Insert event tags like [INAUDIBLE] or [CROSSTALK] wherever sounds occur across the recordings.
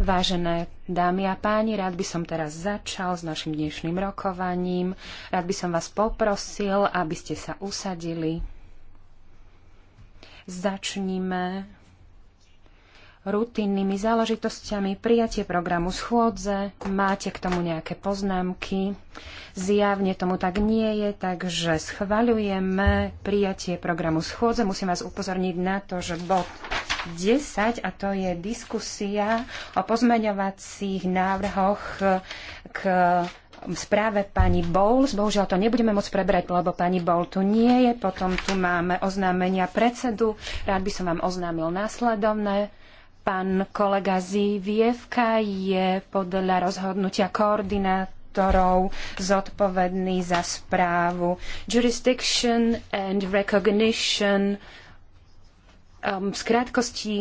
Vážené dámy a páni, rád by som teraz začal s našim dnešným rokovaním. Rád by som vás poprosil, aby ste sa usadili. Začníme rutinnými záležitosťami, prijatie programu schôdze, máte k tomu nejaké poznámky. Zjavne tomu tak nie je, takže schvaľujeme prijatie programu schôdze. Musím vás upozorniť na to, že bod 10, a to je diskusia o pozmeňovacích návrhoch k správe pani Bowles. Bohužiaľ to nebudeme môcť prebrať, lebo pani Bowles tu nie je. Potom tu máme oznámenia predsedu. Rád by som vám oznámil následovné Pán kolega Zivievka je podľa rozhodnutia koordinátorov zodpovedný za správu Jurisdiction and Recognition um, z krátkosti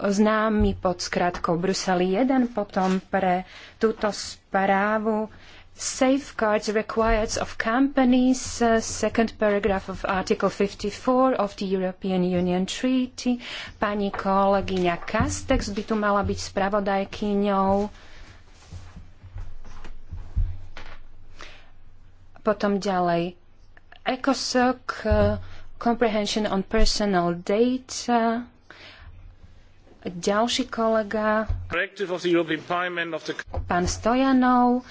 známy pod skratkou Brusel 1 potom pre túto správu safeguards required of companies, uh, second paragraph of Article 54 of the European Union Treaty. Pani kolegyňa Kastex by tu mala byť spravodajkyňou. Potom ďalej ECOSOC, uh, Comprehension on Personal Data. Ďalší kolega, pán Stojanov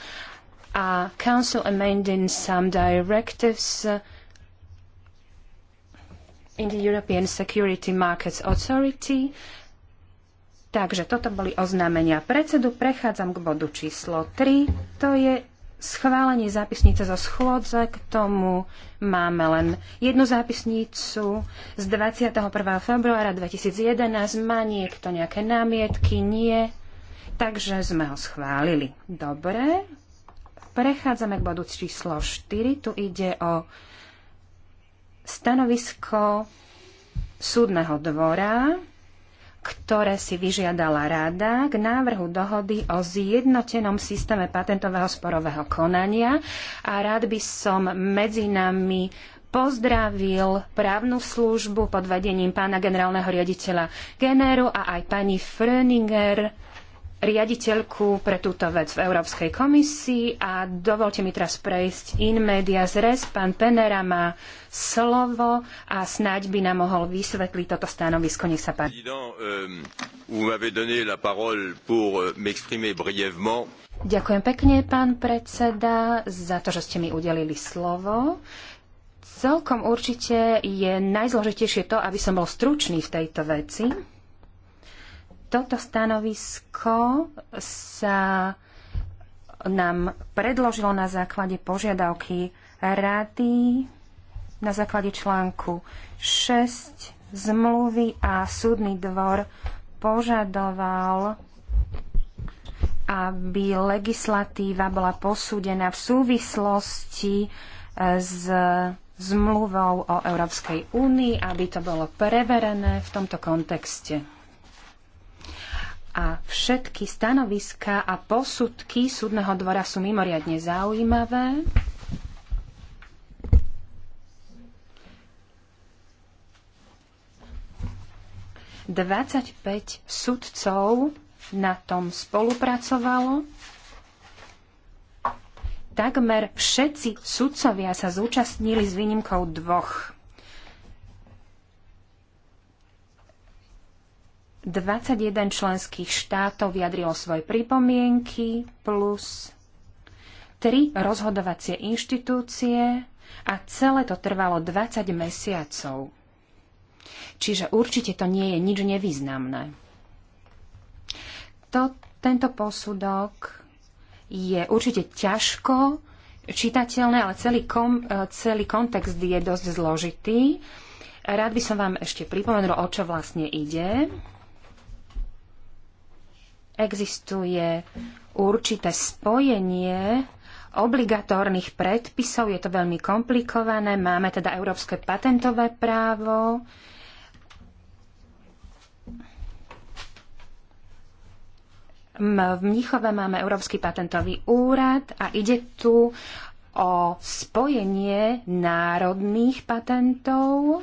uh, Council amending some directives uh, in the European Security Markets Authority. Takže toto boli oznámenia predsedu. Prechádzam k bodu číslo 3. To je schválenie zápisnice zo schôdze, k tomu máme len jednu zápisnicu z 21. februára 2011. Má niekto nejaké námietky? Nie. Takže sme ho schválili. Dobre, Prechádzame k bodu číslo 4. Tu ide o stanovisko súdneho dvora, ktoré si vyžiadala rada k návrhu dohody o zjednotenom systéme patentového sporového konania a rád by som medzi nami pozdravil právnu službu pod vedením pána generálneho riaditeľa Generu a aj pani Fröninger, riaditeľku pre túto vec v Európskej komisii a dovolte mi teraz prejsť in media z res. Pán Penera má slovo a snáď by nám mohol vysvetliť toto stanovisko. Nech sa páči. Euh, euh, Ďakujem pekne, pán predseda, za to, že ste mi udelili slovo. Celkom určite je najzložitejšie to, aby som bol stručný v tejto veci. Toto stanovisko sa nám predložilo na základe požiadavky rady na základe článku 6 zmluvy a súdny dvor požadoval, aby legislatíva bola posúdená v súvislosti e, s zmluvou o Európskej únii, aby to bolo preverené v tomto kontexte a všetky stanoviská a posudky súdneho dvora sú mimoriadne zaujímavé. Dvadsaťpäť sudcov na tom spolupracovalo. Takmer všetci sudcovia sa zúčastnili s výnimkou dvoch 21 členských štátov vyjadrilo svoje pripomienky plus 3 rozhodovacie inštitúcie a celé to trvalo 20 mesiacov. Čiže určite to nie je nič nevýznamné. To, tento posudok je určite ťažko čitateľné, ale celý, kom, e, celý kontext je dosť zložitý. Rád by som vám ešte pripomenul, o čo vlastne ide. Existuje určité spojenie obligatórnych predpisov, je to veľmi komplikované, máme teda európske patentové právo, v Mnichove máme Európsky patentový úrad a ide tu o spojenie národných patentov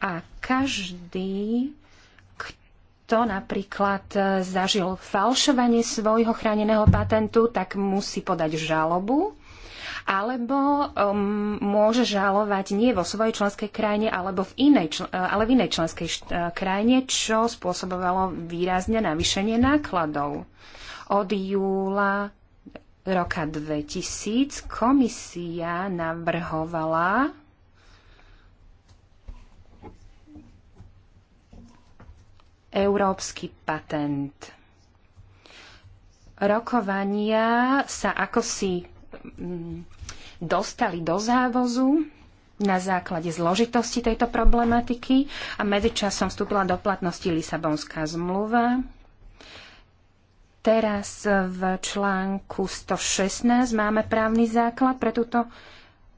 A každý, kto napríklad e, zažil falšovanie svojho chráneného patentu, tak musí podať žalobu alebo um, môže žalovať nie vo svojej členskej krajine, alebo v inej, e, ale v inej členskej e, krajine, čo spôsobovalo výrazne navýšenie nákladov. Od júla roka 2000 komisia navrhovala európsky patent. Rokovania sa ako si mm, dostali do závozu na základe zložitosti tejto problematiky a medzičasom vstúpila do platnosti Lisabonská zmluva. Teraz v článku 116 máme právny základ pre túto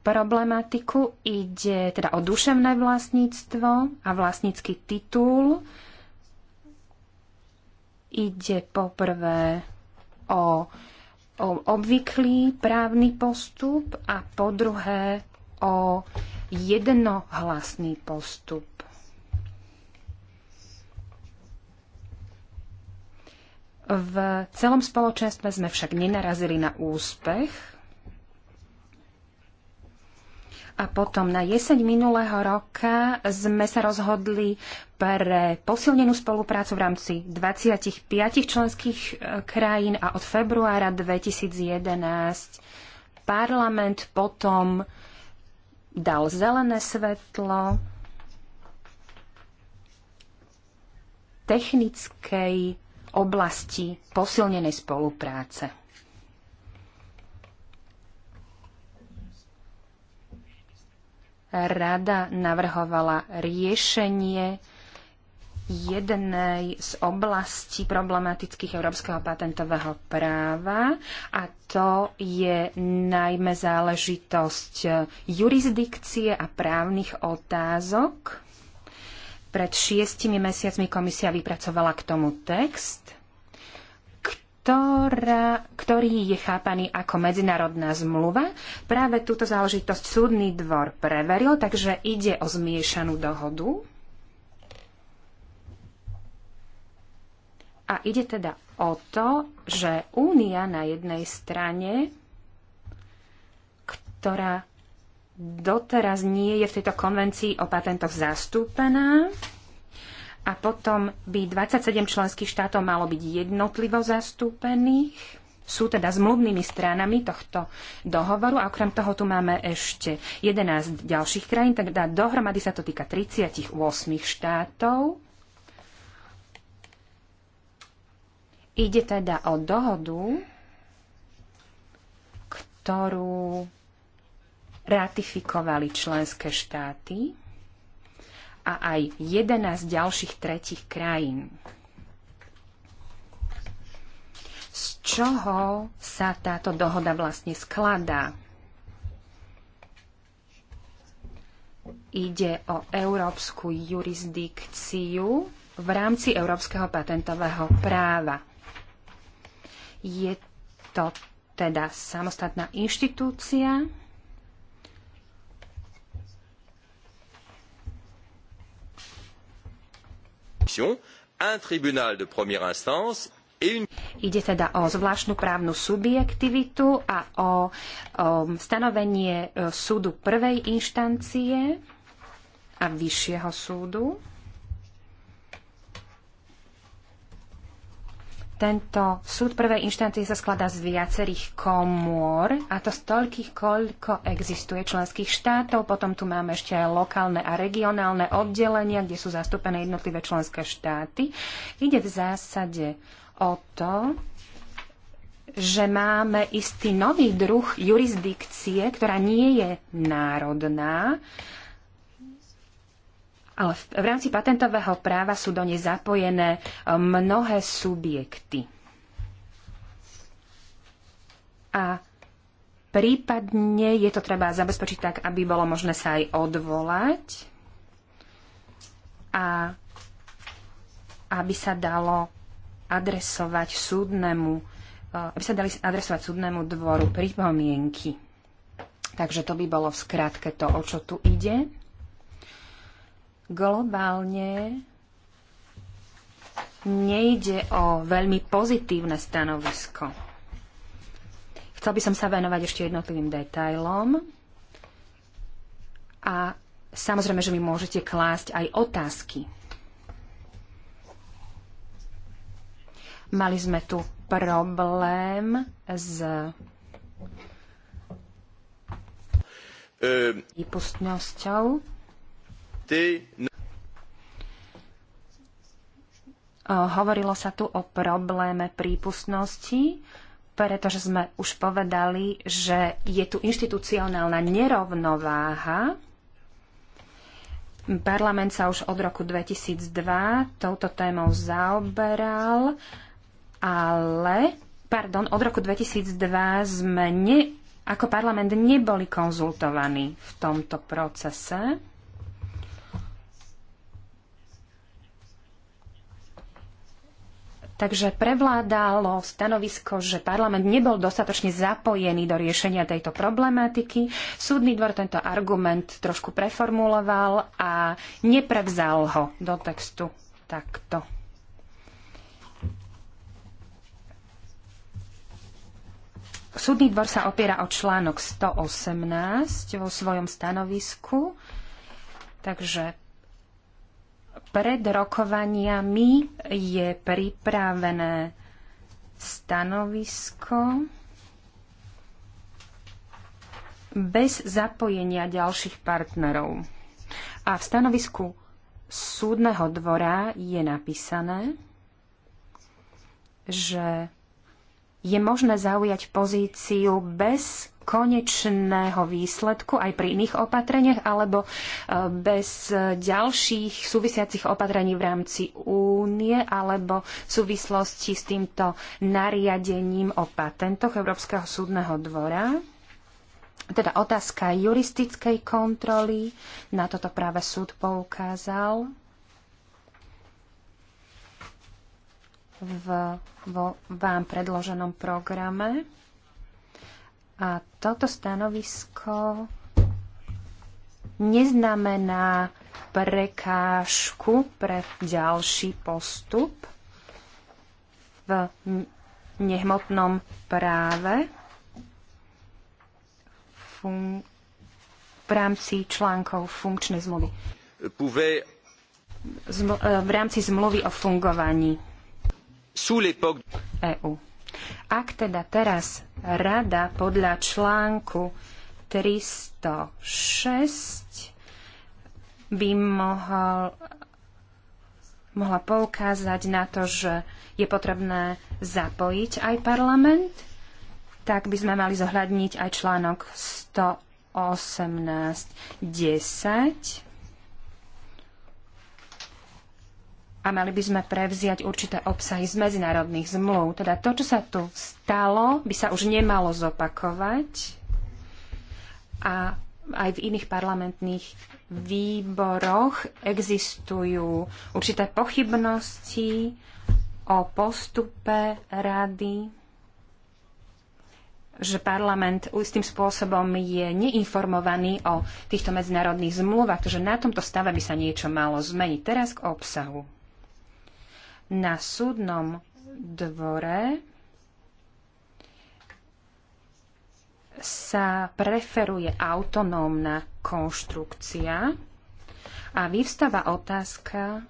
problematiku. Ide teda o duševné vlastníctvo a vlastnícky titul Ide poprvé o, o obvyklý právny postup a po druhé o jednohlasný postup. V celom spoločenstve sme však nenarazili na úspech a potom na jeseň minulého roka sme sa rozhodli pre posilnenú spoluprácu v rámci 25 členských e, krajín a od februára 2011 parlament potom dal zelené svetlo technickej oblasti posilnenej spolupráce. rada navrhovala riešenie jednej z oblastí problematických európskeho patentového práva a to je najmä záležitosť jurisdikcie a právnych otázok. Pred šiestimi mesiacmi komisia vypracovala k tomu text ktorá, ktorý je chápaný ako medzinárodná zmluva. Práve túto záležitosť súdny dvor preveril, takže ide o zmiešanú dohodu. A ide teda o to, že únia na jednej strane, ktorá doteraz nie je v tejto konvencii o patentoch zastúpená, a potom by 27 členských štátov malo byť jednotlivo zastúpených. Sú teda zmluvnými stranami tohto dohovoru a okrem toho tu máme ešte 11 ďalších krajín, teda dohromady sa to týka 38 štátov. Ide teda o dohodu, ktorú ratifikovali členské štáty a aj 11 ďalších tretich krajín. Z čoho sa táto dohoda vlastne skladá? Ide o európsku jurisdikciu v rámci európskeho patentového práva. Je to teda samostatná inštitúcia, commission un tribunal de première instance Ide teda o zvláštnu právnu subjektivitu a o, o stanovenie e, súdu prvej inštancie a vyššieho súdu. Tento súd prvej inštancie sa skladá z viacerých komôr, a to z toľkých, koľko existuje členských štátov. Potom tu máme ešte aj lokálne a regionálne oddelenia, kde sú zastúpené jednotlivé členské štáty. Ide v zásade o to, že máme istý nový druh jurisdikcie, ktorá nie je národná, ale v, rámci patentového práva sú do nej zapojené e, mnohé subjekty. A prípadne je to treba zabezpečiť tak, aby bolo možné sa aj odvolať a aby sa dalo adresovať súdnemu, e, aby sa dali adresovať súdnemu dvoru pripomienky. Takže to by bolo v skratke to, o čo tu ide. Globálne nejde o veľmi pozitívne stanovisko. Chcel by som sa venovať ešte jednotlivým detailom a samozrejme, že mi môžete klásť aj otázky. Mali sme tu problém s ehm. výpustnosťou. Hovorilo sa tu o probléme prípustnosti, pretože sme už povedali, že je tu inštitucionálna nerovnováha. Parlament sa už od roku 2002 touto témou zaoberal, ale pardon, od roku 2002 sme ne, ako parlament neboli konzultovaní v tomto procese. Takže prevládalo stanovisko, že parlament nebol dostatočne zapojený do riešenia tejto problematiky. Súdny dvor tento argument trošku preformuloval a neprevzal ho do textu takto. Súdny dvor sa opiera o článok 118 vo svojom stanovisku, takže pred rokovaniami je pripravené stanovisko bez zapojenia ďalších partnerov. A v stanovisku súdneho dvora je napísané, že je možné zaujať pozíciu bez konečného výsledku aj pri iných opatreniach alebo e, bez ďalších súvisiacich opatrení v rámci únie alebo v súvislosti s týmto nariadením o patentoch Európskeho súdneho dvora. Teda otázka juristickej kontroly, na toto práve súd poukázal v, vo vám predloženom programe. A toto stanovisko neznamená prekážku pre ďalší postup v nehmotnom práve v rámci článkov funkčnej zmluvy. E, v rámci zmluvy o fungovaní EÚ. E Ak teda teraz Rada podľa článku 306 by mohol, mohla poukázať na to, že je potrebné zapojiť aj parlament, tak by sme mali zohľadniť aj článok 118.10 a mali by sme prevziať určité obsahy z medzinárodných zmluv. Teda to, čo sa tu stalo, by sa už nemalo zopakovať a aj v iných parlamentných výboroch existujú určité pochybnosti o postupe rady, že parlament istým spôsobom je neinformovaný o týchto medzinárodných zmluvách, takže na tomto stave by sa niečo malo zmeniť. Teraz k obsahu na súdnom dvore sa preferuje autonómna konštrukcia a vyvstáva otázka,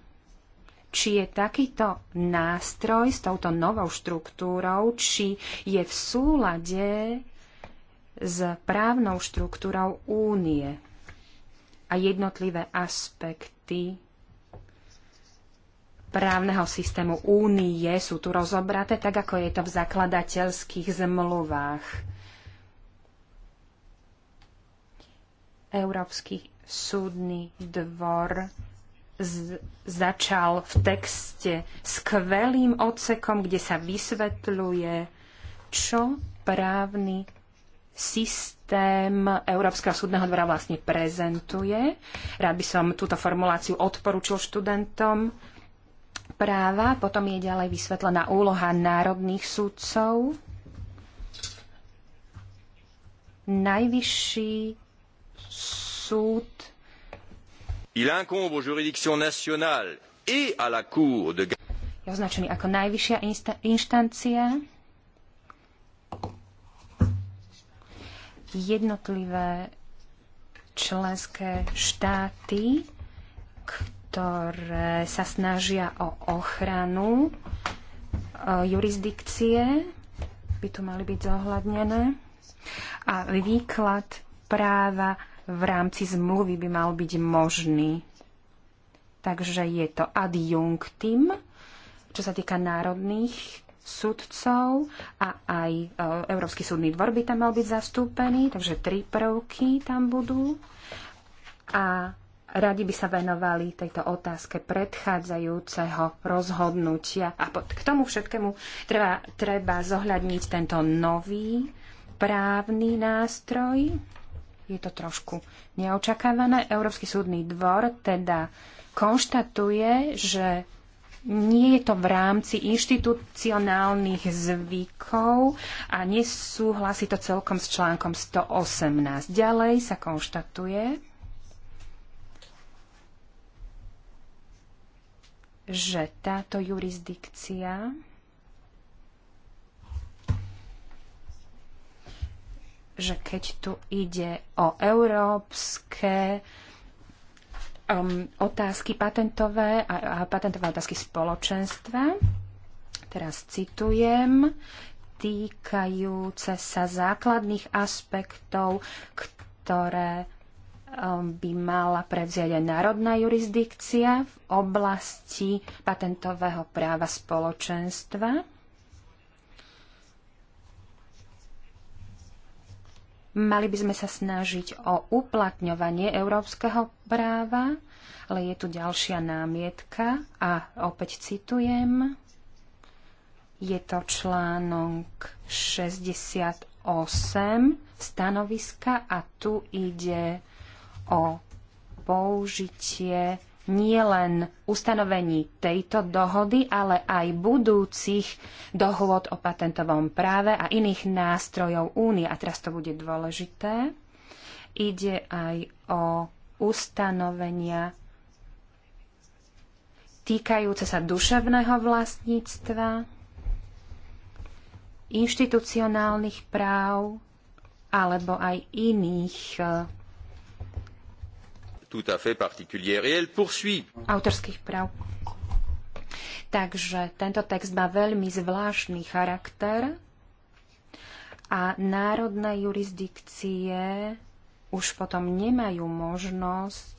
či je takýto nástroj s touto novou štruktúrou, či je v súlade s právnou štruktúrou únie a jednotlivé aspekty právneho systému únie sú tu rozobraté, tak ako je to v zakladateľských zmluvách. Európsky súdny dvor z- začal v texte skvelým odsekom, kde sa vysvetľuje, čo právny systém Európskeho súdneho dvora vlastne prezentuje. Rád by som túto formuláciu odporučil študentom práva, potom je ďalej vysvetlená úloha národných súdcov, najvyšší súd. Il incombe aux juridictions nationales et à la Cour de je označený ako najvyššia inštancia. Jednotlivé členské štáty, ktoré sa snažia o ochranu e, jurisdikcie, by tu mali byť zohľadnené. A výklad práva v rámci zmluvy by mal byť možný. Takže je to adjunktim, čo sa týka národných sudcov a aj e, Európsky súdny dvor by tam mal byť zastúpený, takže tri prvky tam budú. A radi by sa venovali tejto otázke predchádzajúceho rozhodnutia. A k tomu všetkému treba, treba zohľadniť tento nový právny nástroj. Je to trošku neočakávané. Európsky súdny dvor teda konštatuje, že nie je to v rámci inštitucionálnych zvykov a nesúhlasí to celkom s článkom 118. Ďalej sa konštatuje, že táto jurisdikcia že keď tu ide o európske um, otázky patentové a, a patentové otázky spoločenstva, teraz citujem, týkajúce sa základných aspektov, ktoré Um, by mala prevziať aj národná jurisdikcia v oblasti patentového práva spoločenstva. Mali by sme sa snažiť o uplatňovanie európskeho práva, ale je tu ďalšia námietka a opäť citujem. Je to článok 68 stanoviska a tu ide o použitie nielen ustanovení tejto dohody, ale aj budúcich dohôd o patentovom práve a iných nástrojov únie. A teraz to bude dôležité. Ide aj o ustanovenia týkajúce sa duševného vlastníctva, inštitucionálnych práv alebo aj iných eh, tout à fait particulière. Et elle poursuit. Autorských práv. Takže tento text má veľmi zvláštny charakter a národné jurisdikcie už potom nemajú možnosť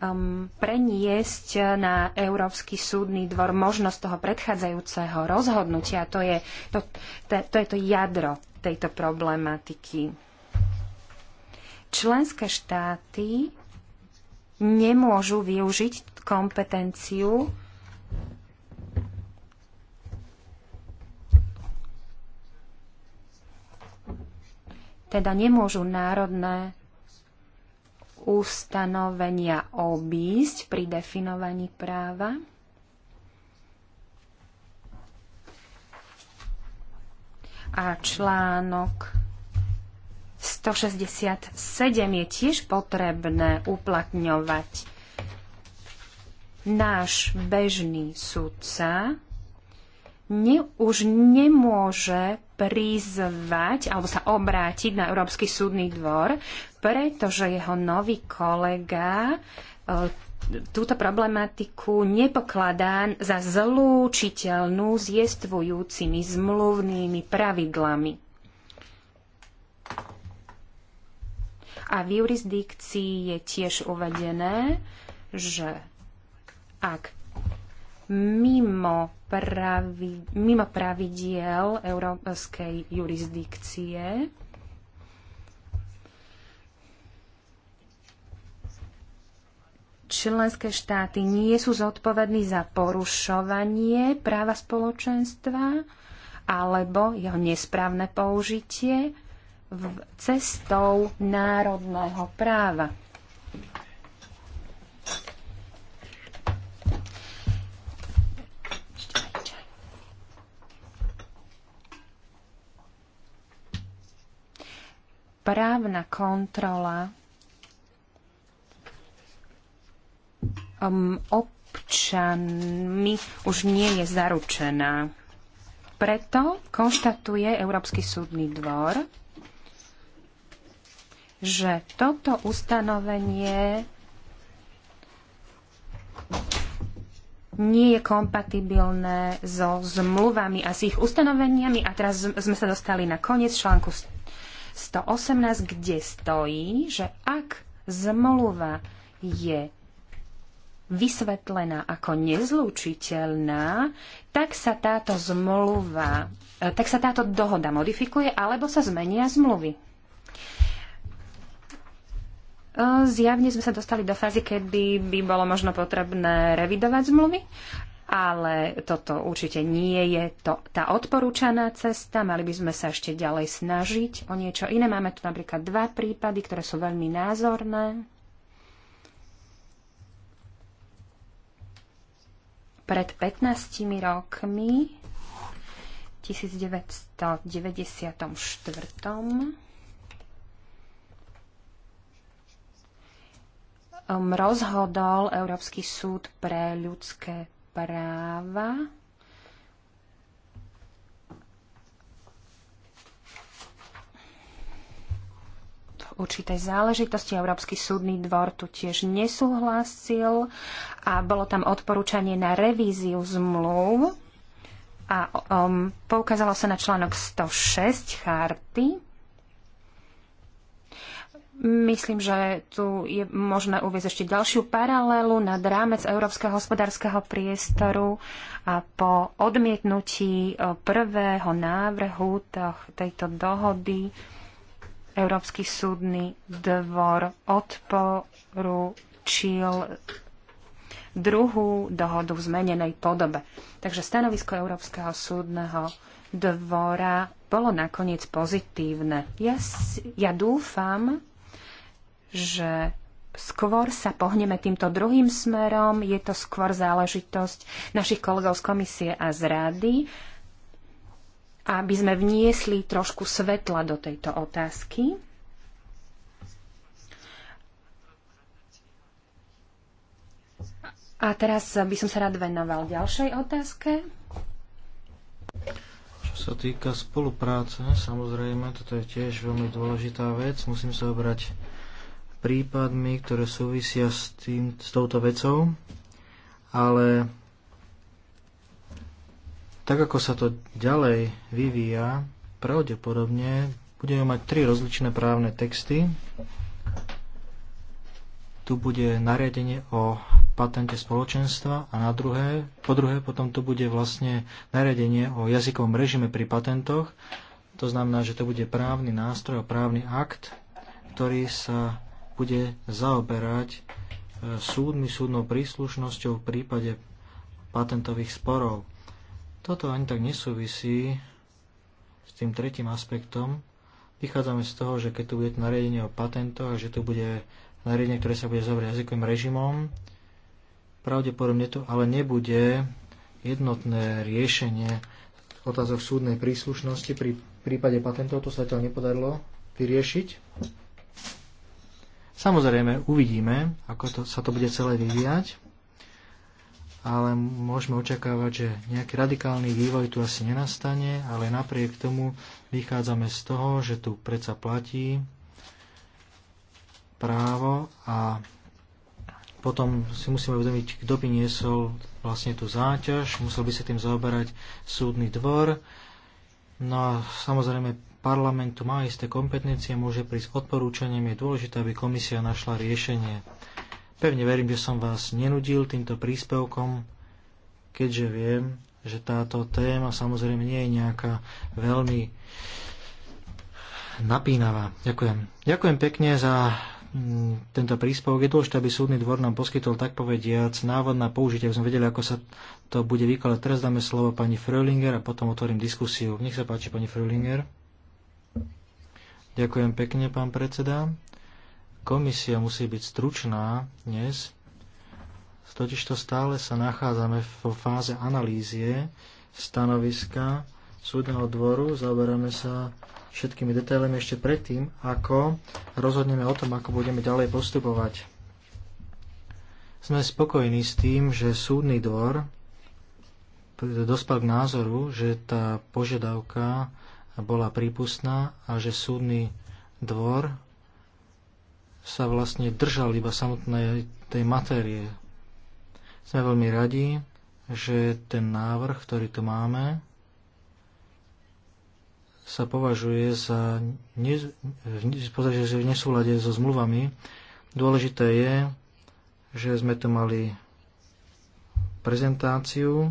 um, preniesť na Európsky súdny dvor možnosť toho predchádzajúceho rozhodnutia. To je to, to, to, je to jadro tejto problematiky členské štáty nemôžu využiť kompetenciu teda nemôžu národné ustanovenia obísť pri definovaní práva. A článok 167 je tiež potrebné uplatňovať. Náš bežný sudca ne, už nemôže prizvať alebo sa obrátiť na Európsky súdny dvor, pretože jeho nový kolega e, túto problematiku nepokladá za zlúčiteľnú s jestvujúcimi zmluvnými pravidlami. A v jurisdikcii je tiež uvedené, že ak mimo, pravi, mimo pravidiel európskej jurisdikcie členské štáty nie sú zodpovední za porušovanie práva spoločenstva alebo jeho nesprávne použitie, cestou národného práva. Právna kontrola um, občanmi už nie je zaručená. Preto konštatuje Európsky súdny dvor, že toto ustanovenie nie je kompatibilné so zmluvami a s ich ustanoveniami. A teraz sme sa dostali na koniec článku 118, kde stojí, že ak zmluva je vysvetlená ako nezlúčiteľná, tak sa táto zmluva, e, tak sa táto dohoda modifikuje alebo sa zmenia zmluvy. Eh, zjavne sme sa dostali do fázy, kedy by bolo možno potrebné revidovať zmluvy, ale toto určite nie je to, tá odporúčaná cesta. Mali by sme sa ešte ďalej snažiť o niečo iné. Máme tu napríklad dva prípady, ktoré sú veľmi názorné. Pred 15 rokmi 1994 Um, rozhodol Európsky súd pre ľudské práva. určitej záležitosti. Európsky súdny dvor tu tiež nesúhlasil a bolo tam odporúčanie na revíziu zmluv a um, poukázalo sa na článok 106 charty Myslím, že tu je možné uvieť ešte ďalšiu paralelu na rámec Európskeho hospodárskeho priestoru a po odmietnutí e, prvého návrhu tejto dohody Európsky súdny dvor odporučil druhú dohodu v zmenenej podobe. Takže stanovisko Európskeho súdneho dvora bolo nakoniec pozitívne. Ja, ja dúfam, že skôr sa pohneme týmto druhým smerom. Je to skôr záležitosť našich kolegov z komisie a z rady, aby sme vniesli trošku svetla do tejto otázky. A teraz by som sa rád venoval ďalšej otázke. Čo sa týka spolupráce, samozrejme, toto je tiež veľmi dôležitá vec. Musím sa obrať prípadmi, ktoré súvisia s, tým, s touto vecou, ale tak ako sa to ďalej vyvíja, pravdepodobne budeme mať tri rozličné právne texty. Tu bude nariadenie o patente spoločenstva a na druhé, po druhé potom tu bude vlastne nariadenie o jazykovom režime pri patentoch. To znamená, že to bude právny nástroj a právny akt, ktorý sa bude zaoberať e, súdmi, súdnou príslušnosťou v prípade patentových sporov. Toto ani tak nesúvisí s tým tretím aspektom. Vychádzame z toho, že keď tu bude nariadenie o patentoch, že tu bude nariadenie, ktoré sa bude zaoberať jazykovým režimom, pravdepodobne to, ale nebude jednotné riešenie otázok súdnej príslušnosti pri prípade patentov. To sa zatiaľ nepodarilo vyriešiť. Samozrejme, uvidíme, ako to, sa to bude celé vyvíjať, ale môžeme očakávať, že nejaký radikálny vývoj tu asi nenastane, ale napriek tomu vychádzame z toho, že tu predsa platí právo a potom si musíme uvedomiť, kto by niesol vlastne tú záťaž, musel by sa tým zaoberať súdny dvor. No a samozrejme parlamentu má isté kompetencie, môže prísť odporúčaním. Je dôležité, aby komisia našla riešenie. Pevne verím, že som vás nenudil týmto príspevkom, keďže viem, že táto téma samozrejme nie je nejaká veľmi napínavá. Ďakujem. Ďakujem pekne za mm, tento príspevok. Je dôležité, aby súdny dvor nám poskytol tak povediac návod na použitie, aby sme vedeli, ako sa to bude vykladať. Teraz dáme slovo pani Frölinger a potom otvorím diskusiu. Nech sa páči, pani Frölinger. Ďakujem pekne, pán predseda. Komisia musí byť stručná dnes, totižto stále sa nachádzame vo fáze analýzie stanoviska súdneho dvoru, zaoberáme sa všetkými detailami ešte predtým, ako rozhodneme o tom, ako budeme ďalej postupovať. Sme spokojní s tým, že súdny dvor dospel k názoru, že tá požiadavka bola prípustná a že súdny dvor sa vlastne držal iba samotnej tej matérie. Sme veľmi radi, že ten návrh, ktorý tu máme, sa považuje za, ne, nesúlade so zmluvami. Dôležité je, že sme tu mali prezentáciu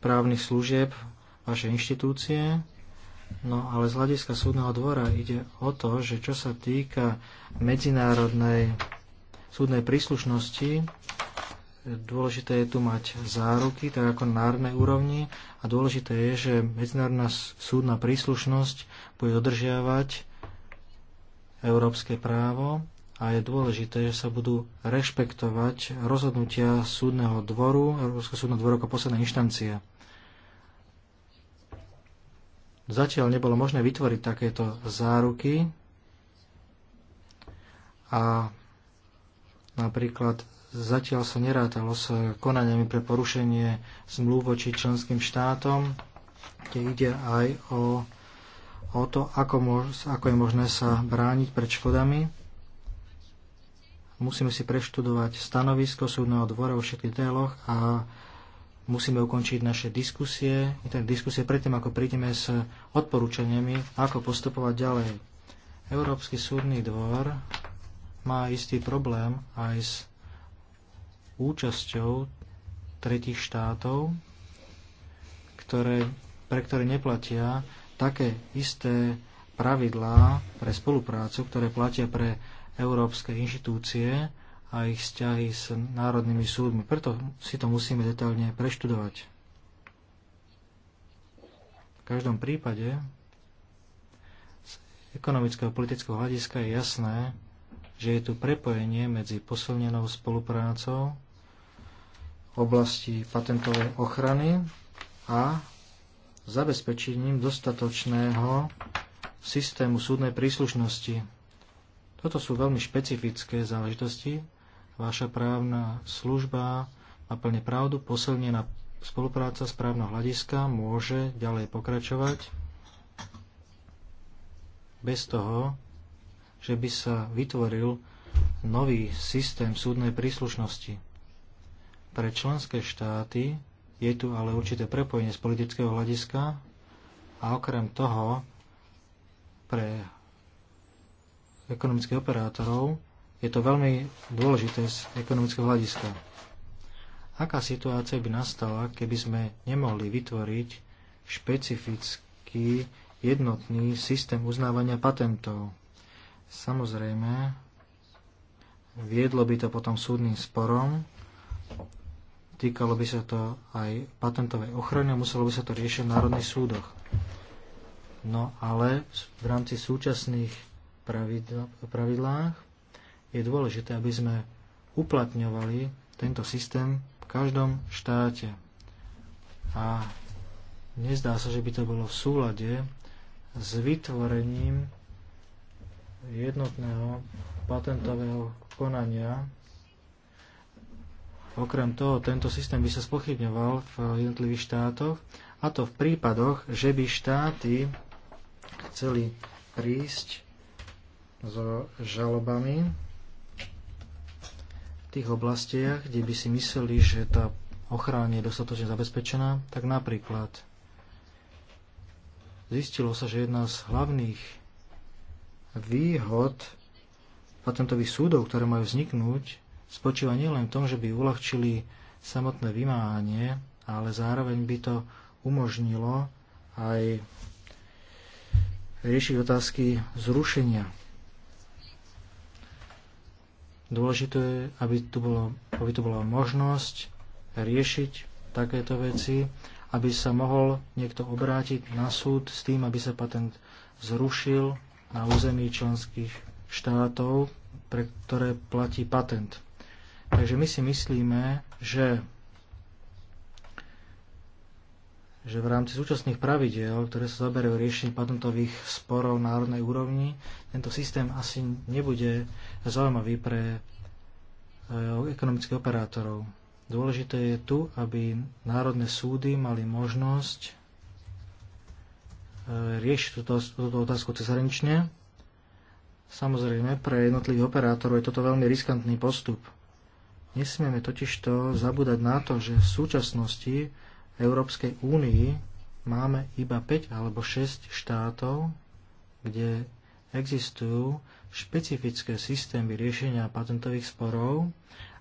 právnych služieb vašej inštitúcie No ale z hľadiska súdneho dvora ide o to, že čo sa týka medzinárodnej súdnej príslušnosti, dôležité je tu mať záruky, tak ako na národnej úrovni a dôležité je, že medzinárodná súdna príslušnosť bude dodržiavať európske právo a je dôležité, že sa budú rešpektovať rozhodnutia súdneho dvoru, Európskeho súdneho dvoru ako posledná inštancia zatiaľ nebolo možné vytvoriť takéto záruky a napríklad zatiaľ sa nerátalo s konaniami pre porušenie zmluv voči členským štátom, kde ide aj o, o to, ako, mož, ako je možné sa brániť pred škodami. Musíme si preštudovať stanovisko súdneho dvora o všetkých téloch a musíme ukončiť naše diskusie, tak teda diskusie predtým, ako prídeme s odporúčaniami, ako postupovať ďalej. Európsky súdny dvor má istý problém aj s účasťou tretich štátov, ktoré, pre ktoré neplatia také isté pravidlá pre spoluprácu, ktoré platia pre európske inštitúcie, a ich vzťahy s národnými súdmi. Preto si to musíme detailne preštudovať. V každom prípade z ekonomického a politického hľadiska je jasné, že je tu prepojenie medzi posilnenou spoluprácou v oblasti patentovej ochrany a zabezpečením dostatočného systému súdnej príslušnosti. Toto sú veľmi špecifické záležitosti, Vaša právna služba má plne pravdu, posilnená spolupráca z právneho hľadiska môže ďalej pokračovať bez toho, že by sa vytvoril nový systém súdnej príslušnosti. Pre členské štáty je tu ale určité prepojenie z politického hľadiska a okrem toho pre ekonomických operátorov je to veľmi dôležité z ekonomického hľadiska. Aká situácia by nastala, keby sme nemohli vytvoriť špecifický jednotný systém uznávania patentov? Samozrejme, viedlo by to potom súdnym sporom, týkalo by sa to aj patentovej ochrany a muselo by sa to riešiť v národných súdoch. No ale v rámci súčasných pravidlách je dôležité, aby sme uplatňovali tento systém v každom štáte. A nezdá sa, že by to bolo v súlade s vytvorením jednotného patentového konania. Okrem toho, tento systém by sa spochybňoval v jednotlivých štátoch, a to v prípadoch, že by štáty chceli prísť so žalobami tých oblastiach, kde by si mysleli, že tá ochrana je dostatočne zabezpečená, tak napríklad zistilo sa, že jedna z hlavných výhod patentových súdov, ktoré majú vzniknúť, spočíva nielen v tom, že by uľahčili samotné vymáhanie, ale zároveň by to umožnilo aj riešiť otázky zrušenia Dôležité je, aby tu, bolo, aby tu bola možnosť riešiť takéto veci, aby sa mohol niekto obrátiť na súd s tým, aby sa patent zrušil na území členských štátov, pre ktoré platí patent. Takže my si myslíme, že že v rámci súčasných pravidiel, ktoré sa zaberajú riešenie patentových sporov na národnej úrovni, tento systém asi nebude zaujímavý pre e, ekonomických operátorov. Dôležité je tu, aby národné súdy mali možnosť e, riešiť túto, túto otázku cezhranične. Samozrejme, pre jednotlivých operátorov je toto veľmi riskantný postup. Nesmieme totižto zabúdať na to, že v súčasnosti Európskej únii máme iba 5 alebo 6 štátov, kde existujú špecifické systémy riešenia patentových sporov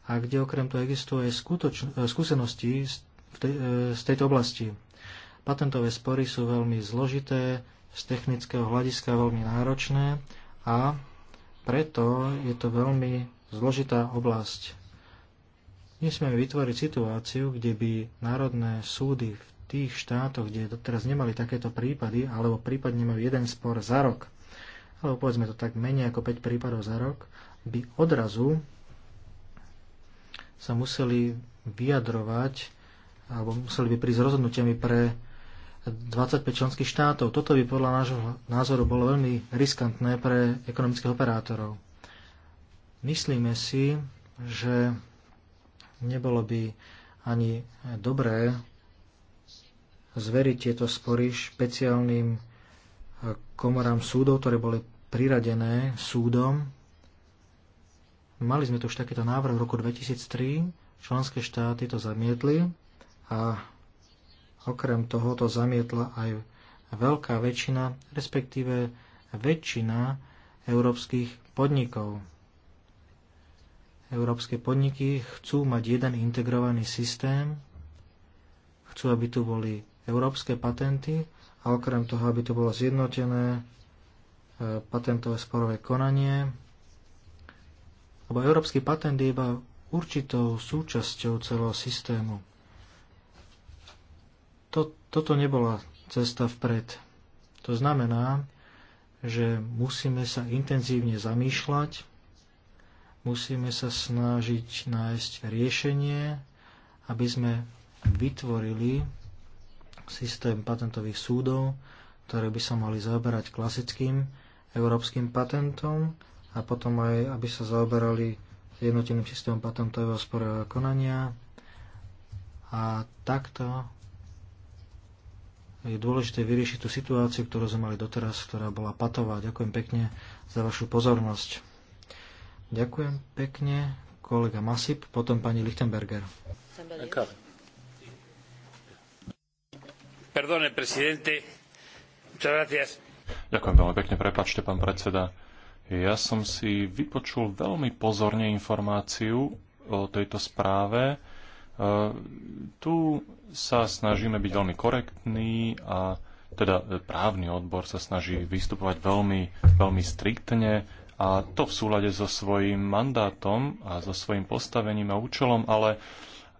a kde okrem toho existujú aj skutoč- e, skúsenosti z, tej, e, z tejto oblasti. Patentové spory sú veľmi zložité, z technického hľadiska veľmi náročné a preto je to veľmi zložitá oblasť. Nesmieme vytvoriť situáciu, kde by národné súdy v tých štátoch, kde doteraz nemali takéto prípady, alebo prípadne majú jeden spor za rok, alebo povedzme to tak menej ako 5 prípadov za rok, by odrazu sa museli vyjadrovať alebo museli by prísť rozhodnutiami pre 25 členských štátov. Toto by podľa nášho názoru bolo veľmi riskantné pre ekonomických operátorov. Myslíme si, že Nebolo by ani dobré zveriť tieto spory špeciálnym e, komorám súdov, ktoré boli priradené súdom. Mali sme tu už takýto návrh v roku 2003, členské štáty to zamietli a okrem toho to zamietla aj veľká väčšina, respektíve väčšina európskych podnikov. Európske podniky chcú mať jeden integrovaný systém, chcú, aby tu boli európske patenty a okrem toho, aby tu bolo zjednotené e, patentové sporové konanie. Lebo európsky patent je iba určitou súčasťou celého systému. To, toto nebola cesta vpred. To znamená, že musíme sa intenzívne zamýšľať Musíme sa snažiť nájsť riešenie, aby sme vytvorili systém patentových súdov, ktoré by sa mali zaoberať klasickým európskym patentom a potom aj, aby sa zaoberali jednotným systémom patentového sporového konania. A takto je dôležité vyriešiť tú situáciu, ktorú sme mali doteraz, ktorá bola patová. Ďakujem pekne za vašu pozornosť. Ďakujem pekne, kolega Masip, potom pani Lichtenberger. Perdone, presidente. Ďakujem veľmi pekne, prepačte, pán predseda. Ja som si vypočul veľmi pozorne informáciu o tejto správe. E, tu sa snažíme byť veľmi korektní a teda právny odbor sa snaží vystupovať veľmi, veľmi striktne a to v súlade so svojím mandátom a so svojím postavením a účelom, ale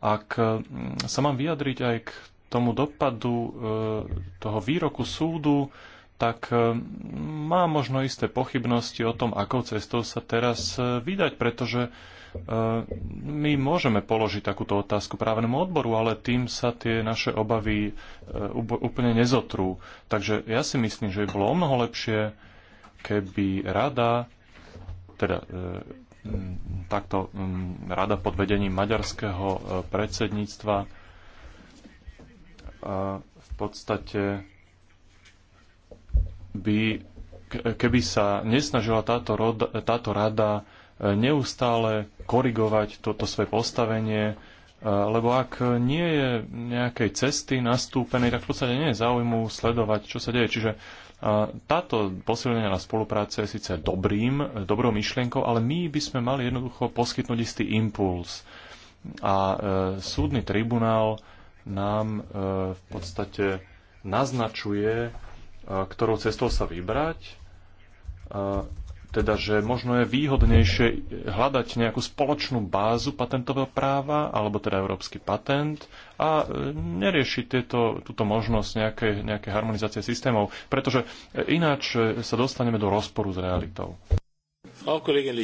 ak mm, sa mám vyjadriť aj k tomu dopadu e, toho výroku súdu, tak e, má možno isté pochybnosti o tom, akou cestou sa teraz e, vydať, pretože my môžeme položiť takúto otázku právnemu odboru, ale tým sa tie naše obavy úplne nezotrú. Takže ja si myslím, že by bolo o mnoho lepšie, keby rada teda e, takto rada pod vedením maďarského e, predsedníctva e, v podstate by, keby sa nesnažila táto, roda, táto rada neustále korigovať toto svoje postavenie, lebo ak nie je nejakej cesty nastúpenej, tak v podstate nie je záujmu sledovať, čo sa deje. Čiže táto posilnená spolupráca je síce dobrým, dobrou myšlienkou, ale my by sme mali jednoducho poskytnúť istý impuls. A e, súdny tribunál nám e, v podstate naznačuje, e, ktorou cestou sa vybrať teda, že možno je výhodnejšie hľadať nejakú spoločnú bázu patentového práva, alebo teda európsky patent a e, neriešiť tieto, túto možnosť nejaké, nejaké harmonizácie systémov, pretože e, ináč e, sa dostaneme do rozporu s realitou. Frau Kollegin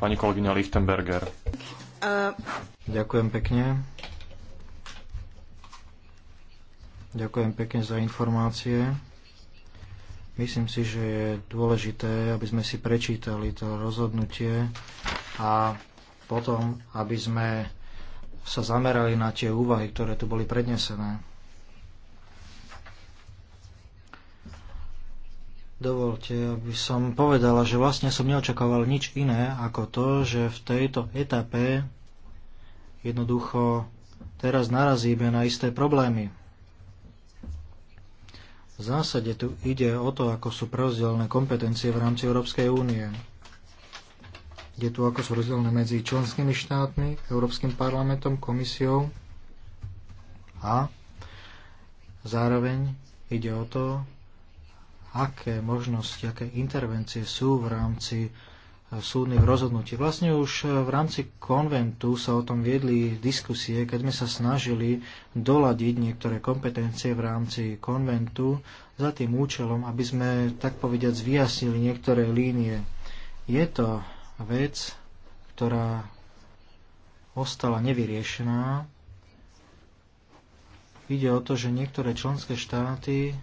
Pani kolegyňa Lichtenberger. Uh... Ďakujem pekne. Ďakujem pekne za informácie. Myslím si, že je dôležité, aby sme si prečítali to rozhodnutie a potom, aby sme sa zamerali na tie úvahy, ktoré tu boli prednesené. Dovolte, aby som povedala, že vlastne som neočakával nič iné ako to, že v tejto etape jednoducho teraz narazíme na isté problémy. V zásade tu ide o to, ako sú prerozdelené kompetencie v rámci Európskej únie. Je tu, ako sú rozdelené medzi členskými štátmi, Európskym parlamentom, komisiou a zároveň ide o to, aké možnosti, aké intervencie sú v rámci súdnych rozhodnutí. Vlastne už e, v rámci konventu sa o tom viedli diskusie, keď sme sa snažili doladiť niektoré kompetencie v rámci konventu za tým účelom, aby sme tak povediať vyjasnili niektoré línie. Je to vec, ktorá ostala nevyriešená. Ide o to, že niektoré členské štáty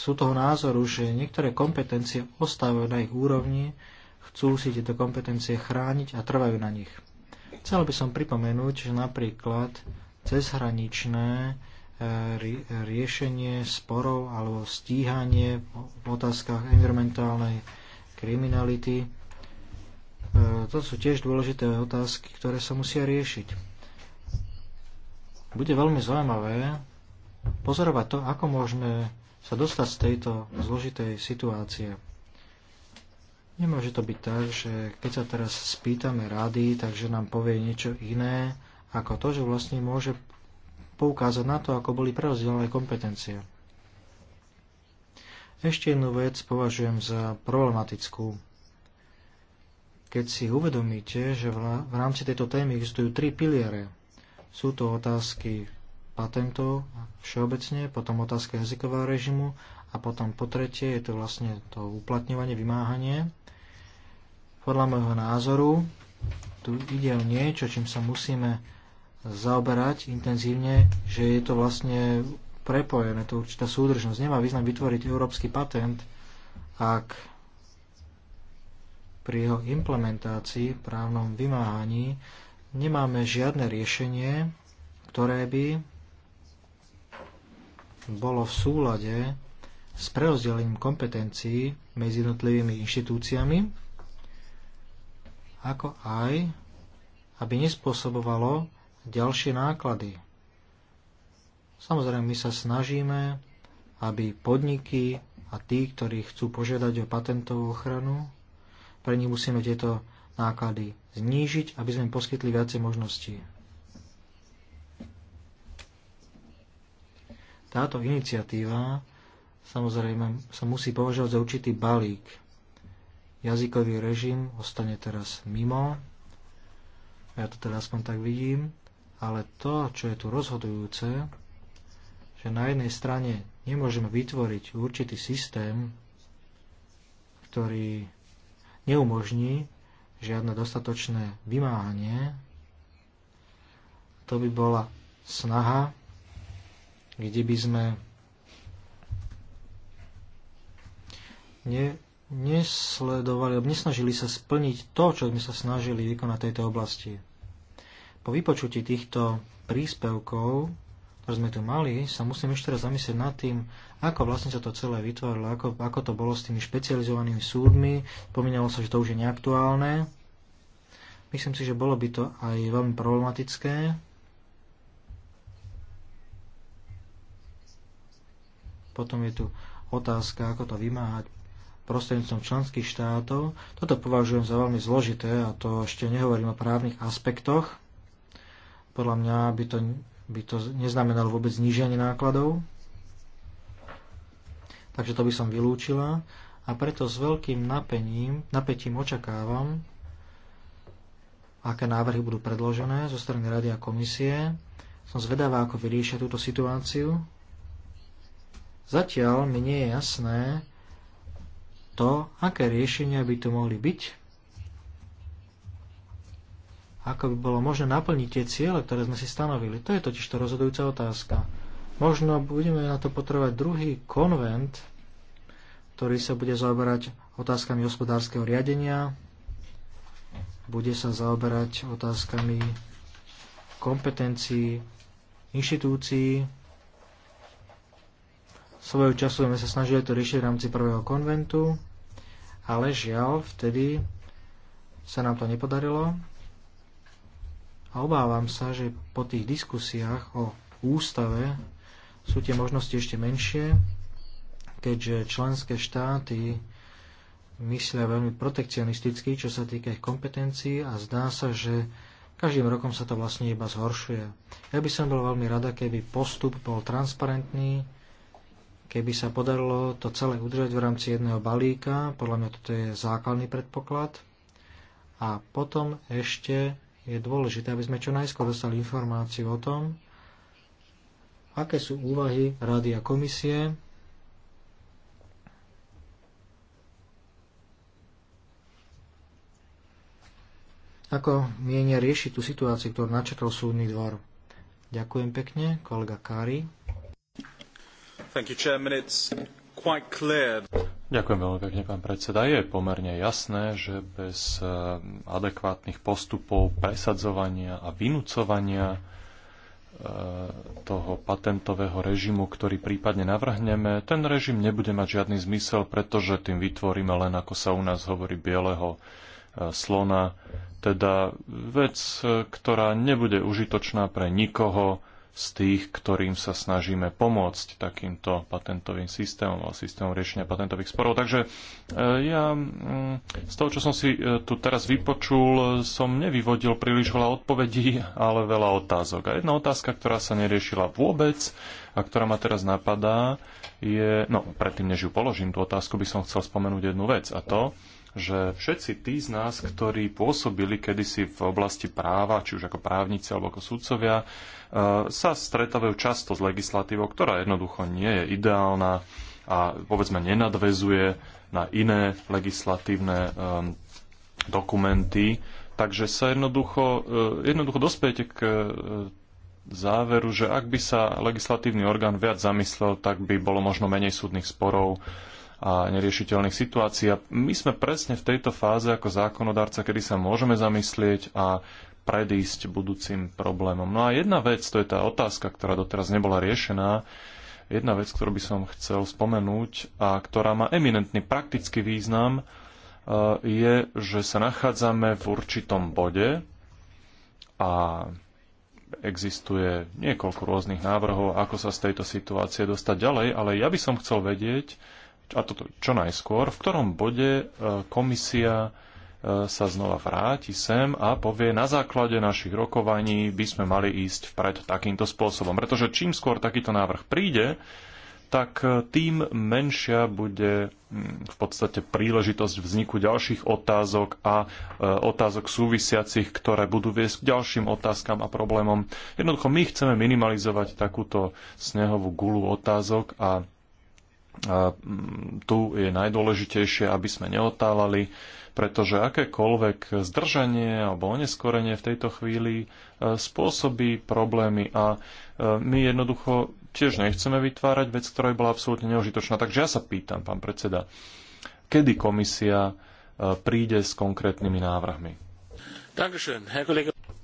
sú toho názoru, že niektoré kompetencie ostávajú na ich úrovni, chcú si tieto kompetencie chrániť a trvajú na nich. Chcel by som pripomenúť, že napríklad cezhraničné e, riešenie sporov alebo stíhanie v otázkach environmentálnej kriminality. E, to sú tiež dôležité otázky, ktoré sa musia riešiť. Bude veľmi zaujímavé pozorovať to, ako môžeme sa dostať z tejto zložitej situácie. Nemôže to byť tak, že keď sa teraz spýtame rady, takže nám povie niečo iné, ako to, že vlastne môže poukázať na to, ako boli prerozdelené kompetencie. Ešte jednu vec považujem za problematickú. Keď si uvedomíte, že v rámci tejto témy existujú tri piliere. Sú to otázky patentov všeobecne, potom otázka jazykového režimu a potom po tretie je to vlastne to uplatňovanie, vymáhanie. Podľa môjho názoru tu ide o niečo, čím sa musíme zaoberať intenzívne, že je to vlastne prepojené, to určitá súdržnosť. Nemá význam vytvoriť európsky patent, ak pri jeho implementácii, právnom vymáhaní, nemáme žiadne riešenie, ktoré by bolo v súlade s prerozdelením kompetencií medzi jednotlivými inštitúciami, ako aj, aby nespôsobovalo ďalšie náklady. Samozrejme, my sa snažíme, aby podniky a tí, ktorí chcú požiadať o patentovú ochranu, pre nich musíme tieto náklady znížiť, aby sme im poskytli viacej možností. Táto iniciatíva samozrejme sa musí považovať za určitý balík. Jazykový režim ostane teraz mimo, ja to teraz aspoň tak vidím, ale to, čo je tu rozhodujúce, že na jednej strane nemôžeme vytvoriť určitý systém, ktorý neumožní žiadne dostatočné vymáhanie, to by bola snaha kde by sme ne, nesledovali, nesnažili sa splniť to, čo sme sa snažili vykonať v tejto oblasti. Po vypočutí týchto príspevkov, ktoré sme tu mali, sa musím ešte raz zamyslieť nad tým, ako vlastne sa to celé vytvorilo, ako, ako to bolo s tými špecializovanými súdmi. Spomínalo sa, že to už je neaktuálne. Myslím si, že bolo by to aj veľmi problematické, Potom je tu otázka, ako to vymáhať prostredníctvom členských štátov. Toto považujem za veľmi zložité a to ešte nehovorím o právnych aspektoch. Podľa mňa by to, by to neznamenalo vôbec zníženie nákladov. Takže to by som vylúčila a preto s veľkým napením, napätím očakávam, aké návrhy budú predložené zo strany Rady a komisie. Som zvedavá, ako vyriešia túto situáciu, Zatiaľ mi nie je jasné to, aké riešenia by tu mohli byť, ako by bolo možné naplniť tie ciele, ktoré sme si stanovili. To je totiž to rozhodujúca otázka. Možno budeme na to potrebovať druhý konvent, ktorý sa bude zaoberať otázkami hospodárskeho riadenia, bude sa zaoberať otázkami kompetencií inštitúcií, Svojho času sme sa snažili to riešiť v rámci prvého konventu, ale žiaľ, vtedy sa nám to nepodarilo. A obávam sa, že po tých diskusiách o ústave sú tie možnosti ešte menšie, keďže členské štáty myslia veľmi protekcionisticky, čo sa týka ich kompetencií a zdá sa, že každým rokom sa to vlastne iba zhoršuje. Ja by som bol veľmi rada, keby postup bol transparentný, Keby sa podarilo to celé udržať v rámci jedného balíka, podľa mňa toto je základný predpoklad. A potom ešte je dôležité, aby sme čo najskôr dostali informáciu o tom, aké sú úvahy Rady a komisie ako mienia riešiť tú situáciu, ktorú načetol súdny dvor. Ďakujem pekne, kolega Kári. Ďakujem veľmi pekne, pán predseda. Je pomerne jasné, že bez eh, adekvátnych postupov presadzovania a vynúcovania eh, toho patentového režimu, ktorý prípadne navrhneme, ten režim nebude mať žiadny zmysel, pretože tým vytvoríme len, ako sa u nás hovorí, bieleho eh, slona, teda vec, ktorá nebude užitočná pre nikoho, z tých, ktorým sa snažíme pomôcť takýmto patentovým systémom a systémom riešenia patentových sporov. Takže e, ja mm, z toho, čo som si e, tu teraz vypočul, som nevyvodil príliš veľa odpovedí, [LAUGHS] ale veľa otázok. A jedna otázka, ktorá sa neriešila vôbec a ktorá ma teraz napadá, je... No, predtým, než ju položím, tú otázku by som chcel spomenúť jednu vec a to, že všetci tí z nás, ktorí pôsobili kedysi v oblasti práva, či už ako právnici alebo ako sudcovia, e, sa stretávajú často s legislatívou, ktorá jednoducho nie je ideálna a povedzme nenadvezuje na iné legislatívne e, dokumenty. Takže sa jednoducho, e, jednoducho dospiete k záveru, že ak by sa legislatívny orgán viac zamyslel, tak by bolo možno menej súdnych sporov a neriešiteľných situácií. A my sme presne v tejto fáze ako zákonodárca, kedy sa môžeme zamyslieť a predísť budúcim problémom. No a jedna vec, to je tá otázka, ktorá doteraz nebola riešená, jedna vec, ktorú by som chcel spomenúť a ktorá má eminentný praktický význam, e, je, že sa nachádzame v určitom bode a existuje niekoľko rôznych návrhov, ako sa z tejto situácie dostať ďalej, ale ja by som chcel vedieť, a toto čo najskôr, v ktorom bode e, komisia e, sa znova vráti sem a povie, na základe našich rokovaní by sme mali ísť vpred takýmto spôsobom. Pretože čím skôr takýto návrh príde, tak e, tým menšia bude mm, v podstate príležitosť vzniku ďalších otázok a otázok súvisiacich, ktoré budú viesť k ďalším otázkam a problémom. Jednoducho my chceme minimalizovať takúto snehovú gulu otázok a a mm, tu je najdôležitejšie, aby sme neotálali, pretože akékoľvek zdržanie alebo oneskorenie v tejto chvíli e, spôsobí problémy a e, my jednoducho tiež nechceme vytvárať vec, ktorá bola absolútne neužitočná. Takže ja sa pýtam, pán predseda, kedy komisia e, príde s konkrétnymi návrhmi?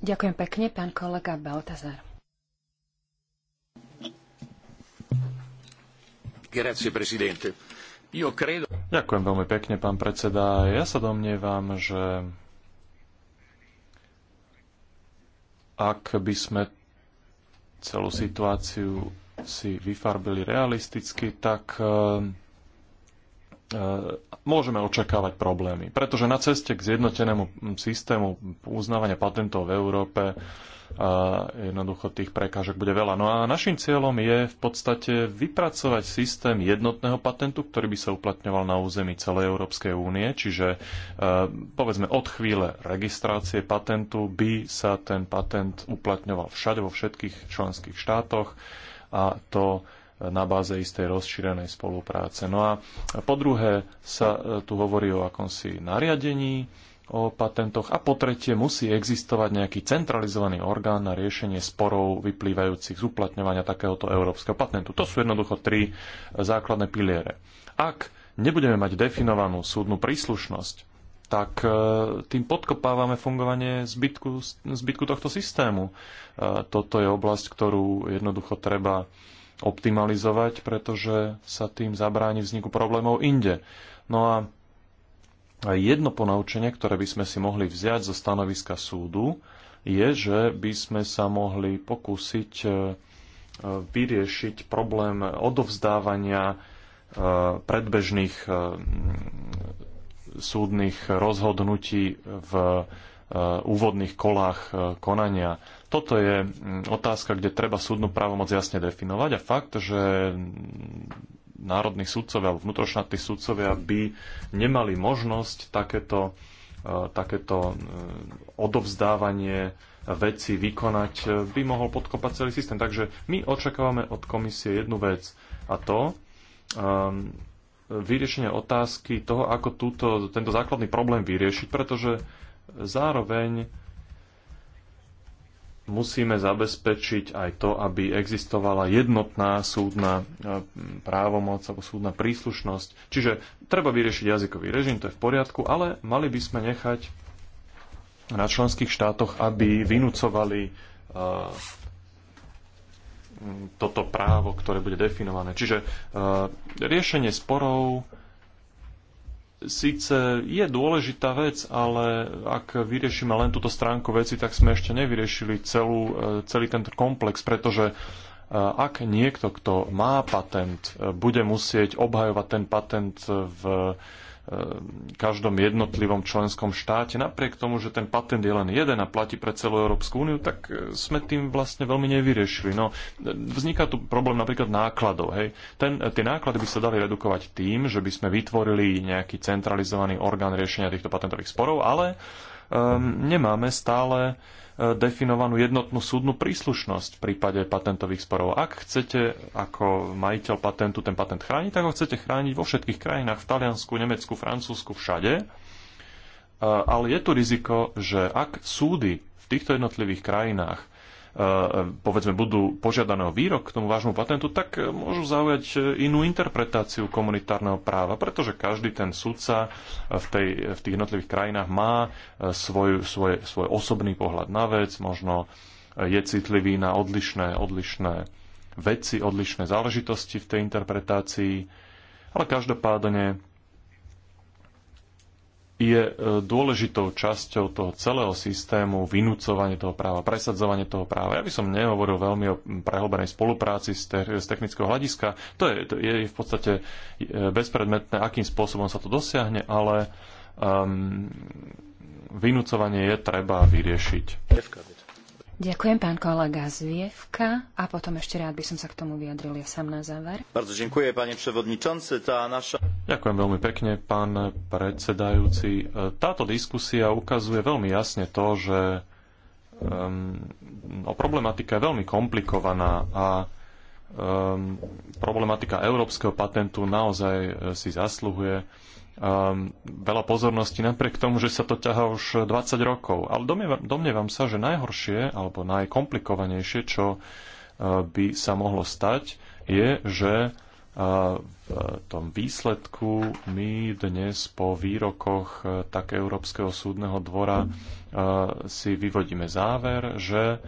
Ďakujem pekne, pán kolega Baltazar. Ďakujem veľmi pekne, pán predseda. Ja sa domnievam, že ak by sme celú situáciu si vyfarbili realisticky, tak e, e, môžeme očakávať problémy. Pretože na ceste k zjednotenému systému uznávania patentov v Európe a jednoducho tých prekážok bude veľa. No a našim cieľom je v podstate vypracovať systém jednotného patentu, ktorý by sa uplatňoval na území celej Európskej únie, čiže e, povedzme od chvíle registrácie patentu by sa ten patent uplatňoval všade vo všetkých členských štátoch a to na báze istej rozšírenej spolupráce. No a po druhé sa e, tu hovorí o akomsi nariadení, o patentoch a po tretie musí existovať nejaký centralizovaný orgán na riešenie sporov vyplývajúcich z uplatňovania takéhoto európskeho patentu. To sú jednoducho tri základné piliere. Ak nebudeme mať definovanú súdnu príslušnosť, tak e, tým podkopávame fungovanie zbytku, zbytku tohto systému. E, toto je oblasť, ktorú jednoducho treba optimalizovať, pretože sa tým zabráni vzniku problémov inde. No a jedno ponaučenie, ktoré by sme si mohli vziať zo stanoviska súdu, je, že by sme sa mohli pokúsiť e, e, vyriešiť problém odovzdávania e, predbežných súdnych rozhodnutí v úvodných kolách konania. Toto je otázka, kde treba súdnu právomoc jasne definovať a fakt, že národní sudcovia alebo vnútroštátni sudcovia by nemali možnosť takéto, e, takéto e, odovzdávanie veci vykonať, e, by mohol podkopať celý systém. Takže my očakávame od komisie jednu vec a to um, vyriešenie otázky toho, ako túto, tento základný problém vyriešiť, pretože zároveň musíme zabezpečiť aj to, aby existovala jednotná súdna e, právomoc alebo súdna príslušnosť. Čiže treba vyriešiť jazykový režim, to je v poriadku, ale mali by sme nechať na členských štátoch, aby vynúcovali e, toto právo, ktoré bude definované. Čiže e, riešenie sporov síce je dôležitá vec, ale ak vyriešime len túto stránku veci, tak sme ešte nevyriešili celú, e, celý tento komplex, pretože e, ak niekto, kto má patent, e, bude musieť obhajovať ten patent v Eh, každom jednotlivom členskom štáte. Napriek tomu, že ten patent je len jeden a platí pre celú Európsku úniu, tak eh, sme tým vlastne veľmi nevyriešili. No, vzniká tu problém napríklad nákladov. Hej. Ten, eh, tie náklady by sa dali redukovať tým, že by sme vytvorili nejaký centralizovaný orgán riešenia týchto patentových sporov, ale um, nemáme stále uh, definovanú jednotnú súdnu príslušnosť v prípade patentových sporov. Ak chcete ako majiteľ patentu ten patent chrániť, tak ho chcete chrániť vo všetkých krajinách, v Taliansku, Nemecku, Francúzsku, všade. E, ale je tu riziko, že ak súdy v týchto jednotlivých krajinách Eh, povedzme budú o výrok k tomu vášmu patentu, tak eh, môžu zaujať eh, inú interpretáciu komunitárneho práva, pretože každý ten sudca v, tej, v tých jednotlivých krajinách má svoj, svoj, svoj osobný pohľad na vec, možno je citlivý na odlišné, odlišné veci, odlišné záležitosti v tej interpretácii, ale každopádne je e, dôležitou časťou toho celého systému vynúcovanie toho práva, presadzovanie toho práva. Ja by som nehovoril veľmi o prehlbenej spolupráci z, te- z technického hľadiska. To je, to je v podstate e, bezpredmetné, akým spôsobom sa to dosiahne, ale um, vynúcovanie je treba vyriešiť. Ďakujem, pán kolega Zvievka. A potom ešte rád by som sa k tomu vyjadril ja sám na záver. Bardzo dziękuję, panie przewodniczący. Tá naša... Ďakujem veľmi pekne, pán predsedajúci. Táto diskusia ukazuje veľmi jasne to, že um, no, problematika je veľmi komplikovaná a um, problematika európskeho patentu naozaj e, si zasluhuje um, veľa pozornosti napriek tomu, že sa to ťaha už 20 rokov. Ale domnievam, sa, že najhoršie alebo najkomplikovanejšie, čo uh, by sa mohlo stať, je, že eh, v tom výsledku my dnes po výrokoch eh, tak Európskeho súdneho dvora si vyvodíme záver, že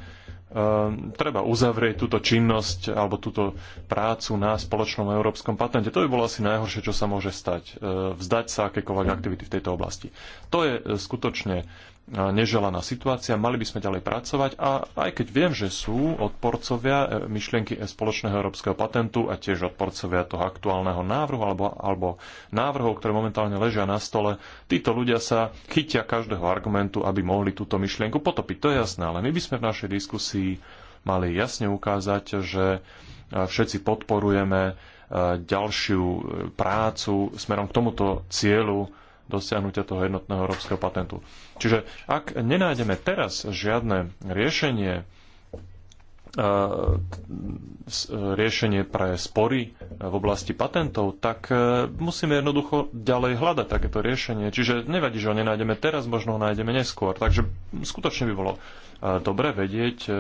Ehm, treba uzavrieť túto činnosť alebo túto prácu na spoločnom európskom patente. To by bolo asi najhoršie, čo sa môže stať. Ehm, vzdať sa akékoľvek aktivity v tejto oblasti. To je e, skutočne neželaná situácia, mali by sme ďalej pracovať a aj keď viem, že sú odporcovia e, myšlienky e, spoločného európskeho patentu a tiež odporcovia toho aktuálneho návrhu alebo, alebo návrhov, ktoré momentálne ležia na stole, títo ľudia sa chytia každého argumentu, aby mohli túto myšlienku potopiť. To je jasné, ale my by sme v našej diskusii mali jasne ukázať, že e, všetci podporujeme ďalšiu prácu smerom k tomuto cieľu dosiahnutia toho jednotného európskeho patentu. Čiže ak nenájdeme teraz žiadne riešenie, e, e, riešenie pre spory v oblasti patentov, tak e, musíme jednoducho ďalej hľadať takéto riešenie. Čiže nevadí, že ho nenájdeme teraz, možno ho nájdeme neskôr. Takže skutočne by bolo dobre vedieť,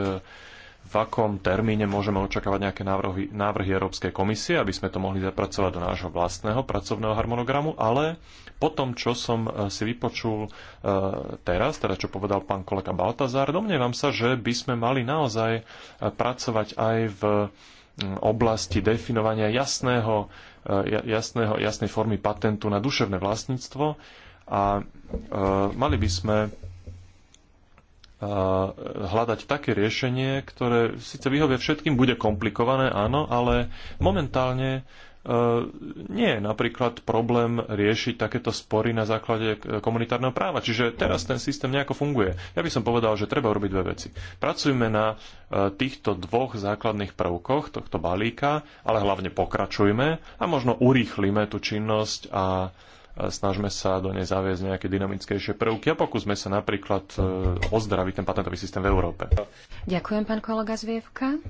v akom termíne môžeme očakávať nejaké návrhy, návrhy Európskej komisie, aby sme to mohli zapracovať do nášho vlastného pracovného harmonogramu, ale po tom, čo som e, si vypočul e, teraz, teda čo povedal pán kolega Baltazár, domnievam sa, že by sme mali naozaj e, pracovať aj v oblasti definovania jasného, jasného, jasnej formy patentu na duševné vlastníctvo a mali by sme hľadať také riešenie, ktoré síce vyhovie všetkým, bude komplikované, áno, ale momentálne E, nie je napríklad problém riešiť takéto spory na základe e, komunitárneho práva. Čiže teraz ten systém nejako funguje. Ja by som povedal, že treba urobiť dve veci. Pracujme na e, týchto dvoch základných prvkoch tohto balíka, ale hlavne pokračujme a možno urýchlime tú činnosť a snažme sa do nej zaviesť nejaké dynamickejšie prvky a pokúsme sa napríklad ozdraviť ten patentový systém v Európe. Ďakujem, pán kolega Zvievka.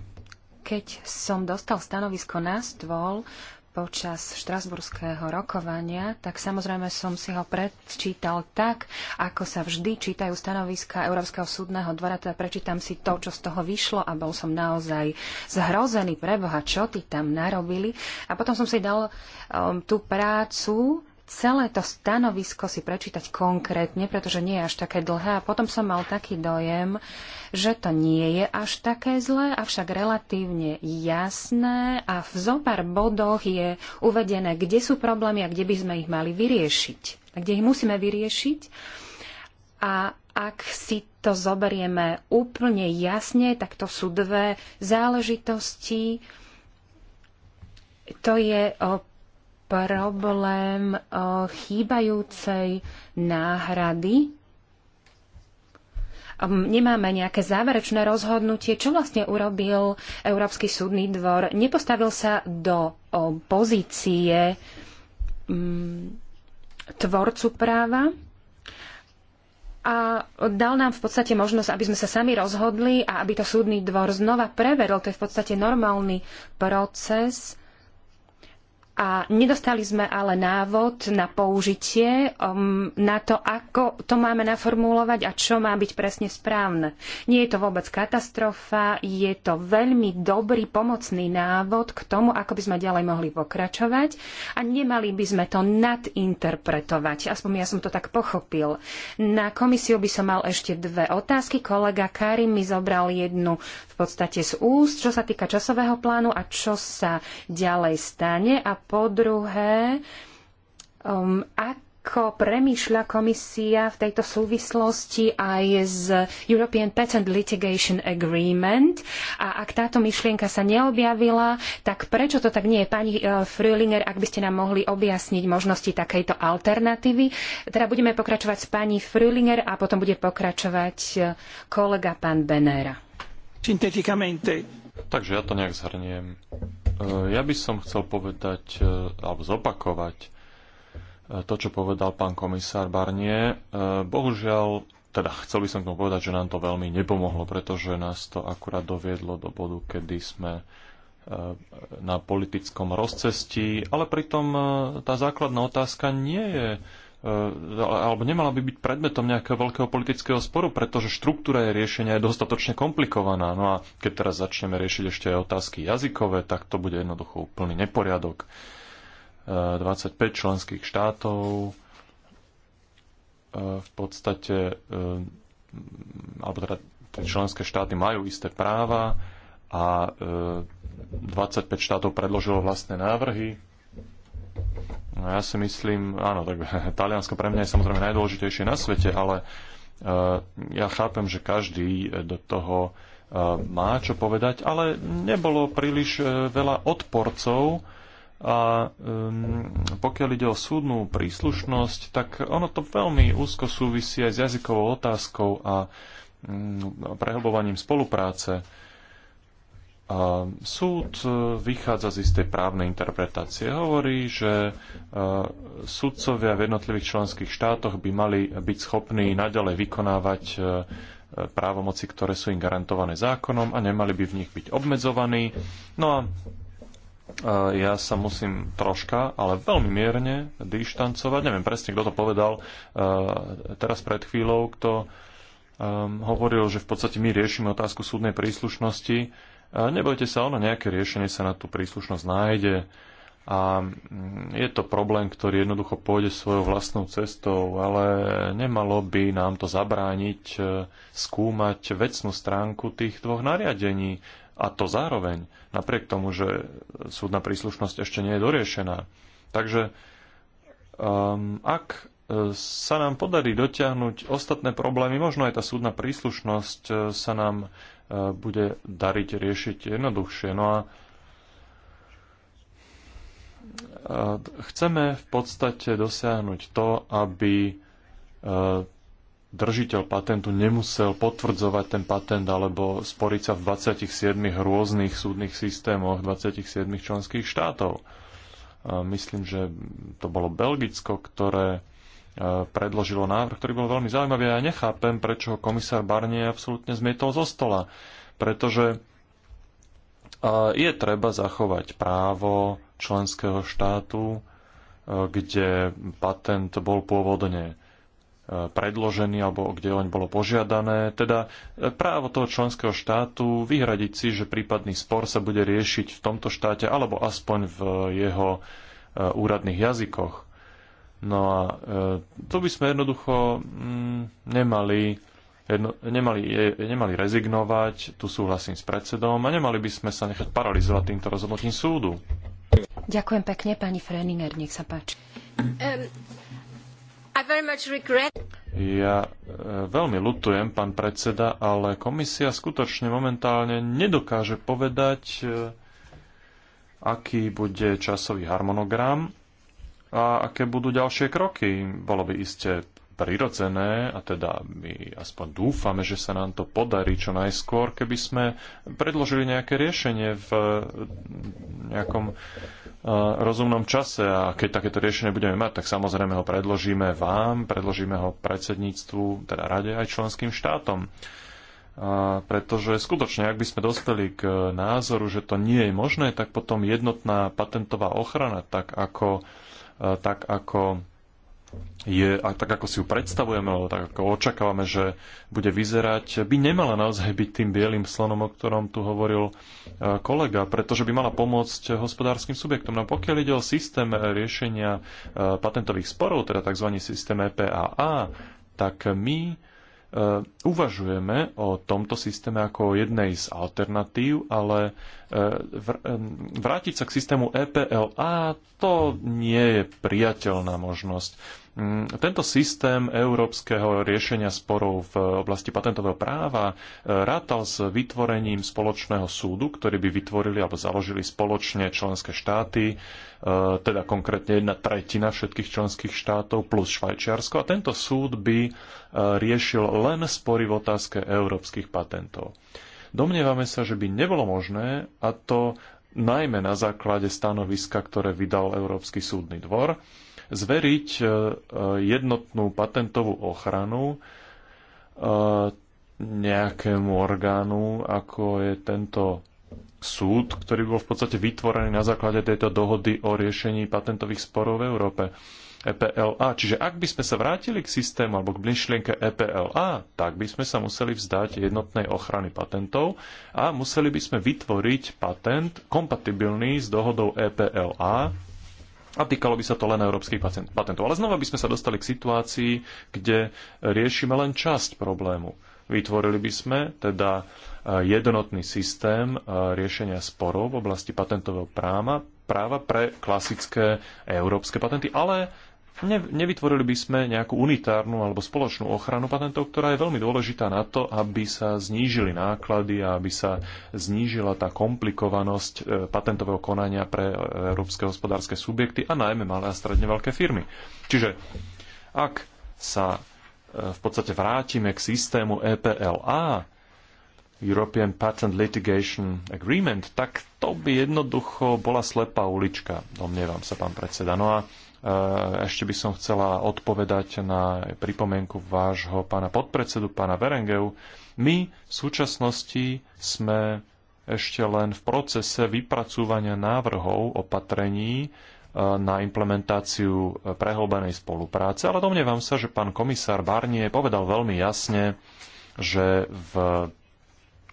Keď som dostal stanovisko na stôl, počas štrasburského rokovania, tak samozrejme som si ho prečítal tak, ako sa vždy čítajú stanoviska Európskeho súdneho dvora, teda prečítam si to, čo z toho vyšlo a bol som naozaj zhrozený, pre boha, čo ty tam narobili. A potom som si dal um, tú prácu celé to stanovisko si prečítať konkrétne, pretože nie je až také dlhé. A potom som mal taký dojem, že to nie je až také zlé, avšak relatívne jasné a v zopár bodoch je uvedené, kde sú problémy a kde by sme ich mali vyriešiť. A kde ich musíme vyriešiť. A ak si to zoberieme úplne jasne, tak to sú dve záležitosti. To je problém eh, chýbajúcej náhrady. Nemáme nejaké záverečné rozhodnutie, čo vlastne urobil Európsky súdny dvor. Nepostavil sa do pozície mm, tvorcu práva a dal nám v podstate možnosť, aby sme sa sami rozhodli a aby to súdny dvor znova preveril. To je v podstate normálny proces a nedostali sme ale návod na použitie, um, na to, ako to máme naformulovať a čo má byť presne správne. Nie je to vôbec katastrofa, je to veľmi dobrý pomocný návod k tomu, ako by sme ďalej mohli pokračovať a nemali by sme to nadinterpretovať. Aspoň ja som to tak pochopil. Na komisiu by som mal ešte dve otázky. Kolega Karim mi zobral jednu v podstate z úst, čo sa týka časového plánu a čo sa ďalej stane. A po druhé, um, ako premýšľa komisia v tejto súvislosti aj z European Patent Litigation Agreement a ak táto myšlienka sa neobjavila, tak prečo to tak nie je? Pani uh, Frühlinger, ak by ste nám mohli objasniť možnosti takejto alternatívy. Teda budeme pokračovať s pani Frühlinger a potom bude pokračovať uh, kolega pán Benera. Takže ja to nejak zhrniem. Eh, ja by som chcel povedať eh, alebo zopakovať eh, to, čo povedal pán komisár Barnier. Bohužiaľ, teda chcel by som tomu povedať, že nám to veľmi nepomohlo, pretože nás to akurát doviedlo do bodu, kedy sme na politickom rozcestí, ale pritom tá základná otázka nie je E, alebo nemala by byť predmetom nejakého veľkého politického sporu, pretože štruktúra jej riešenia je dostatočne komplikovaná. No a keď teraz začneme riešiť ešte aj otázky jazykové, tak to bude jednoducho úplný neporiadok. 25 e, členských štátov e, v podstate alebo teda tie členské štáty majú isté práva a 25 štátov predložilo vlastné návrhy No ja si myslím, áno, tak [LAUGHS] Taliansko pre mňa je samozrejme najdôležitejšie na svete, ale uh, ja chápem, že každý eh, do toho uh, má čo povedať, ale nebolo príliš uh, veľa odporcov a um, pokiaľ ide o súdnu príslušnosť, tak ono to veľmi úzko súvisí aj s jazykovou otázkou a um, prehlbovaním spolupráce súd e, vychádza z istej právnej interpretácie. Hovorí, že e, súdcovia v jednotlivých členských štátoch by mali byť schopní naďalej vykonávať e, právomoci, ktoré sú im garantované zákonom a nemali by v nich byť obmedzovaní. No a ja sa musím troška, ale veľmi mierne dištancovať. Neviem presne, kto to povedal teraz pred chvíľou, kto hovoril, že v podstate my riešime otázku súdnej príslušnosti Nebojte sa, ono nejaké riešenie sa na tú príslušnosť nájde a mm, je to problém, ktorý jednoducho pôjde svojou vlastnou cestou, ale nemalo by nám to zabrániť e, skúmať vecnú stránku tých dvoch nariadení a to zároveň, napriek tomu, že súdna príslušnosť ešte nie je doriešená. Takže um, ak e, sa nám podarí dotiahnuť ostatné problémy, možno aj tá súdna príslušnosť e, sa nám bude dariť riešiť jednoduchšie. No a chceme v podstate dosiahnuť to, aby e, držiteľ patentu nemusel potvrdzovať ten patent alebo sporiť sa v 27 rôznych súdnych systémoch 27 členských štátov. Myslím, že to bolo Belgicko, ktoré predložilo návrh, ktorý bol veľmi zaujímavý a ja nechápem, prečo ho komisár Barnier absolútne zmietol zo stola. Pretože je treba zachovať právo členského štátu, kde patent bol pôvodne predložený alebo kde oň bolo požiadané. Teda e, právo toho členského štátu vyhradiť si, že prípadný spor sa bude riešiť v tomto štáte alebo aspoň v jeho e, úradných jazykoch. No a e, tu by sme jednoducho mm, nemali, jedno, nemali, je, nemali rezignovať, tu súhlasím s predsedom, a nemali by sme sa nechať paralizovať týmto rozhodnutím súdu. Ďakujem pekne, pani Freninger, nech sa páči. Um, I very much regret... Ja e, veľmi lutujem, pán predseda, ale komisia skutočne momentálne nedokáže povedať, e, aký bude časový harmonogram a aké budú ďalšie kroky. Bolo by iste prirodzené, a teda my aspoň dúfame, že sa nám to podarí čo najskôr, keby sme predložili nejaké riešenie v nejakom e, rozumnom čase a keď takéto riešenie budeme mať, tak samozrejme ho predložíme vám, predložíme ho predsedníctvu, teda rade aj členským štátom. A pretože skutočne, ak by sme dospeli k názoru, že to nie je možné, tak potom jednotná patentová ochrana, tak ako Eh, tak ako je, a tak ako si ju predstavujeme, alebo tak ako očakávame, že bude vyzerať, by nemala naozaj byť tým bielým slonom, o ktorom tu hovoril eh, kolega, pretože by mala pomôcť hospodárskym subjektom. No pokiaľ ide o systém riešenia eh, patentových sporov, teda tzv. systém EPAA, tak my E, uvažujeme o tomto systéme ako o jednej z alternatív, ale e, e, vrátiť sa k systému EPLA to nie je priateľná možnosť. Mm, tento systém európskeho riešenia sporov v oblasti patentového práva e, rátal s vytvorením spoločného súdu, ktorý by vytvorili alebo založili spoločne členské štáty, e, teda konkrétne jedna tretina všetkých členských štátov plus Švajčiarsko. A tento súd by e, riešil len spory v otázke európskych patentov. Domnievame sa, že by nebolo možné, a to najmä na základe stanoviska, ktoré vydal Európsky súdny dvor, zveriť e, e, jednotnú patentovú ochranu e, nejakému orgánu, ako je tento súd, ktorý bol v podstate vytvorený na základe tejto dohody o riešení patentových sporov v Európe. EPLA. Čiže ak by sme sa vrátili k systému alebo k myšlienke EPLA, tak by sme sa museli vzdať jednotnej ochrany patentov a museli by sme vytvoriť patent kompatibilný s dohodou EPLA a týkalo by sa to len európskych patentov. Ale znova by sme sa dostali k situácii, kde riešime len časť problému. Vytvorili by sme teda e, jednotný systém e, riešenia sporov v oblasti patentového práva, práva pre klasické európske patenty, ale ne, nevytvorili by sme nejakú unitárnu alebo spoločnú ochranu patentov, ktorá je veľmi dôležitá na to, aby sa znížili náklady a aby sa znížila tá komplikovanosť e, patentového konania pre e, európske hospodárske subjekty a najmä malé a stredne veľké firmy. Čiže ak sa e, v podstate vrátime k systému EPLA, European Patent Litigation Agreement, tak to by jednoducho bola slepá ulička, domnievam sa, pán predseda. No a Eh, ešte by som chcela odpovedať na pripomienku vášho pána podpredsedu, pána Verengeu. My v súčasnosti sme ešte len v procese vypracúvania návrhov opatrení eh, na implementáciu eh, prehlbenej spolupráce, ale domnievam sa, že pán komisár Barnier povedal veľmi jasne, že v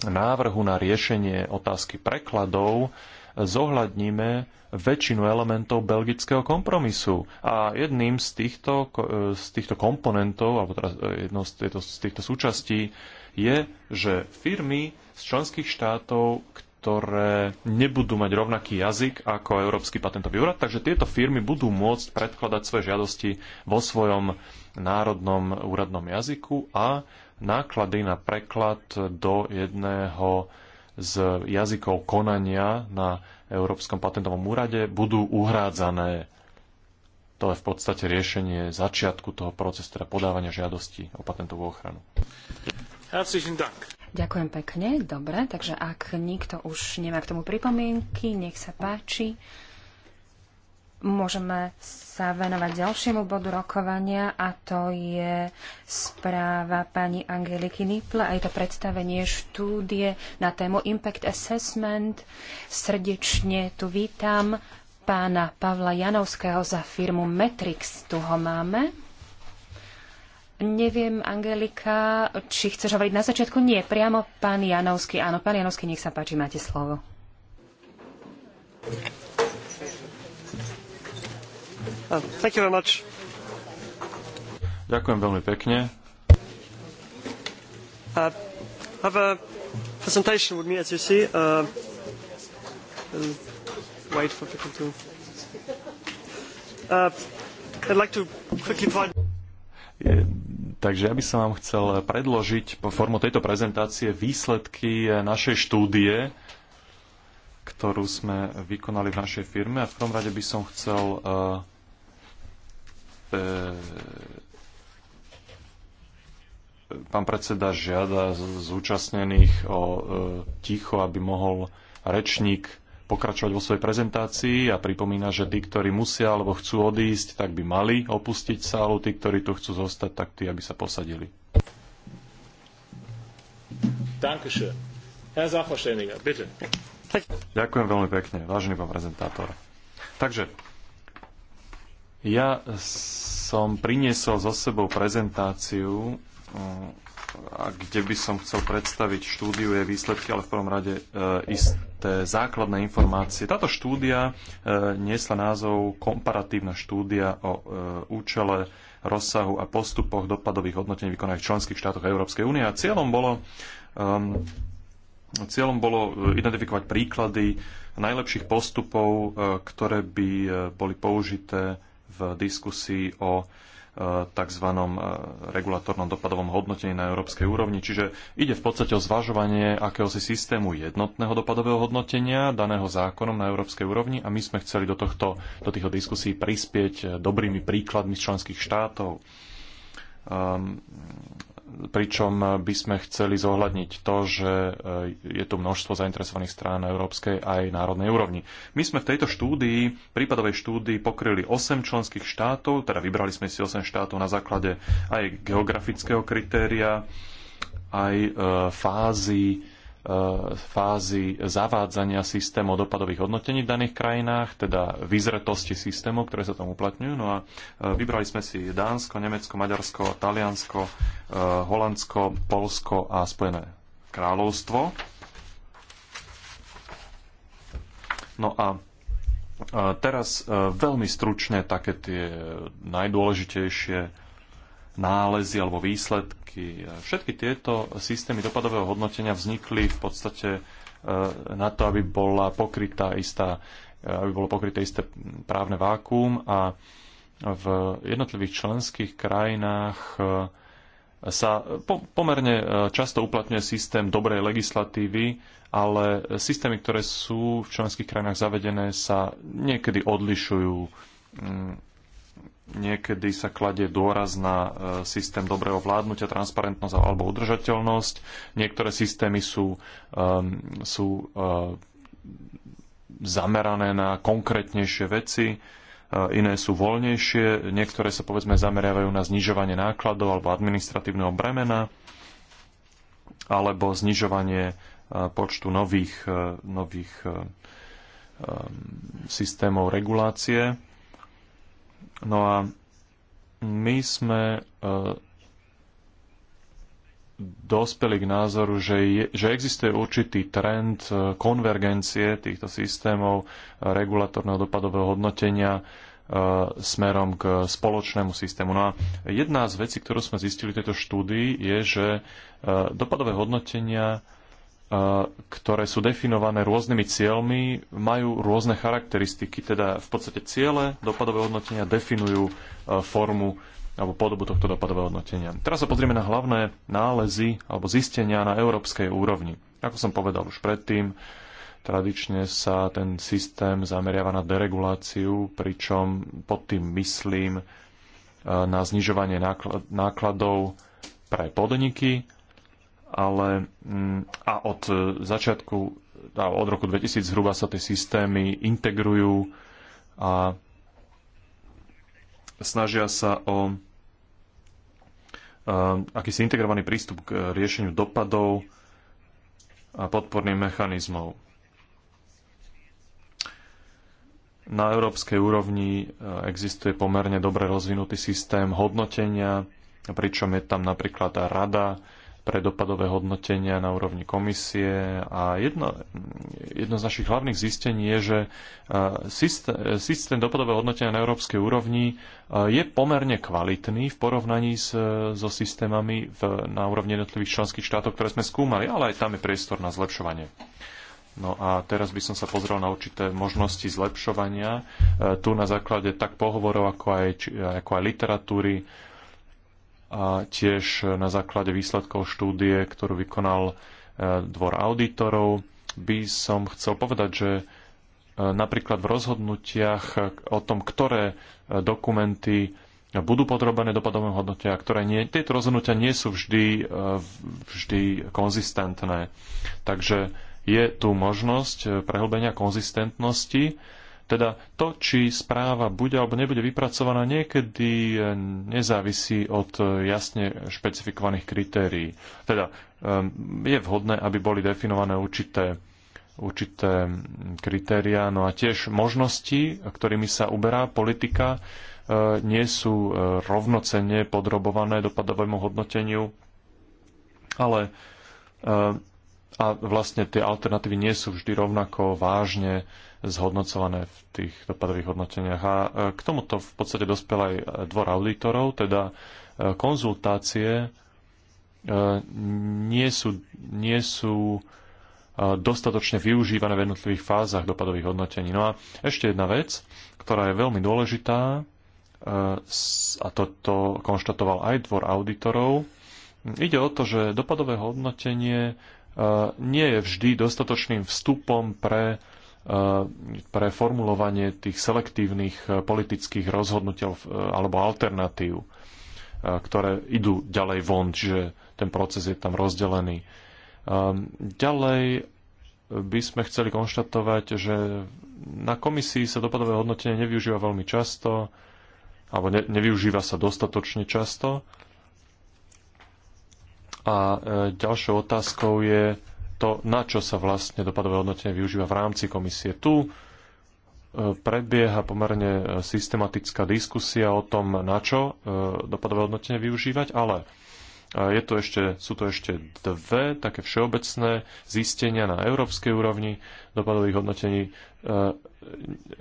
návrhu na riešenie otázky prekladov zohľadníme väčšinu elementov belgického kompromisu. A jedným z týchto, e, z týchto komponentov, alebo teda e, jednou z, týchto, z týchto súčastí, je, že firmy z členských štátov, ktoré nebudú mať rovnaký jazyk ako Európsky patentový úrad, takže tieto firmy budú môcť predkladať svoje žiadosti vo svojom národnom úradnom jazyku a náklady na preklad do jedného z jazykov konania na Európskom patentovom úrade budú uhrádzané. To je v podstate riešenie začiatku toho procesu, teda podávania žiadosti o patentovú ochranu. Ďakujem pekne, dobre, takže ak nikto už nemá k tomu pripomienky, nech sa páči môžeme sa venovať ďalšiemu bodu rokovania a to je správa pani Angeliky Niple a je to predstavenie štúdie na tému Impact Assessment. Srdečne tu vítam pána Pavla Janovského za firmu Metrix. Tu ho máme. Neviem, Angelika, či chceš hovoriť na začiatku? Nie, priamo pán Janovský. Áno, pán Janovský, nech sa páči, máte slovo. Thank you very much. Ďakujem veľmi pekne. Uh, have a presentation with me, as you see. Uh, uh wait for people to... Uh, I'd like to quickly Takže ja by som vám chcel predložiť po formu tejto prezentácie výsledky našej štúdie, ktorú sme vykonali v našej firme. A v tom rade by som chcel uh, E, pán predseda žiada zúčastnených o e, ticho, aby mohol rečník pokračovať vo svojej prezentácii a pripomína, že tí, ktorí musia alebo chcú odísť, tak by mali opustiť sálu, tí, ktorí tu chcú zostať, tak tí, aby sa posadili. Ďakujem veľmi pekne, vážený pán prezentátor. Takže ja som priniesol so sebou prezentáciu, eh, kde by som chcel predstaviť štúdiu, jej výsledky, ale v prvom rade eh, isté základné informácie. Táto štúdia eh, niesla názov Komparatívna štúdia o účele rozsahu a postupoch dopadových hodnotení vykonaných v členských štátoch Európskej únie. A cieľom bolo, um, cieľom bolo identifikovať príklady najlepších postupov, ktoré by boli použité v diskusii o e, tzv. E, regulatornom dopadovom hodnotení na európskej úrovni. Čiže ide v podstate o zvažovanie akéhosi systému jednotného dopadového hodnotenia daného zákonom na európskej úrovni a my sme chceli do, tohto, do týchto diskusí prispieť dobrými príkladmi z členských štátov. Um, pričom by sme chceli zohľadniť to, že e, je tu množstvo zainteresovaných strán na európskej aj národnej úrovni. My sme v tejto štúdii, prípadovej štúdii, pokryli 8 členských štátov, teda vybrali sme si 8 štátov na základe aj geografického kritéria, aj e, fázy Eh, fázy zavádzania systémov dopadových hodnotení v daných krajinách, teda vyzretosti systémov, ktoré sa tam uplatňujú. No a eh, vybrali sme si Dánsko, Nemecko, Maďarsko, Taliansko, eh, Holandsko, Polsko a Spojené kráľovstvo. No a teraz veľmi stručne také tie najdôležitejšie nálezy alebo výsledky. Všetky tieto systémy dopadového hodnotenia vznikli v podstate e, na to, aby bola pokrytá istá, e, aby bolo pokryté isté právne vákuum a v jednotlivých členských krajinách e, sa po, pomerne často uplatňuje systém dobrej legislatívy, ale systémy, ktoré sú v členských krajinách zavedené, sa niekedy odlišujú mm, niekedy sa kladie dôraz na e, systém dobrého vládnutia, transparentnosť alebo udržateľnosť. Niektoré systémy sú, sú e, zamerané na konkrétnejšie veci, e, iné sú voľnejšie, niektoré sa povedzme zameriavajú na znižovanie nákladov alebo administratívneho bremena alebo znižovanie počtu nových, nových systémov regulácie No a my sme e, dospeli k názoru, že, je, že existuje určitý trend e, konvergencie týchto systémov e, regulatorného dopadového hodnotenia smerom k spoločnému systému. No a jedna z vecí, ktorú sme zistili v tejto štúdii, je, že dopadové hodnotenia ktoré sú definované rôznymi cieľmi, majú rôzne charakteristiky. Teda v podstate ciele dopadové hodnotenia definujú formu alebo podobu tohto dopadového hodnotenia. Teraz sa pozrieme na hlavné nálezy alebo zistenia na európskej úrovni. Ako som povedal už predtým, tradične sa ten systém zameriava na dereguláciu, pričom pod tým myslím na znižovanie nákladov pre podniky ale mm, a od e, začiatku, a od roku 2000 zhruba sa tie systémy integrujú a snažia sa o e, akýsi integrovaný prístup k riešeniu dopadov a podporných mechanizmov. Na európskej úrovni e, existuje pomerne dobre rozvinutý systém hodnotenia, pričom je tam napríklad rada, pre dopadové hodnotenia na úrovni komisie a jedno, jedno z našich hlavných zistení je, že e, systém, systém dopadového hodnotenia na európskej úrovni e, je pomerne kvalitný v porovnaní s, so systémami v, na úrovni jednotlivých členských štátov, ktoré sme skúmali, ale aj tam je priestor na zlepšovanie. No a teraz by som sa pozrel na určité možnosti zlepšovania. E, tu na základe tak pohovorov, ako aj, ako aj literatúry, a tiež na základe výsledkov štúdie, ktorú vykonal e, dvor auditorov, by som chcel povedať, že e, napríklad v rozhodnutiach o tom, ktoré e, dokumenty budú podrobené dopadovom hodnotia a ktoré nie. Tieto rozhodnutia nie sú vždy, vždy konzistentné. Takže je tu možnosť prehlbenia konzistentnosti teda to, či správa bude alebo nebude vypracovaná, niekedy eh, nezávisí od eh, jasne špecifikovaných kritérií. Teda eh, je vhodné, aby boli definované určité určité mm, kritériá, no a tiež možnosti, ktorými sa uberá politika, nie sú rovnocenne podrobované dopadovému hodnoteniu, ale a vlastne tie alternatívy nie sú vždy rovnako vážne zhodnocované v tých dopadových hodnoteniach. A e, k tomuto v podstate dospel aj dvor auditorov, teda e, konzultácie e, nie sú, nie sú dostatočne využívané v jednotlivých fázach dopadových hodnotení. No a ešte jedna vec, ktorá je veľmi dôležitá, a toto konštatoval aj dvor auditorov, ide o to, že dopadové hodnotenie nie je vždy dostatočným vstupom pre Eh, pre formulovanie tých selektívnych eh, politických rozhodnutí eh, alebo alternatív, ktoré idú ďalej von, že ten proces je tam rozdelený. Ehm, ďalej by sme chceli konštatovať, že na komisii sa dopadové hodnotenie nevyužíva veľmi často, alebo ne, nevyužíva sa dostatočne často. A ďalšou otázkou je, to, na čo sa vlastne dopadové hodnotenie využíva v rámci komisie. Tu e, predbieha pomerne e, systematická diskusia o tom, na čo e, dopadové hodnotenie využívať, ale je to ešte, sú to ešte dve také všeobecné zistenia na európskej úrovni dopadových hodnotení.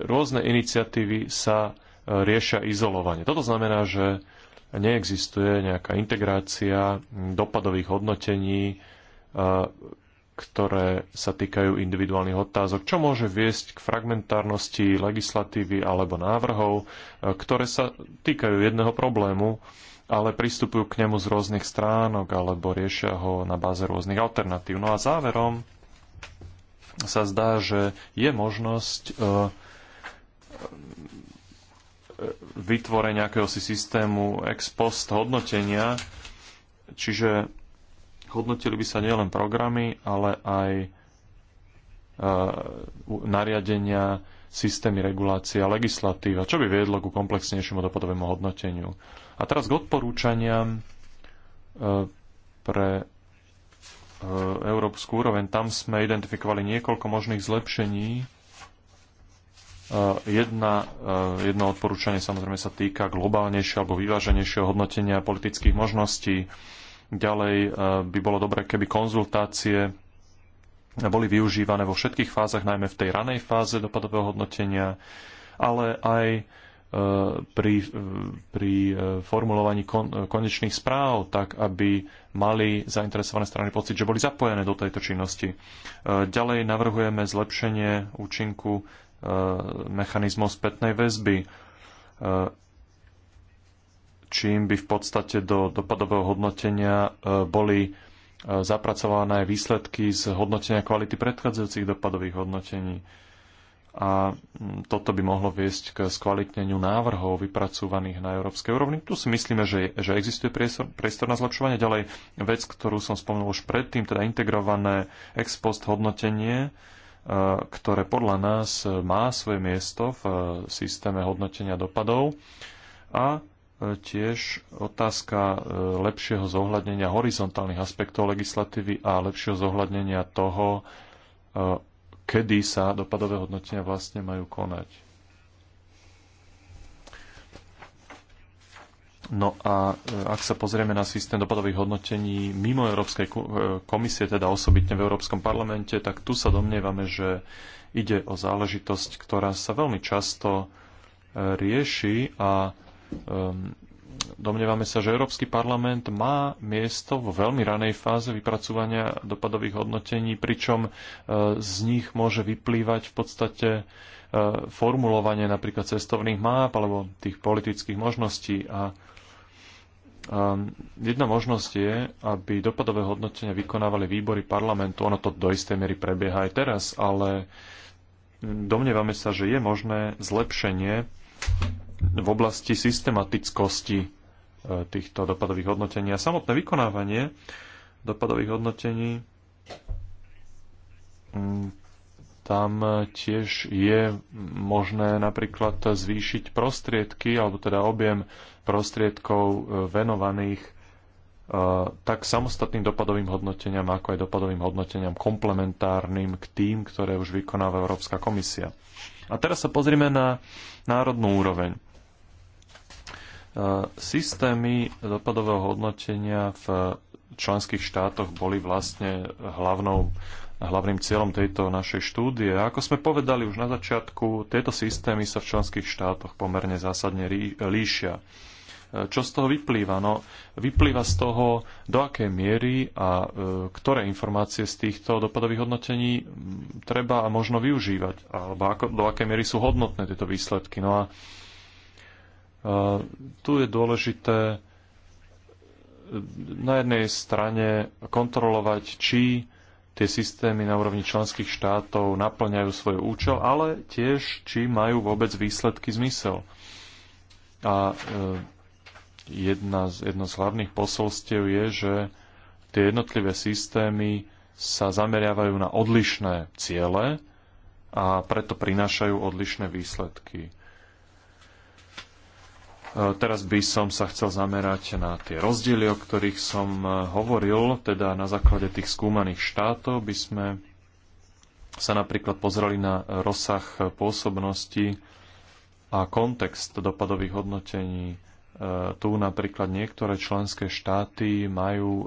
Rôzne iniciatívy sa riešia izolovanie. Toto znamená, že neexistuje nejaká integrácia dopadových hodnotení ktoré sa týkajú individuálnych otázok, čo môže viesť k fragmentárnosti legislatívy alebo návrhov, e, ktoré sa týkajú jedného problému, ale pristupujú k nemu z rôznych stránok alebo riešia ho na báze rôznych alternatív. No a záverom sa zdá, že je možnosť e, e, vytvorenia nejakého si systému ex post hodnotenia, čiže hodnotili by sa nielen programy, ale aj e, nariadenia, systémy regulácie a legislatíva, čo by viedlo ku komplexnejšiemu dopadovému hodnoteniu. A teraz k odporúčaniam e, pre e, európsku úroveň. Tam sme identifikovali niekoľko možných zlepšení. Jedna, jedno odporúčanie samozrejme sa týka globálnejšieho alebo vyváženejšieho hodnotenia politických možností Ďalej eh, by bolo dobre, keby konzultácie boli využívané vo všetkých fázach, najmä v tej ranej fáze dopadového hodnotenia, ale aj eh, pri, eh, pri formulovaní kon, konečných správ, tak aby mali zainteresované strany pocit, že boli zapojené do tejto činnosti. Ďalej navrhujeme zlepšenie účinku mechanizmov spätnej väzby čím by v podstate do dopadového hodnotenia e, boli e, zapracované výsledky z hodnotenia kvality predchádzajúcich dopadových hodnotení. A toto by mohlo viesť k skvalitneniu návrhov vypracúvaných na európskej úrovni. Tu si myslíme, že, že existuje priestor, priestor na zlepšovanie. Ďalej vec, ktorú som spomenul už predtým, teda integrované ex post hodnotenie, e, ktoré podľa nás má svoje miesto v systéme hodnotenia dopadov. A E, tiež otázka e, lepšieho zohľadnenia horizontálnych aspektov legislatívy a lepšieho zohľadnenia toho, e, kedy sa dopadové hodnotenia vlastne majú konať. No a ak sa pozrieme na systém dopadových hodnotení mimo Európskej komisie, teda osobitne v Európskom parlamente, tak tu sa domnievame, že ide o záležitosť, ktorá sa veľmi často rieši a Ehm, domnievame sa, že Európsky parlament má miesto vo veľmi ranej fáze vypracovania dopadových hodnotení, pričom e, z nich môže vyplývať v podstate e, formulovanie napríklad cestovných máp alebo tých politických možností. A ehm, jedna možnosť je, aby dopadové hodnotenia vykonávali výbory parlamentu. Ono to do istej miery prebieha aj teraz, ale domnievame sa, že je možné zlepšenie v oblasti systematickosti e, týchto dopadových hodnotení a samotné vykonávanie dopadových hodnotení mm, tam tiež je možné napríklad zvýšiť prostriedky alebo teda objem prostriedkov e, venovaných e, tak samostatným dopadovým hodnoteniam, ako aj dopadovým hodnoteniam komplementárnym k tým, ktoré už vykonáva Európska komisia. A teraz sa pozrieme na národnú úroveň. E, systémy dopadového hodnotenia v členských štátoch boli vlastne hlavnou, hlavným cieľom tejto našej štúdie. A ako sme povedali už na začiatku, tieto systémy sa v členských štátoch pomerne zásadne líšia. Čo z toho vyplýva? No, vyplýva z toho, do akej miery a e, ktoré informácie z týchto dopadových hodnotení treba a možno využívať, alebo ako, do akej miery sú hodnotné tieto výsledky. No a e, tu je dôležité e, na jednej strane kontrolovať, či tie systémy na úrovni členských štátov naplňajú svoj účel, ale tiež, či majú vôbec výsledky zmysel. A e, jedna z, jedno z hlavných posolstiev je, že tie jednotlivé systémy sa zameriavajú na odlišné ciele a preto prinášajú odlišné výsledky. E, teraz by som sa chcel zamerať na tie rozdiely, o ktorých som e, hovoril, teda na základe tých skúmaných štátov by sme sa napríklad pozreli na rozsah pôsobnosti a kontext dopadových hodnotení E, tu napríklad niektoré členské štáty majú e,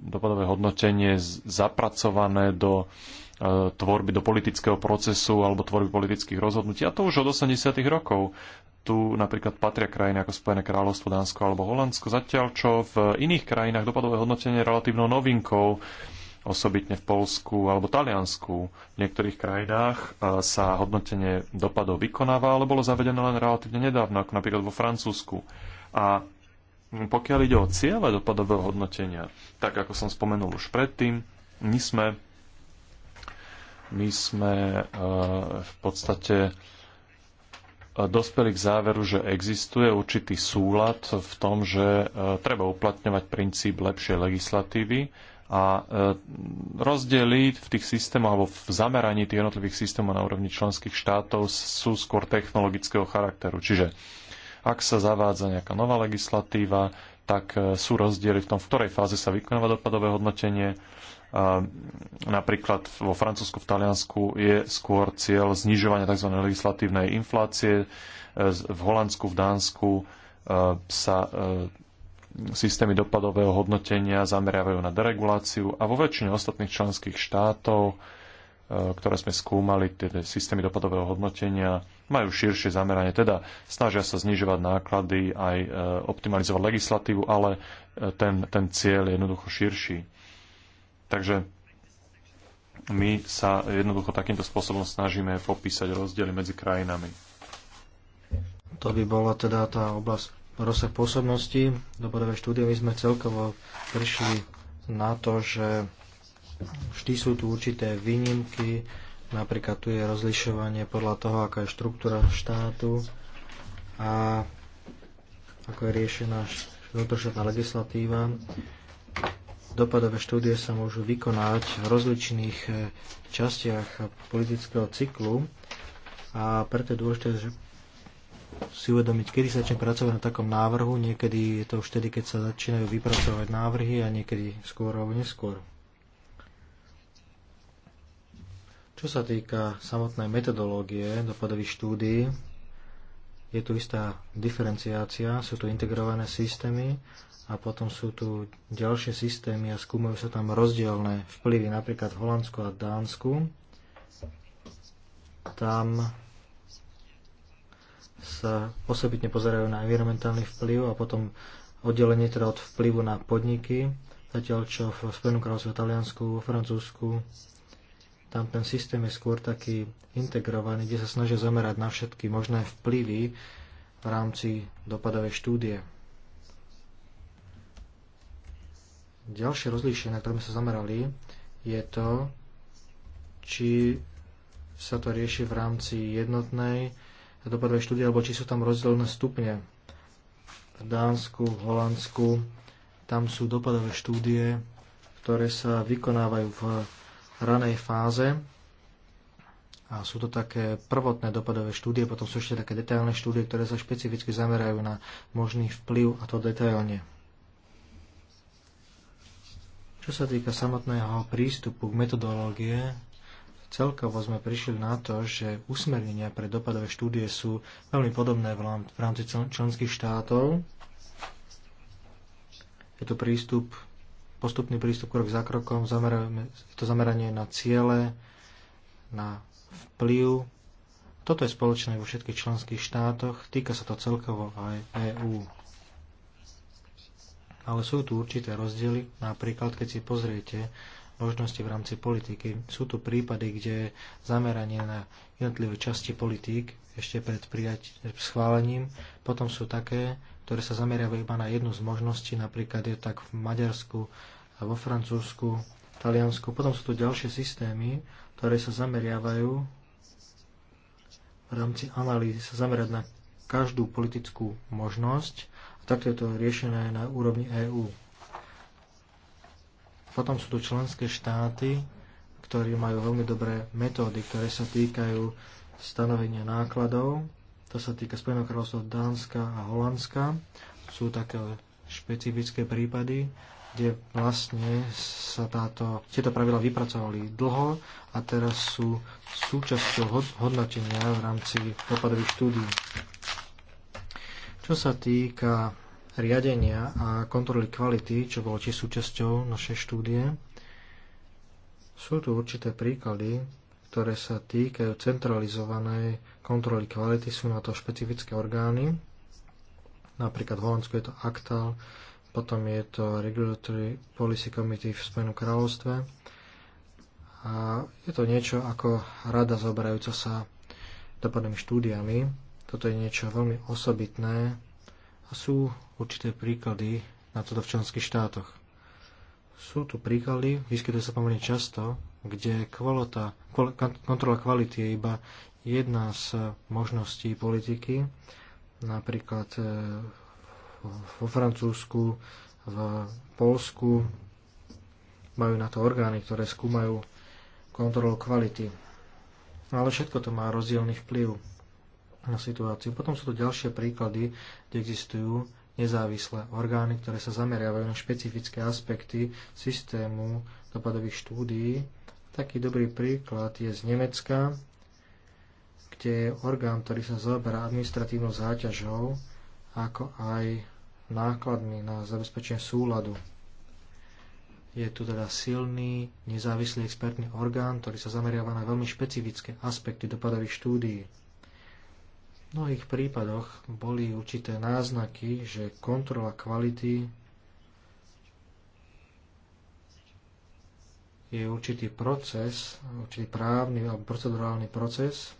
dopadové hodnotenie zapracované do e, tvorby, do politického procesu alebo tvorby politických rozhodnutí. A to už od 80. rokov. Tu napríklad patria krajiny ako Spojené kráľovstvo, Dánsko alebo Holandsko, zatiaľ čo v iných krajinách dopadové hodnotenie je relatívnou novinkou osobitne v Polsku alebo Taliansku. V niektorých krajinách e, sa hodnotenie dopadov vykonáva, ale bolo zavedené len relatívne nedávno, ako napríklad vo Francúzsku. A pokiaľ ide o cieľe dopadového hodnotenia, tak ako som spomenul už predtým, my sme, my sme e, v podstate e, dospeli k záveru, že existuje určitý súlad v tom, že treba uplatňovať princíp lepšej legislatívy a e, rozdiely v tých systémoch alebo v zameraní tých jednotlivých systémov na úrovni členských štátov sú skôr technologického charakteru. Čiže ak sa zavádza nejaká nová legislatíva, tak e, sú rozdiely v tom, v ktorej fáze sa vykonáva dopadové hodnotenie. Napríklad vo Francúzsku, v Taliansku je skôr cieľ znižovania tzv. legislatívnej inflácie. E, v Holandsku, v Dánsku sa systémy dopadového hodnotenia zameriavajú na dereguláciu a vo väčšine ostatných členských štátov, e, ktoré sme skúmali, teda systémy dopadového hodnotenia, majú širšie zameranie, teda snažia sa znižovať náklady, aj e, optimalizovať legislatívu, ale e, ten, ten cieľ je jednoducho širší. Takže my sa jednoducho takýmto spôsobom snažíme popísať rozdiely medzi krajinami. To by bola teda tá oblasť rozsah pôsobnosti dopadové štúdie. My sme celkovo prišli na to, že vždy sú tu určité výnimky, napríklad tu je rozlišovanie podľa toho, aká je štruktúra štátu a ako je riešená vnútroštátna legislatíva. Dopadové štúdie sa môžu vykonať v rozličných častiach politického cyklu a preto je dôležité, že si uvedomiť, kedy sa začne pracovať na takom návrhu. Niekedy je to už tedy, keď sa začínajú vypracovať návrhy a niekedy skôr alebo neskôr. Čo sa týka samotnej metodológie dopadových štúdií, je tu istá diferenciácia, sú tu integrované systémy a potom sú tu ďalšie systémy a skúmajú sa tam rozdielne vplyvy, napríklad v Holandsku a Dánsku. Tam sa osobitne pozerajú na environmentálny vplyv a potom oddelenie teda od vplyvu na podniky, zatiaľ čo v Spojenom kráľovstve, Taliansku, vo Francúzsku, tam ten systém je skôr taký integrovaný, kde sa snažia zamerať na všetky možné vplyvy v rámci dopadovej štúdie. Ďalšie rozlíšenie, na ktoré sme sa zamerali, je to, či sa to rieši v rámci jednotnej dopadové štúdie, alebo či sú tam rozdelené stupne. V Dánsku, v Holandsku, tam sú dopadové štúdie, ktoré sa vykonávajú v ranej fáze a sú to také prvotné dopadové štúdie, potom sú ešte také detailné štúdie, ktoré sa špecificky zamerajú na možný vplyv a to detailne. Čo sa týka samotného prístupu k metodológie, Celkovo sme prišli na to, že usmernenia pre dopadové štúdie sú veľmi podobné v rámci členských štátov. Je tu prístup, postupný prístup krok za krokom, je to zameranie na ciele, na vplyv. Toto je spoločné vo všetkých členských štátoch, týka sa to celkovo aj EÚ ale sú tu určité rozdiely. Napríklad, keď si pozriete možnosti v rámci politiky. Sú tu prípady, kde zameranie na jednotlivé časti politík ešte pred prijať, schválením. Potom sú také, ktoré sa zameriavajú iba na jednu z možností, napríklad je tak v Maďarsku, vo Francúzsku, Taliansku. Potom sú tu ďalšie systémy, ktoré sa zameriavajú v rámci analýzy sa zamerať na každú politickú možnosť a takto je to riešené na úrovni EÚ. Potom sú tu členské štáty, ktorí majú veľmi dobré metódy, ktoré sa týkajú stanovenia nákladov. To sa týka Spojeného kráľovstva Dánska a Holandska. Sú také špecifické prípady, kde vlastne sa táto, tieto pravidla vypracovali dlho a teraz sú súčasťou hodnotenia v rámci dopadových štúdí. Čo sa týka riadenia a kontroly kvality, čo bolo tiež súčasťou našej štúdie. Sú tu určité príklady, ktoré sa týkajú centralizovanej kontroly kvality, sú na to špecifické orgány. Napríklad v Holandsku je to Actal, potom je to Regulatory Policy Committee v Spojenom kráľovstve. A je to niečo ako rada zoberajúca sa dopadnými štúdiami. Toto je niečo veľmi osobitné a sú určité príklady na toto v členských štátoch. Sú tu príklady, vyskytuje sa pomerne často, kde kvalita, kontrola kvality je iba jedna z možností politiky. Napríklad e, vo Francúzsku, v Polsku majú na to orgány, ktoré skúmajú kontrolu kvality. Ale všetko to má rozdielny vplyv na situáciu. Potom sú tu ďalšie príklady, kde existujú nezávislé orgány, ktoré sa zameriavajú na špecifické aspekty systému dopadových štúdií. Taký dobrý príklad je z Nemecka, kde je orgán, ktorý sa zaoberá administratívnou záťažou, ako aj nákladmi na zabezpečenie súladu. Je tu teda silný, nezávislý expertný orgán, ktorý sa zameriava na veľmi špecifické aspekty dopadových štúdií. V mnohých prípadoch boli určité náznaky, že kontrola kvality je určitý proces, určitý právny alebo procedurálny proces,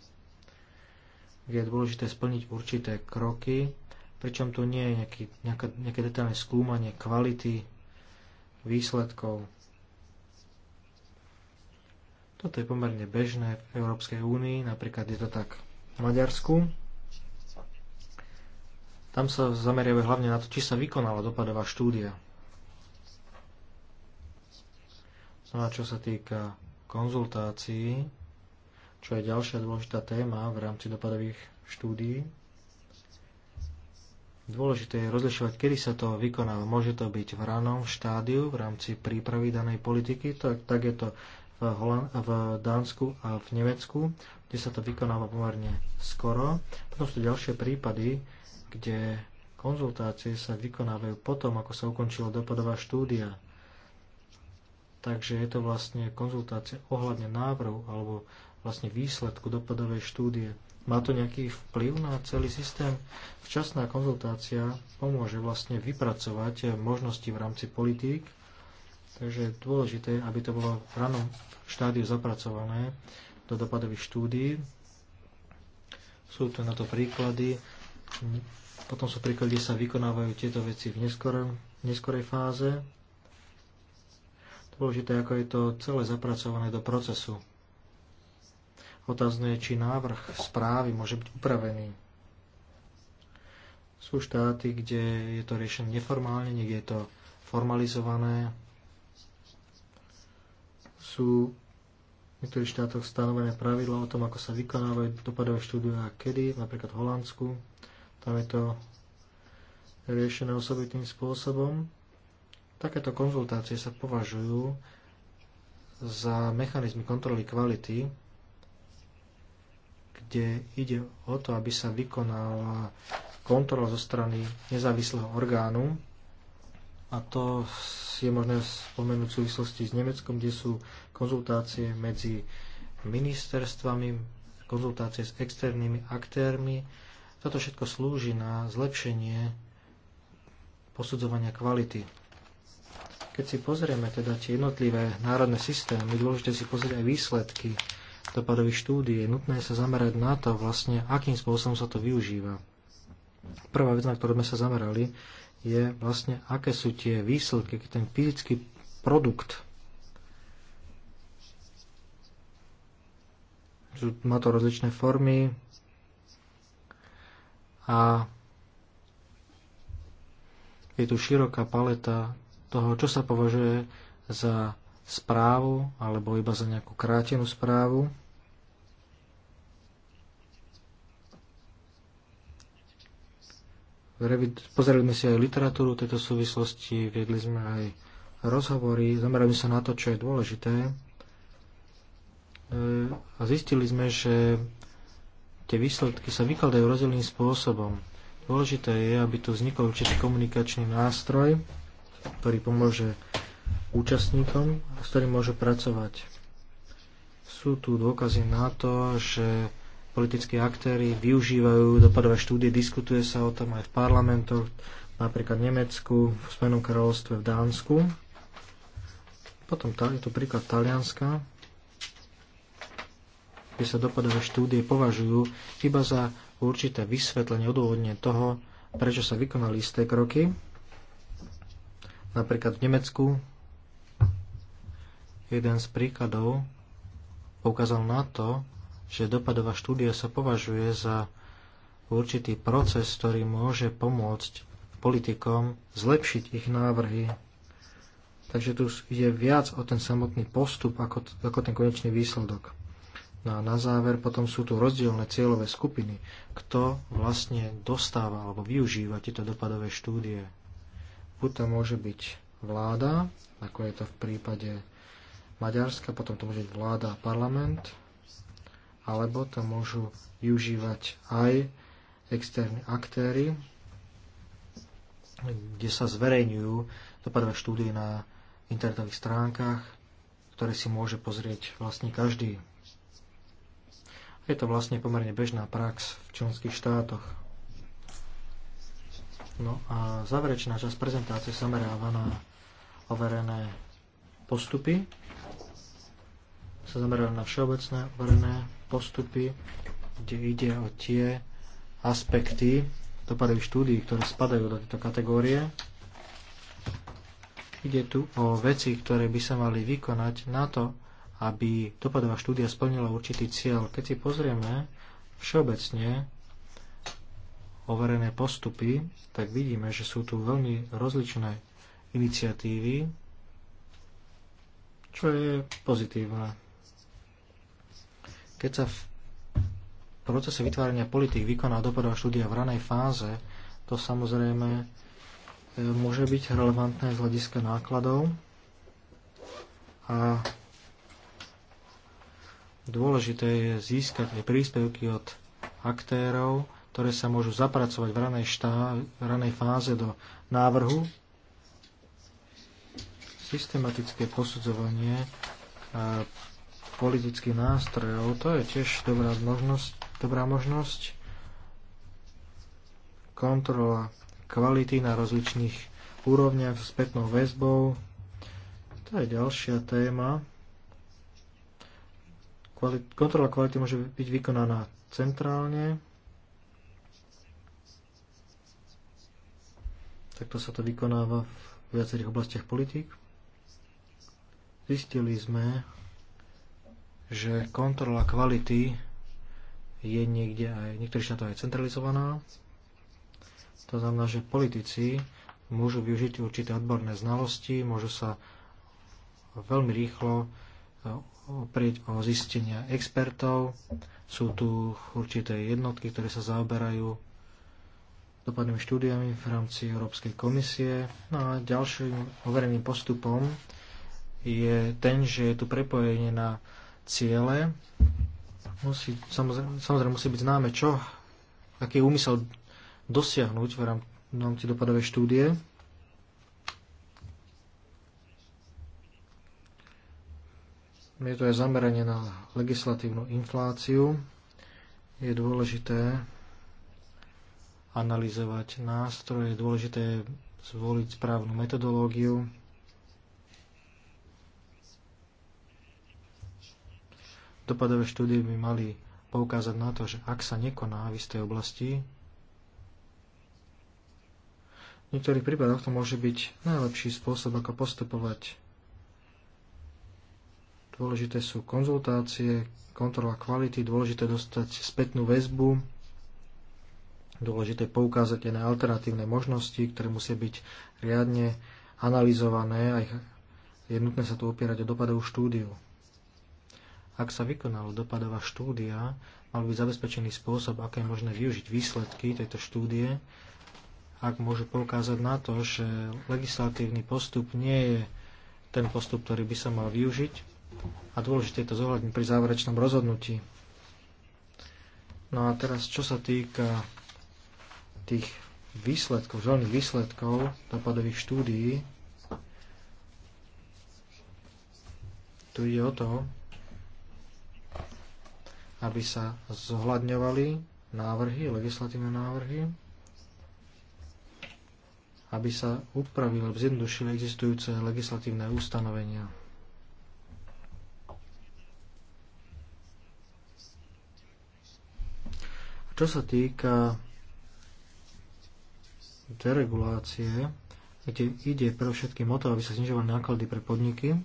kde je dôležité splniť určité kroky, pričom tu nie je nejaký, nejaká, nejaké detailné skúmanie kvality výsledkov. Toto je pomerne bežné v Európskej únii, napríklad je to tak v Maďarsku. Tam sa zameriavajú hlavne na to, či sa vykonala dopadová štúdia. No a čo sa týka konzultácií, čo je ďalšia dôležitá téma v rámci dopadových štúdií, Dôležité je rozlišovať, kedy sa to vykonáva. Môže to byť v ranom štádiu v rámci prípravy danej politiky, tak, tak je to v, Holand- v Dánsku a v Nemecku, kde sa to vykonáva pomerne skoro. Potom sú ďalšie prípady, kde konzultácie sa vykonávajú potom, ako sa ukončila dopadová štúdia. Takže je to vlastne konzultácia ohľadne návrhu alebo vlastne výsledku dopadovej štúdie. Má to nejaký vplyv na celý systém? Včasná konzultácia pomôže vlastne vypracovať možnosti v rámci politík, takže je dôležité, aby to bolo v ranom štádiu zapracované do dopadových štúdií. Sú tu na to príklady, potom sú príklady, kde sa vykonávajú tieto veci v neskorej, neskorej fáze. Dôležité, ako je to celé zapracované do procesu. Otázne je, či návrh správy môže byť upravený. Sú štáty, kde je to riešené neformálne, niekde je to formalizované. Sú v niektorých štátoch stanovené pravidla o tom, ako sa vykonávajú dopadové štúdie a kedy, napríklad v Holandsku. Tam je to riešené osobitným spôsobom. Takéto konzultácie sa považujú za mechanizmy kontroly kvality, kde ide o to, aby sa vykonala kontrola zo strany nezávislého orgánu. A to je možné spomenúť v súvislosti s Nemeckom, kde sú konzultácie medzi ministerstvami, konzultácie s externými aktérmi, toto všetko slúži na zlepšenie posudzovania kvality. Keď si pozrieme teda tie jednotlivé národné systémy, dôležite dôležité si pozrieť aj výsledky dopadových štúdí. Je nutné sa zamerať na to, vlastne, akým spôsobom sa to využíva. Prvá vec, na ktorú sme sa zamerali, je vlastne, aké sú tie výsledky, keď ten fyzický produkt má to rozličné formy, a je tu široká paleta toho, čo sa považuje za správu alebo iba za nejakú krátenú správu. Pozerali sme si aj literatúru tejto súvislosti, viedli sme aj rozhovory, zamerali sa na to, čo je dôležité. E, a zistili sme, že tie výsledky sa vykladajú rozdielným spôsobom. Dôležité je, aby tu vznikol určitý komunikačný nástroj, ktorý pomôže účastníkom, s ktorým môžu pracovať. Sú tu dôkazy na to, že politickí aktéry využívajú dopadové štúdie, diskutuje sa o tom aj v parlamentoch, napríklad v Nemecku, v Spojenom kráľovstve, v Dánsku. Potom je tu príklad Talianska, kde sa dopadové štúdie považujú iba za určité vysvetlenie, odôvodne toho, prečo sa vykonali isté kroky. Napríklad v Nemecku jeden z príkladov poukázal na to, že dopadová štúdia sa považuje za určitý proces, ktorý môže pomôcť politikom zlepšiť ich návrhy Takže tu ide viac o ten samotný postup ako, ako ten konečný výsledok. No a na záver potom sú tu rozdielne cieľové skupiny, kto vlastne dostáva alebo využíva tieto dopadové štúdie. Buď to môže byť vláda, ako je to v prípade Maďarska, potom to môže byť vláda a parlament, alebo to môžu využívať aj externí aktéry, kde sa zverejňujú dopadové štúdie na internetových stránkach, ktoré si môže pozrieť vlastne každý je to vlastne pomerne bežná prax v členských štátoch. No a záverečná časť prezentácie zameráva na overené postupy. Sa zameráva na všeobecné overené postupy, kde ide o tie aspekty dopadových štúdií, ktoré spadajú do tejto kategórie. Ide tu o veci, ktoré by sa mali vykonať na to, aby dopadová štúdia splnila určitý cieľ. Keď si pozrieme všeobecne overené postupy, tak vidíme, že sú tu veľmi rozličné iniciatívy, čo je pozitívne. Keď sa v procese vytvárania politik vykoná dopadová štúdia v ranej fáze, to samozrejme e, môže byť relevantné z hľadiska nákladov a Dôležité je získať aj príspevky od aktérov, ktoré sa môžu zapracovať v ranej, štá, v ranej fáze do návrhu. Systematické posudzovanie a politických nástrojov, to je tiež dobrá možnosť, dobrá možnosť kontrola kvality na rozličných úrovniach s spätnou väzbou. To je ďalšia téma, Kvalit- kontrola kvality môže byť vykonaná centrálne. Takto sa to vykonáva v viacerých oblastiach politik. Zistili sme, že kontrola kvality je niekde aj, niektorých štátov aj centralizovaná. To znamená, že politici môžu využiť určité odborné znalosti, môžu sa veľmi rýchlo oprieť o zistenia expertov. Sú tu určité jednotky, ktoré sa zaoberajú dopadnými štúdiami v rámci Európskej komisie. No a ďalším overeným postupom je ten, že je tu prepojenie na ciele. Musí, samozrejme, samozrejme musí byť známe, čo, aký je úmysel dosiahnuť v rámci dopadovej štúdie. je to aj zameranie na legislatívnu infláciu. Je dôležité analyzovať nástroje, je dôležité zvoliť správnu metodológiu. Dopadové štúdie by mali poukázať na to, že ak sa nekoná v istej oblasti, v niektorých prípadoch to môže byť najlepší spôsob, ako postupovať Dôležité sú konzultácie, kontrola kvality, dôležité dostať spätnú väzbu, dôležité poukázať aj na alternatívne možnosti, ktoré musia byť riadne analyzované a je nutné sa tu opierať o dopadovú štúdiu. Ak sa vykonala dopadová štúdia, mal byť zabezpečený spôsob, aké je možné využiť výsledky tejto štúdie, ak môžu poukázať na to, že legislatívny postup nie je ten postup, ktorý by sa mal využiť a dôležité je to zohľadniť pri záverečnom rozhodnutí. No a teraz, čo sa týka tých výsledkov, zelených výsledkov dopadových štúdií, tu ide o to, aby sa zohľadňovali návrhy, legislatívne návrhy, aby sa upravili, zjednodušili existujúce legislatívne ustanovenia. Čo sa týka deregulácie, kde ide pre všetkým o to, aby sa znižovali náklady pre podniky,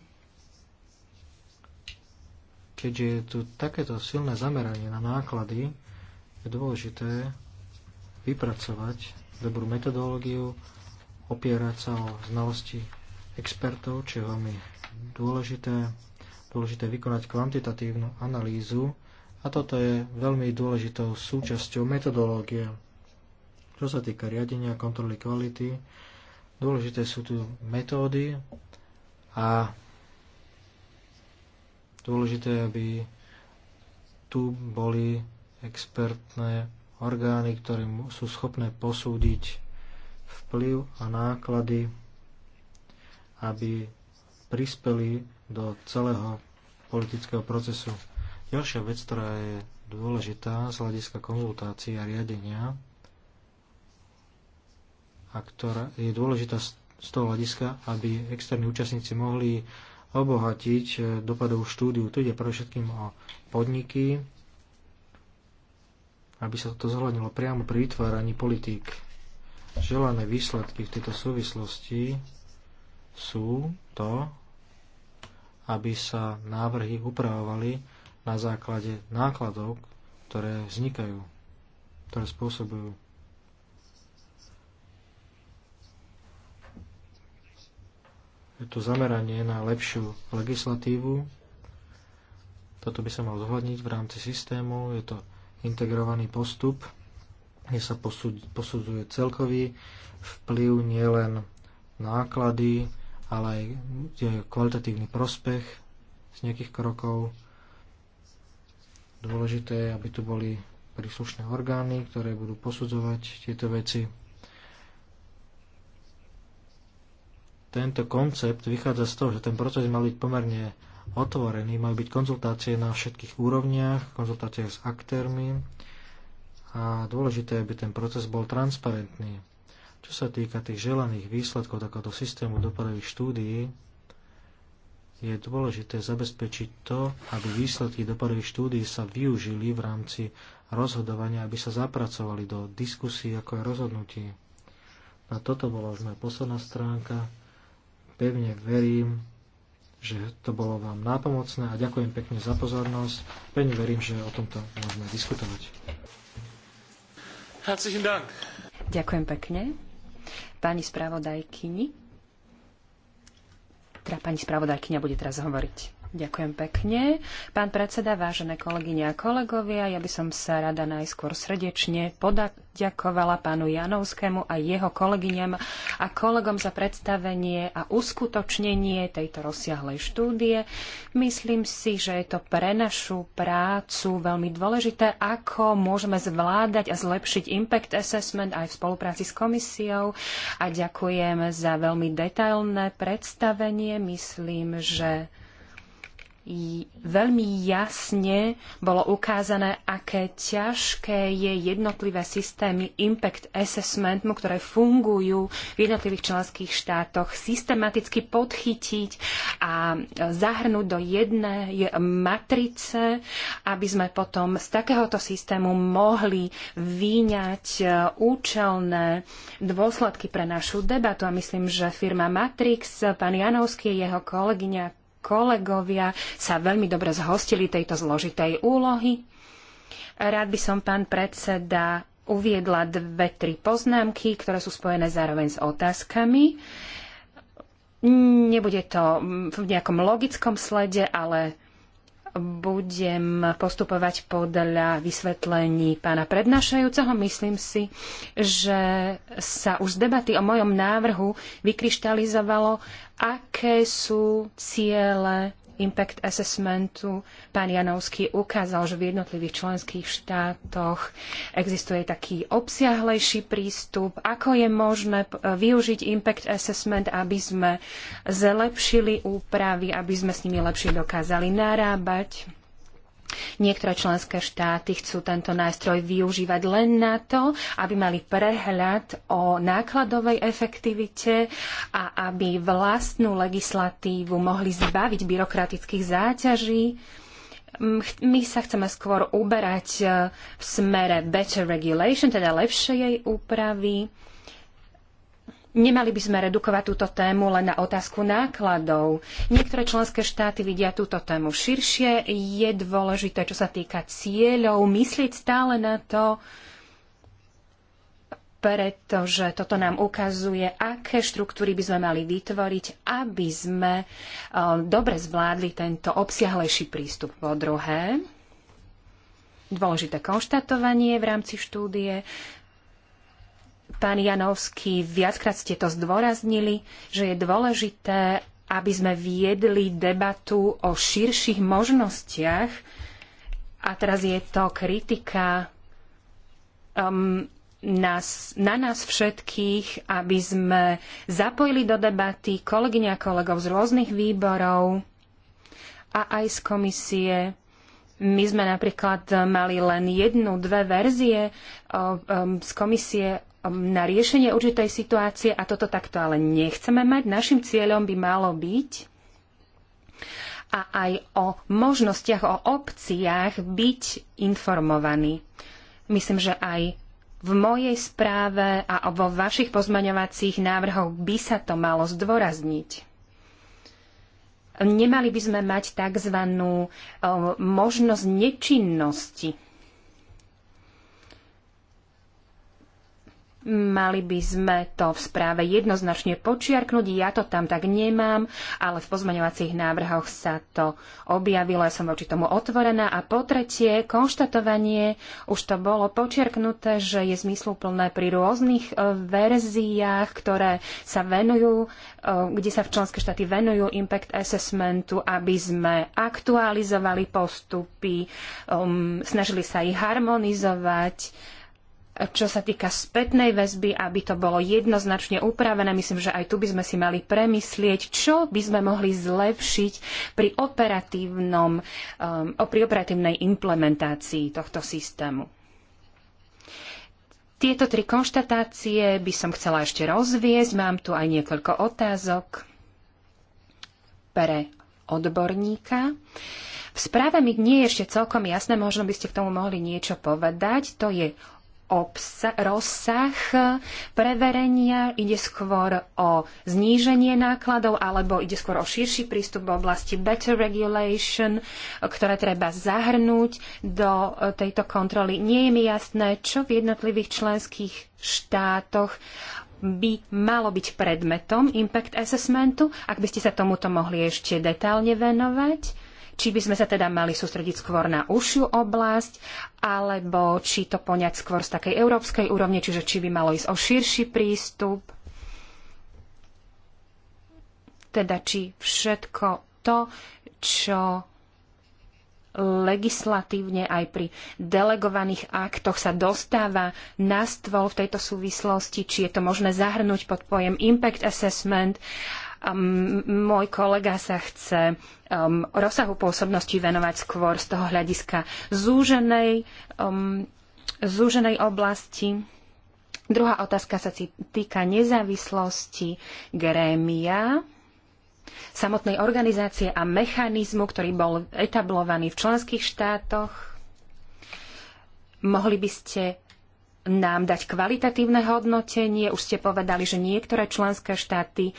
keďže je tu takéto silné zameranie na náklady, je dôležité vypracovať dobrú metodológiu, opierať sa o znalosti expertov, čo je veľmi dôležité. Dôležité vykonať kvantitatívnu analýzu a toto je veľmi dôležitou súčasťou metodológie. Čo sa týka riadenia a kontroly kvality, dôležité sú tu metódy a dôležité, aby tu boli expertné orgány, ktoré sú schopné posúdiť vplyv a náklady, aby prispeli do celého politického procesu. Ďalšia vec, ktorá je dôležitá z hľadiska konzultácií a riadenia a ktorá je dôležitá z toho hľadiska, aby externí účastníci mohli obohatiť e, dopadovú štúdiu. Tu ide pre všetkým o podniky, aby sa to zohľadnilo priamo pri vytváraní politík. Želané výsledky v tejto súvislosti sú to, aby sa návrhy upravovali na základe nákladov, ktoré vznikajú, ktoré spôsobujú. Je to zameranie na lepšiu legislatívu. Toto by sa mal zohľadniť v rámci systému. Je to integrovaný postup, kde sa posudzuje celkový vplyv nielen náklady, ale aj kvalitatívny prospech z nejakých krokov. Dôležité je, aby tu boli príslušné orgány, ktoré budú posudzovať tieto veci. Tento koncept vychádza z toho, že ten proces mal byť pomerne otvorený, majú byť konzultácie na všetkých úrovniach, konzultácie s aktérmi a dôležité, aby ten proces bol transparentný. Čo sa týka tých želaných výsledkov takéhoto systému dopadových štúdií, je dôležité zabezpečiť to, aby výsledky dopadových štúdí sa využili v rámci rozhodovania, aby sa zapracovali do diskusí ako aj rozhodnutí. A toto bola už moja posledná stránka. Pevne verím, že to bolo vám nápomocné a ďakujem pekne za pozornosť. Pevne verím, že o tomto môžeme diskutovať. Ďakujem pekne. Pani spravodajkyni teda pani spravodajkyňa bude teraz hovoriť. Ďakujem pekne. Pán predseda, vážené kolegyne a kolegovia, ja by som sa rada najskôr srdečne poďakovala pánu Janovskému a jeho kolegyňam a kolegom za predstavenie a uskutočnenie tejto rozsiahlej štúdie. Myslím si, že je to pre našu prácu veľmi dôležité, ako môžeme zvládať a zlepšiť impact assessment aj v spolupráci s komisiou. A ďakujem za veľmi detailné predstavenie. Myslím, že veľmi jasne bolo ukázané, aké ťažké je jednotlivé systémy impact assessmentu, ktoré fungujú v jednotlivých členských štátoch, systematicky podchytiť a zahrnúť do jednej matrice, aby sme potom z takéhoto systému mohli výňať e, účelné dôsledky pre našu debatu. A myslím, že firma Matrix, pán Janovský, jeho kolegyňa kolegovia sa veľmi dobre zhostili tejto zložitej úlohy. Rád by som, pán predseda, uviedla dve, tri poznámky, ktoré sú spojené zároveň s otázkami. Nebude to v nejakom logickom slede, ale budem postupovať podľa vysvetlení pána prednášajúceho. Myslím si, že sa už z debaty o mojom návrhu vykryštalizovalo, aké sú ciele impact assessmentu pán Janovský ukázal, že v jednotlivých členských štátoch existuje taký obsiahlejší prístup, ako je možné využiť impact assessment, aby sme zlepšili úpravy, aby sme s nimi lepšie dokázali narábať Niektoré členské štáty chcú tento nástroj využívať len na to, aby mali prehľad o nákladovej efektivite a aby vlastnú legislatívu mohli zbaviť byrokratických záťaží. Mm, my sa chceme skôr uberať e, v smere better regulation, teda lepšej jej úpravy Nemali by sme redukovať túto tému len na otázku nákladov. Niektoré členské štáty vidia túto tému širšie. Je dôležité, čo sa týka cieľov, myslieť stále na to, pretože toto nám ukazuje, aké štruktúry by sme mali vytvoriť, aby sme e, dobre zvládli tento obsiahlejší prístup. Po druhé, dôležité konštatovanie v rámci štúdie, Pán Janovský, viackrát ste to zdôraznili, že je dôležité, aby sme viedli debatu o širších možnostiach. A teraz je to kritika um, nás, na nás všetkých, aby sme zapojili do debaty kolegyne a kolegov z rôznych výborov a aj z komisie. My sme napríklad mali len jednu, dve verzie um, z komisie Um, na riešenie určitej situácie a toto takto ale nechceme mať. Našim cieľom by malo byť a aj o možnostiach, o opciách byť informovaní. Myslím, že aj v mojej správe a vo vašich pozmaňovacích návrhoch by sa to malo zdôrazniť. Nemali by sme mať tzv. Um, možnosť nečinnosti Mali by sme to v správe jednoznačne počiarknúť. Ja to tam tak nemám, ale v pozmeňovacích návrhoch sa to objavilo. Ja som voči tomu otvorená. A po tretie, konštatovanie, už to bolo počiarknuté, že je zmysluplné pri rôznych e, verziách, ktoré sa venujú, e, kde sa v členské štáty venujú impact assessmentu, aby sme aktualizovali postupy, um, snažili sa ich harmonizovať čo sa týka spätnej väzby, aby to bolo jednoznačne upravené. Myslím, že aj tu by sme si mali premyslieť, čo by sme mohli zlepšiť pri, operatívnom, um, pri operatívnej implementácii tohto systému. Tieto tri konštatácie by som chcela ešte rozviesť. Mám tu aj niekoľko otázok pre odborníka. V správe mi nie je ešte celkom jasné, možno by ste k tomu mohli niečo povedať. To je obsa, rozsah preverenia, ide skôr o zníženie nákladov alebo ide skôr o širší prístup v oblasti better regulation, ktoré treba zahrnúť do e, tejto kontroly. Nie je mi jasné, čo v jednotlivých členských štátoch by malo byť predmetom impact assessmentu, ak by ste sa tomuto mohli ešte detálne venovať či by sme sa teda mali sústrediť skôr na užšiu oblasť, alebo či to poňať skôr z takej európskej úrovne, čiže či by malo ísť o širší prístup, teda či všetko to, čo legislatívne aj pri delegovaných aktoch sa dostáva na stôl v tejto súvislosti, či je to možné zahrnúť pod pojem impact assessment môj kolega sa chce um, rozsahu pôsobnosti venovať skôr z toho hľadiska zúženej, um, zúženej oblasti. Druhá otázka sa týka nezávislosti grémia samotnej organizácie a mechanizmu, ktorý bol etablovaný v členských štátoch. Mohli by ste nám dať kvalitatívne hodnotenie. Už ste povedali, že niektoré členské štáty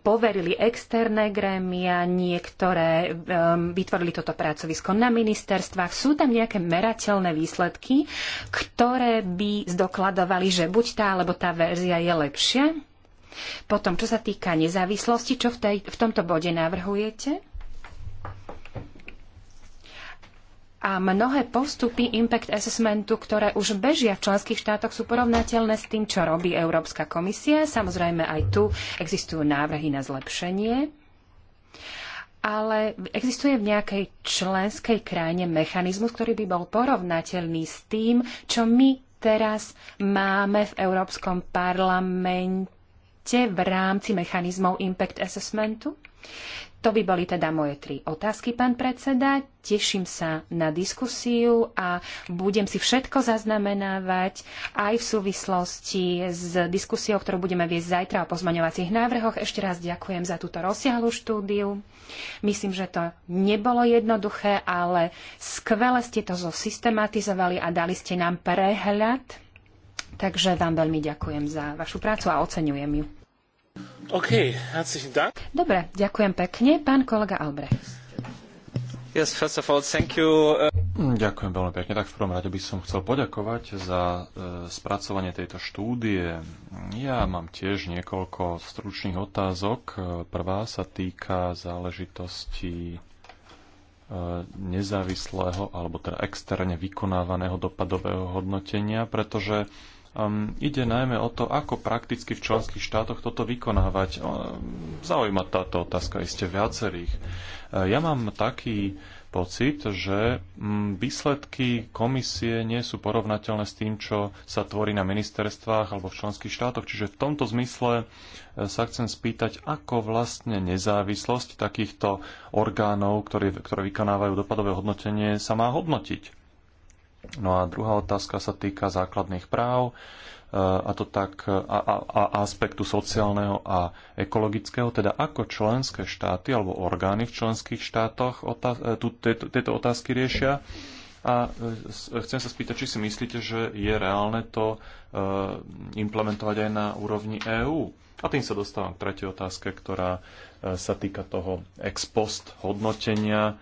poverili externé grémia, niektoré um, vytvorili toto pracovisko na ministerstvách. Sú tam nejaké merateľné výsledky, ktoré by zdokladovali, že buď tá alebo tá verzia je lepšia? Potom, čo sa týka nezávislosti, čo v, tej, v tomto bode navrhujete? a mnohé postupy impact assessmentu, ktoré už bežia v členských štátoch, sú porovnateľné s tým, čo robí Európska komisia. Samozrejme, aj tu existujú návrhy na zlepšenie. Ale existuje v nejakej členskej krajine mechanizmus, ktorý by bol porovnateľný s tým, čo my teraz máme v Európskom parlamente v rámci mechanizmov impact assessmentu? To by boli teda moje tri otázky, pán predseda. Teším sa na diskusiu a budem si všetko zaznamenávať aj v súvislosti s diskusiou, ktorú budeme viesť zajtra o pozmaňovacích návrhoch. Ešte raz ďakujem za túto rozsiahlu štúdiu. Myslím, že to nebolo jednoduché, ale skvele ste to zosystematizovali a dali ste nám prehľad. Takže vám veľmi ďakujem za vašu prácu a oceňujem ju. OK, herzlichen Dank. Dobre, ďakujem pekne. Pán kolega Albrecht. Yes, first of all, thank you. Uh, ďakujem veľmi pekne. Tak v prvom rade by som chcel poďakovať za uh, spracovanie tejto štúdie. Ja mám tiež niekoľko stručných otázok. Uh, prvá sa týka záležitosti nezávislého alebo teda externe vykonávaného dopadového hodnotenia, pretože Um, ide najmä o to, ako prakticky v členských štátoch toto vykonávať. Um, zaujíma táto otázka iste viacerých. Uh, ja mám taký pocit, že um, výsledky komisie nie sú porovnateľné s tým, čo sa tvorí na ministerstvách alebo v členských štátoch. Čiže v tomto zmysle uh, sa chcem spýtať, ako vlastne nezávislosť takýchto orgánov, ktoré, ktoré vykonávajú dopadové hodnotenie, sa má hodnotiť No a druhá otázka sa týka základných práv e, a to tak e, a, a, a aspektu sociálneho a ekologického, teda ako členské štáty alebo orgány v členských štátoch otáz- e, tu, tieto, tieto otázky riešia. A chcem sa spýtať, či si myslíte, že je reálne to implementovať aj na úrovni EÚ. A tým sa dostávam k tretej otázke, ktorá sa týka toho ex post hodnotenia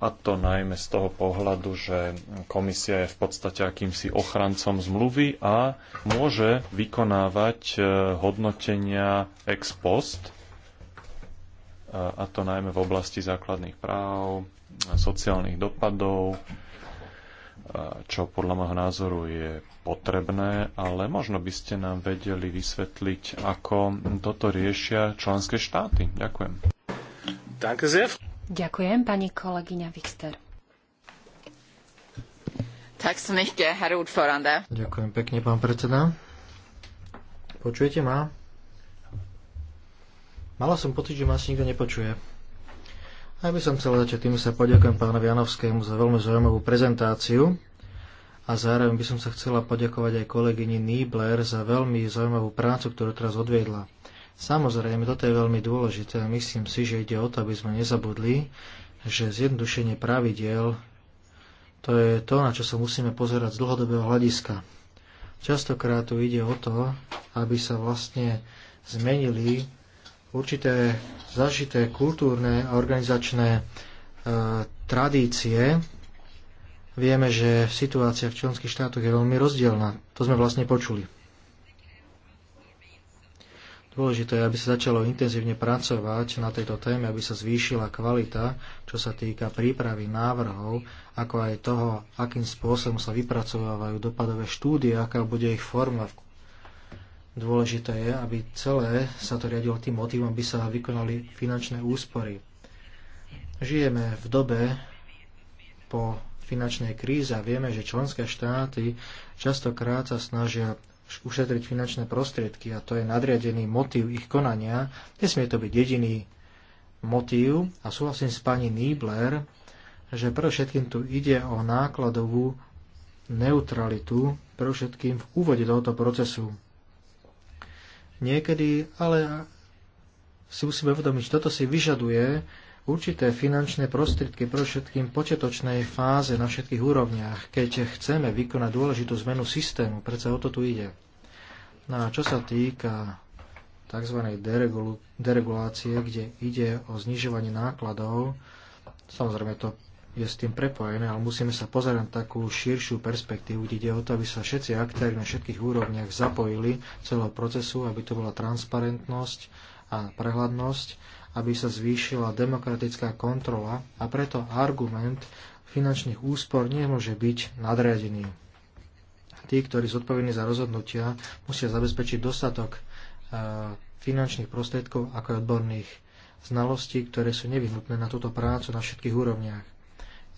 a to najmä z toho pohľadu, že komisia je v podstate akýmsi ochrancom zmluvy a môže vykonávať e, hodnotenia ex post, e, a to najmä v oblasti základných práv, sociálnych dopadov, e, čo podľa môjho názoru je potrebné, ale možno by ste nám vedeli vysvetliť, ako toto riešia členské štáty. Ďakujem. Danke sehr. Ďakujem, pani kolegyňa Wikster. Ďakujem pekne, pán predseda. Počujete ma? Mala som pocit, že ma asi nikto nepočuje. Aj by som chcel začať tým sa poďakujem pánovi Janovskému za veľmi zaujímavú prezentáciu a zároveň by som sa chcela poďakovať aj kolegyni Niebler za veľmi zaujímavú prácu, ktorú teraz odviedla. Samozrejme, toto je veľmi dôležité a myslím si, že ide o to, aby sme nezabudli, že zjednodušenie pravidiel to je to, na čo sa musíme pozerať z dlhodobého hľadiska. Častokrát tu ide o to, aby sa vlastne zmenili určité zažité kultúrne a organizačné e, tradície. Vieme, že situácia v členských štátoch je veľmi rozdielna. To sme vlastne počuli. Dôležité je, aby sa začalo intenzívne pracovať na tejto téme, aby sa zvýšila kvalita, čo sa týka prípravy návrhov, ako aj toho, akým spôsobom sa vypracovávajú dopadové štúdie, aká bude ich forma. Dôležité je, aby celé sa to riadilo tým motivom, aby sa vykonali finančné úspory. Žijeme v dobe po finančnej kríze a vieme, že členské štáty častokrát sa snažia ušetriť finančné prostriedky a to je nadriadený motív ich konania. Nesmie to byť jediný motív a súhlasím s pani Niebler, že pre všetkým tu ide o nákladovú neutralitu, pre všetkým v úvode tohoto procesu. Niekedy ale si musíme uvedomiť, že toto si vyžaduje určité finančné prostriedky pre všetkým početočnej fáze na všetkých úrovniach, keď chceme vykonať dôležitú zmenu systému. Predsa o to tu ide. No a čo sa týka tzv. deregulácie, kde ide o znižovanie nákladov, samozrejme to je s tým prepojené, ale musíme sa pozerať na takú širšiu perspektívu, kde ide o to, aby sa všetci aktéry na všetkých úrovniach zapojili celého procesu, aby to bola transparentnosť a prehľadnosť aby sa zvýšila demokratická kontrola a preto argument finančných úspor nemôže byť nadriadený. Tí, ktorí sú odpovední za rozhodnutia, musia zabezpečiť dostatok e, finančných prostriedkov ako aj odborných znalostí, ktoré sú nevyhnutné na túto prácu na všetkých úrovniach.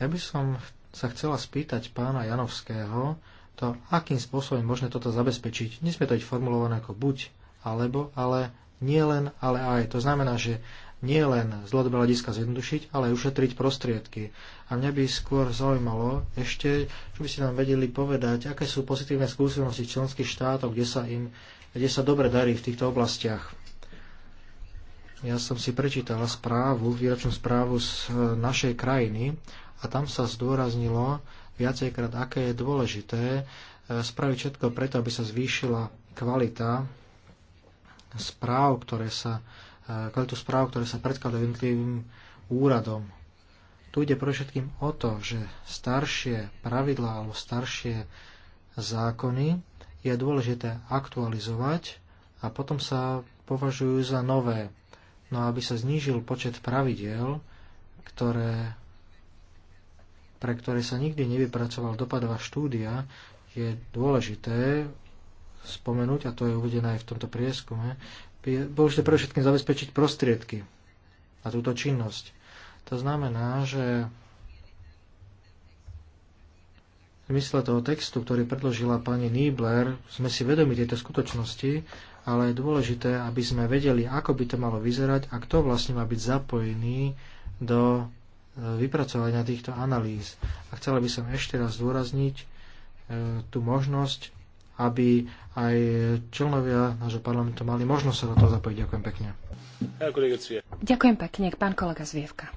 Ja by som sa chcela spýtať pána Janovského, to, akým spôsobom je možné toto zabezpečiť. Nesmie to byť formulované ako buď, alebo, ale nie len, ale aj. To znamená, že nie len z dlhodobého hľadiska zjednodušiť, ale aj ušetriť prostriedky. A mňa by skôr zaujímalo ešte, čo by ste nám vedeli povedať, aké sú pozitívne skúsenosti členských štátov, kde sa im kde sa dobre darí v týchto oblastiach. Ja som si prečítala správu, výročnú správu z e, našej krajiny a tam sa zdôraznilo viacejkrát, aké je dôležité e, spraviť všetko preto, aby sa zvýšila kvalita správ, ktoré sa, eh, kvalitu správ, ktoré sa predkladajú jednotlivým úradom. Tu ide pre všetkým o to, že staršie pravidlá alebo staršie zákony je dôležité aktualizovať a potom sa považujú za nové. No aby sa znížil počet pravidiel, ktoré, pre ktoré sa nikdy nevypracoval dopadová štúdia, je dôležité spomenúť, a to je uvedené aj v tomto prieskume, je dôležité pre všetkým zabezpečiť prostriedky na túto činnosť. To znamená, že v mysle toho textu, ktorý predložila pani Niebler, sme si vedomi tejto skutočnosti, ale je dôležité, aby sme vedeli, ako by to malo vyzerať a kto vlastne má byť zapojený do e, vypracovania týchto analýz. A chcela by som ešte raz zdôrazniť e, tú možnosť aby aj členovia nášho parlamentu mali možnosť sa do toho zapojiť. Ďakujem pekne. Ďakujem pekne, pán kolega Zvievka.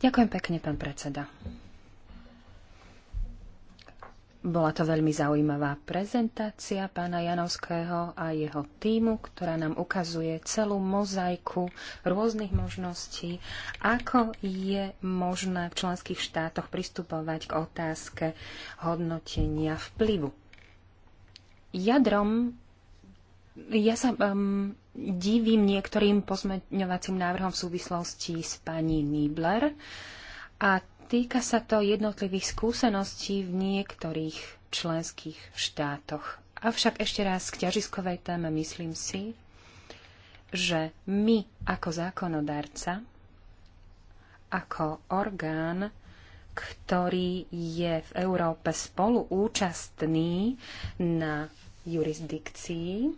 Ďakujem pekne, pán predseda. Bola to veľmi zaujímavá prezentácia pána Janovského a jeho týmu, ktorá nám ukazuje celú mozaiku rôznych možností, ako je možné v členských štátoch pristupovať k otázke hodnotenia vplyvu. Jadrom ja sa um, divím niektorým pozmeňovacím návrhom v súvislosti s pani Nibler a Týka sa to jednotlivých skúseností v niektorých členských štátoch. Avšak ešte raz k ťažiskovej téme myslím si, že my ako zákonodárca, ako orgán, ktorý je v Európe spoluúčastný na jurisdikcii,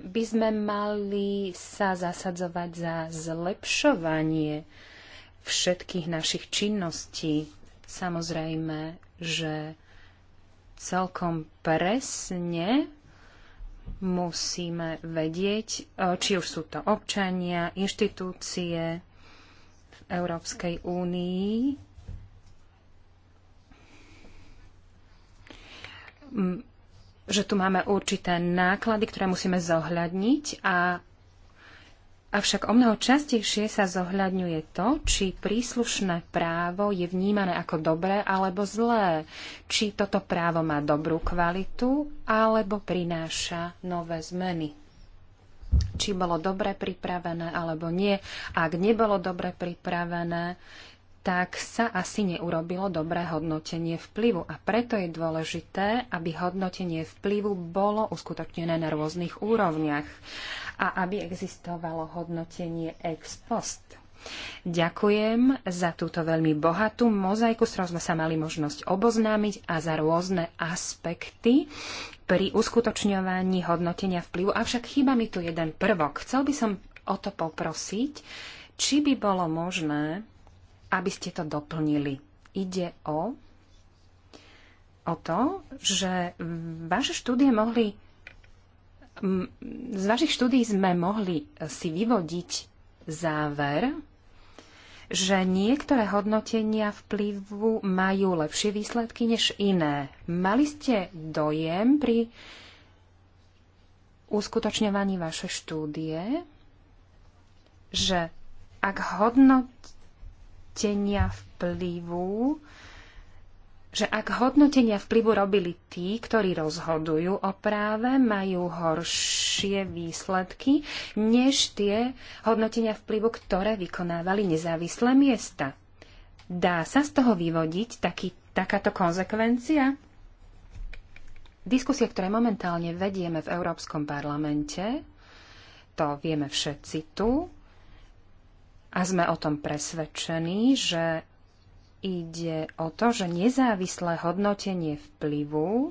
by sme mali sa zasadzovať za zlepšovanie všetkých našich činností. Samozrejme, že celkom presne musíme vedieť, e, či už sú to občania, inštitúcie v Európskej únii. že tu máme určité náklady, ktoré musíme zohľadniť a Avšak o mnoho častejšie sa zohľadňuje to, či príslušné právo je vnímané ako dobré alebo zlé, či toto právo má dobrú kvalitu alebo prináša nové zmeny či bolo dobre pripravené alebo nie. Ak nebolo dobre pripravené, tak sa asi neurobilo dobré hodnotenie vplyvu a preto je dôležité, aby hodnotenie vplyvu bolo uskutočnené na rôznych úrovniach a aby existovalo hodnotenie ex post. Ďakujem za túto veľmi bohatú mozaiku, s ktorou sme sa mali možnosť oboznámiť a za rôzne aspekty pri uskutočňovaní hodnotenia vplyvu. Avšak chýba mi tu jeden prvok. Chcel by som o to poprosiť, či by bolo možné aby ste to doplnili. Ide o, o to, že vaše štúdie mohli z vašich štúdí sme mohli si vyvodiť záver, že niektoré hodnotenia vplyvu majú lepšie výsledky než iné. Mali ste dojem pri uskutočňovaní vašej štúdie, že ak hodnot hodnotenia vplyvu, že ak hodnotenia vplyvu robili tí, ktorí rozhodujú o práve, majú horšie výsledky, než tie hodnotenia vplyvu, ktoré vykonávali nezávislé miesta. Dá sa z toho vyvodiť taký, takáto konzekvencia? Diskusie, ktoré momentálne vedieme v Európskom parlamente, to vieme všetci tu, a sme o tom presvedčení, že ide o to, že nezávislé hodnotenie vplyvu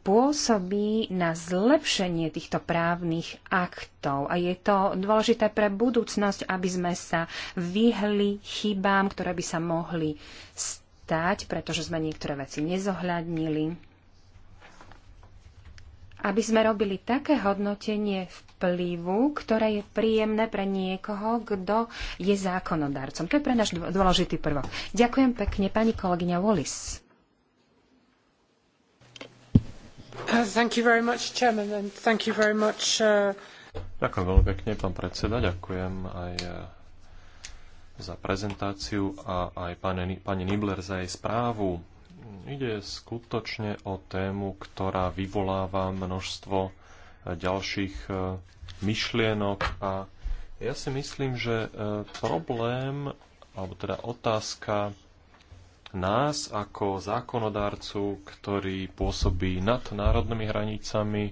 pôsobí na zlepšenie týchto právnych aktov a je to dôležité pre budúcnosť, aby sme sa vyhli chybám, ktoré by sa mohli stať, pretože sme niektoré veci nezohľadnili aby sme robili také hodnotenie vplyvu, ktoré je príjemné pre niekoho, kto je zákonodarcom. To je pre náš dôležitý prvok. Ďakujem pekne, pani kolegyňa Wallis. Uh, much, Chairman, much, uh... Ďakujem veľmi pekne, pán predseda. Ďakujem aj uh, za prezentáciu a aj pani, pani Nibler za jej správu Ide skutočne o tému, ktorá vyvoláva množstvo e, ďalších e, myšlienok a ja si myslím, že e, problém, alebo teda otázka nás ako zákonodárcu, ktorý pôsobí nad národnými hranicami,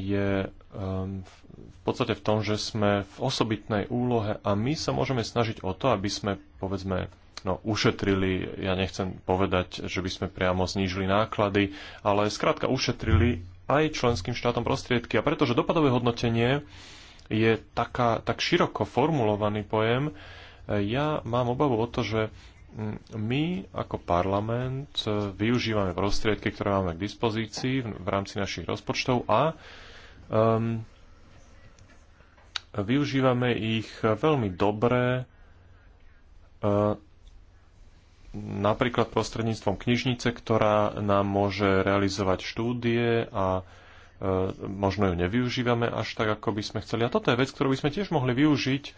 je v podstate v tom, že sme v osobitnej úlohe a my sa môžeme snažiť o to, aby sme, povedzme, no, ušetrili, ja nechcem povedať, že by sme priamo znížili náklady, ale skrátka ušetrili aj členským štátom prostriedky. A pretože dopadové hodnotenie je taká, tak široko formulovaný pojem, ja mám obavu o to, že mm, my ako parlament e, využívame prostriedky, ktoré máme k dispozícii v rámci našich rozpočtov a um, využívame ich veľmi dobre uh, napríklad prostredníctvom knižnice, ktorá nám môže realizovať štúdie a e, možno ju nevyužívame až tak, ako by sme chceli. A toto je vec, ktorú by sme tiež mohli využiť, e,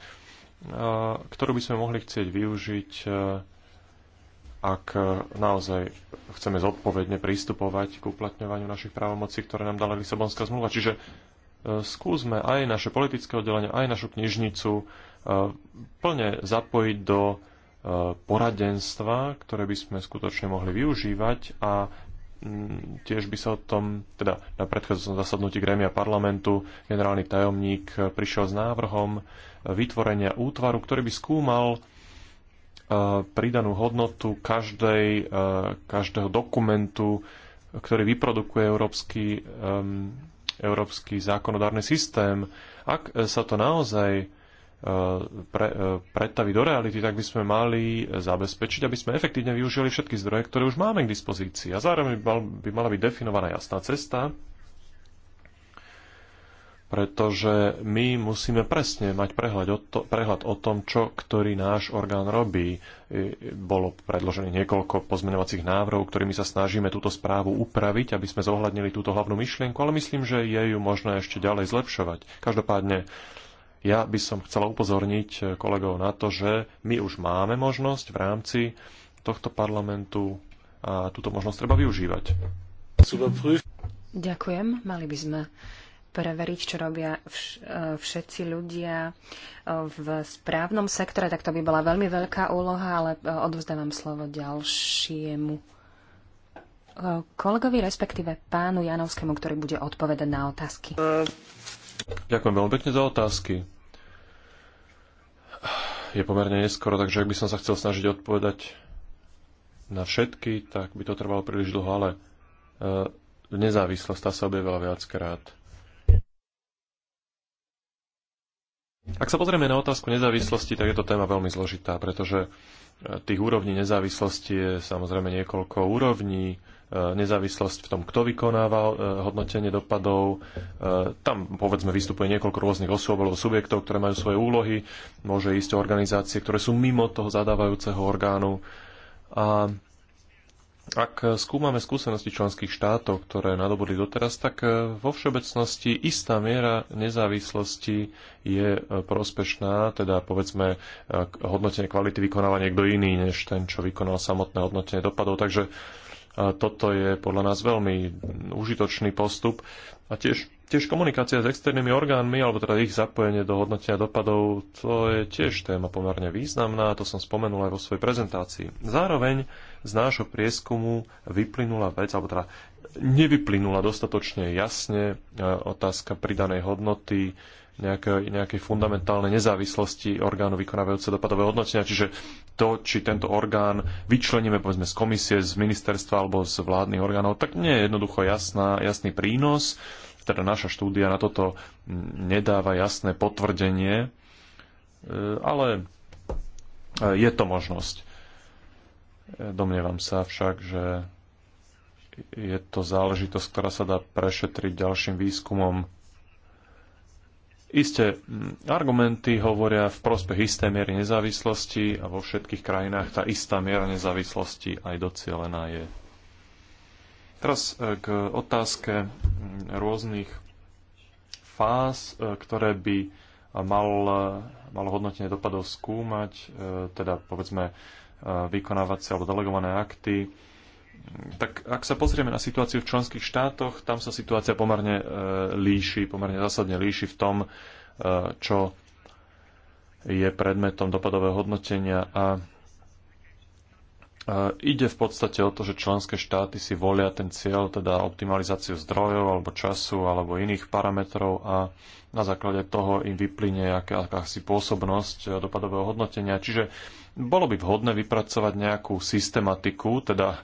ktorú by sme mohli chcieť využiť, e, ak naozaj chceme zodpovedne pristupovať k uplatňovaniu našich právomocí, ktoré nám dala Lisabonská zmluva. Čiže skúsme aj naše politické oddelenie, aj našu knižnicu plne zapojiť do E, poradenstva, ktoré by sme skutočne mohli využívať a mm, tiež by sa o tom, teda na predchádzajúcom zasadnutí grémia parlamentu generálny tajomník prišiel s návrhom vytvorenia útvaru, ktorý by skúmal e, pridanú hodnotu každej, e, každého dokumentu, ktorý vyprodukuje európsky, európsky zákonodárny systém. Ak sa to naozaj pre, e, pretaví do reality, tak by sme mali zabezpečiť, aby sme efektívne využili všetky zdroje, ktoré už máme k dispozícii. A zároveň by, mal, by mala byť definovaná jasná cesta, pretože my musíme presne mať prehľad o, to, prehľad o tom, čo ktorý náš orgán robí. E, bolo predložené niekoľko pozmeňovacích návrhov, ktorými sa snažíme túto správu upraviť, aby sme zohľadnili túto hlavnú myšlienku, ale myslím, že je ju možné ešte ďalej zlepšovať. Každopádne ja by som chcela upozorniť eh, kolegov na to, že my už máme možnosť v rámci tohto parlamentu a túto možnosť treba využívať. Ďakujem. Mali by sme preveriť, čo robia vš- eh, všetci ľudia eh, v správnom sektore, tak to by bola veľmi veľká úloha, ale odovzdávam slovo ďalšiemu kolegovi, respektíve pánu Janovskému, ktorý bude odpovedať na otázky. Ďakujem veľmi pekne za otázky. Je pomerne neskoro, takže ak by som sa chcel snažiť odpovedať na všetky, tak by to trvalo príliš dlho, ale e, nezávislosť tá sa objavila viackrát. Ak sa pozrieme na otázku nezávislosti, tak je to téma veľmi zložitá, pretože e, tých úrovní nezávislosti je samozrejme niekoľko úrovní. E, nezávislosť v tom, kto vykonáva e, hodnotenie dopadov. E, tam, povedzme, vystupuje niekoľko rôznych osôb alebo subjektov, ktoré majú svoje úlohy. Môže ísť o organizácie, ktoré sú mimo toho zadávajúceho orgánu. A ak skúmame skúsenosti členských štátov, ktoré nadobudli doteraz, tak vo všeobecnosti istá miera nezávislosti je prospešná, teda povedzme hodnotenie kvality vykonáva niekto iný, než ten, čo vykonal samotné hodnotenie dopadov. Takže toto je podľa nás veľmi užitočný postup a tiež, tiež komunikácia s externými orgánmi, alebo teda ich zapojenie do hodnotenia dopadov, to je tiež téma pomerne významná, to som spomenul aj vo svojej prezentácii. Zároveň z nášho prieskumu vyplynula vec, alebo teda nevyplynula dostatočne jasne e, otázka pridanej hodnoty nejakej, nejakej fundamentálnej nezávislosti orgánu vykonávajúce dopadové hodnotenia. Čiže to, či tento orgán vyčleníme povedzme z komisie, z ministerstva alebo z vládnych orgánov, tak nie je jednoducho jasná, jasný prínos. Teda naša štúdia na toto nedáva jasné potvrdenie, e, ale e, je to možnosť. E, domnievam sa však, že je to záležitosť, ktorá sa dá prešetriť ďalším výskumom Isté mm, argumenty hovoria v prospech isté miery nezávislosti a vo všetkých krajinách tá istá miera nezávislosti aj docielená je. Teraz e, k otázke mm, rôznych fáz, e, ktoré by mal, e, mal hodnotenie dopadov skúmať, teda povedzme vykonávacie alebo delegované akty, tak ak sa pozrieme na situáciu v členských štátoch, tam sa situácia pomerne e, líši, pomerne zásadne líši v tom, e, čo je predmetom dopadového hodnotenia a e, Ide v podstate o to, že členské štáty si volia ten cieľ, teda optimalizáciu zdrojov alebo času alebo iných parametrov a na základe toho im vyplyne akási pôsobnosť dopadového hodnotenia. Čiže bolo by vhodné vypracovať nejakú systematiku, teda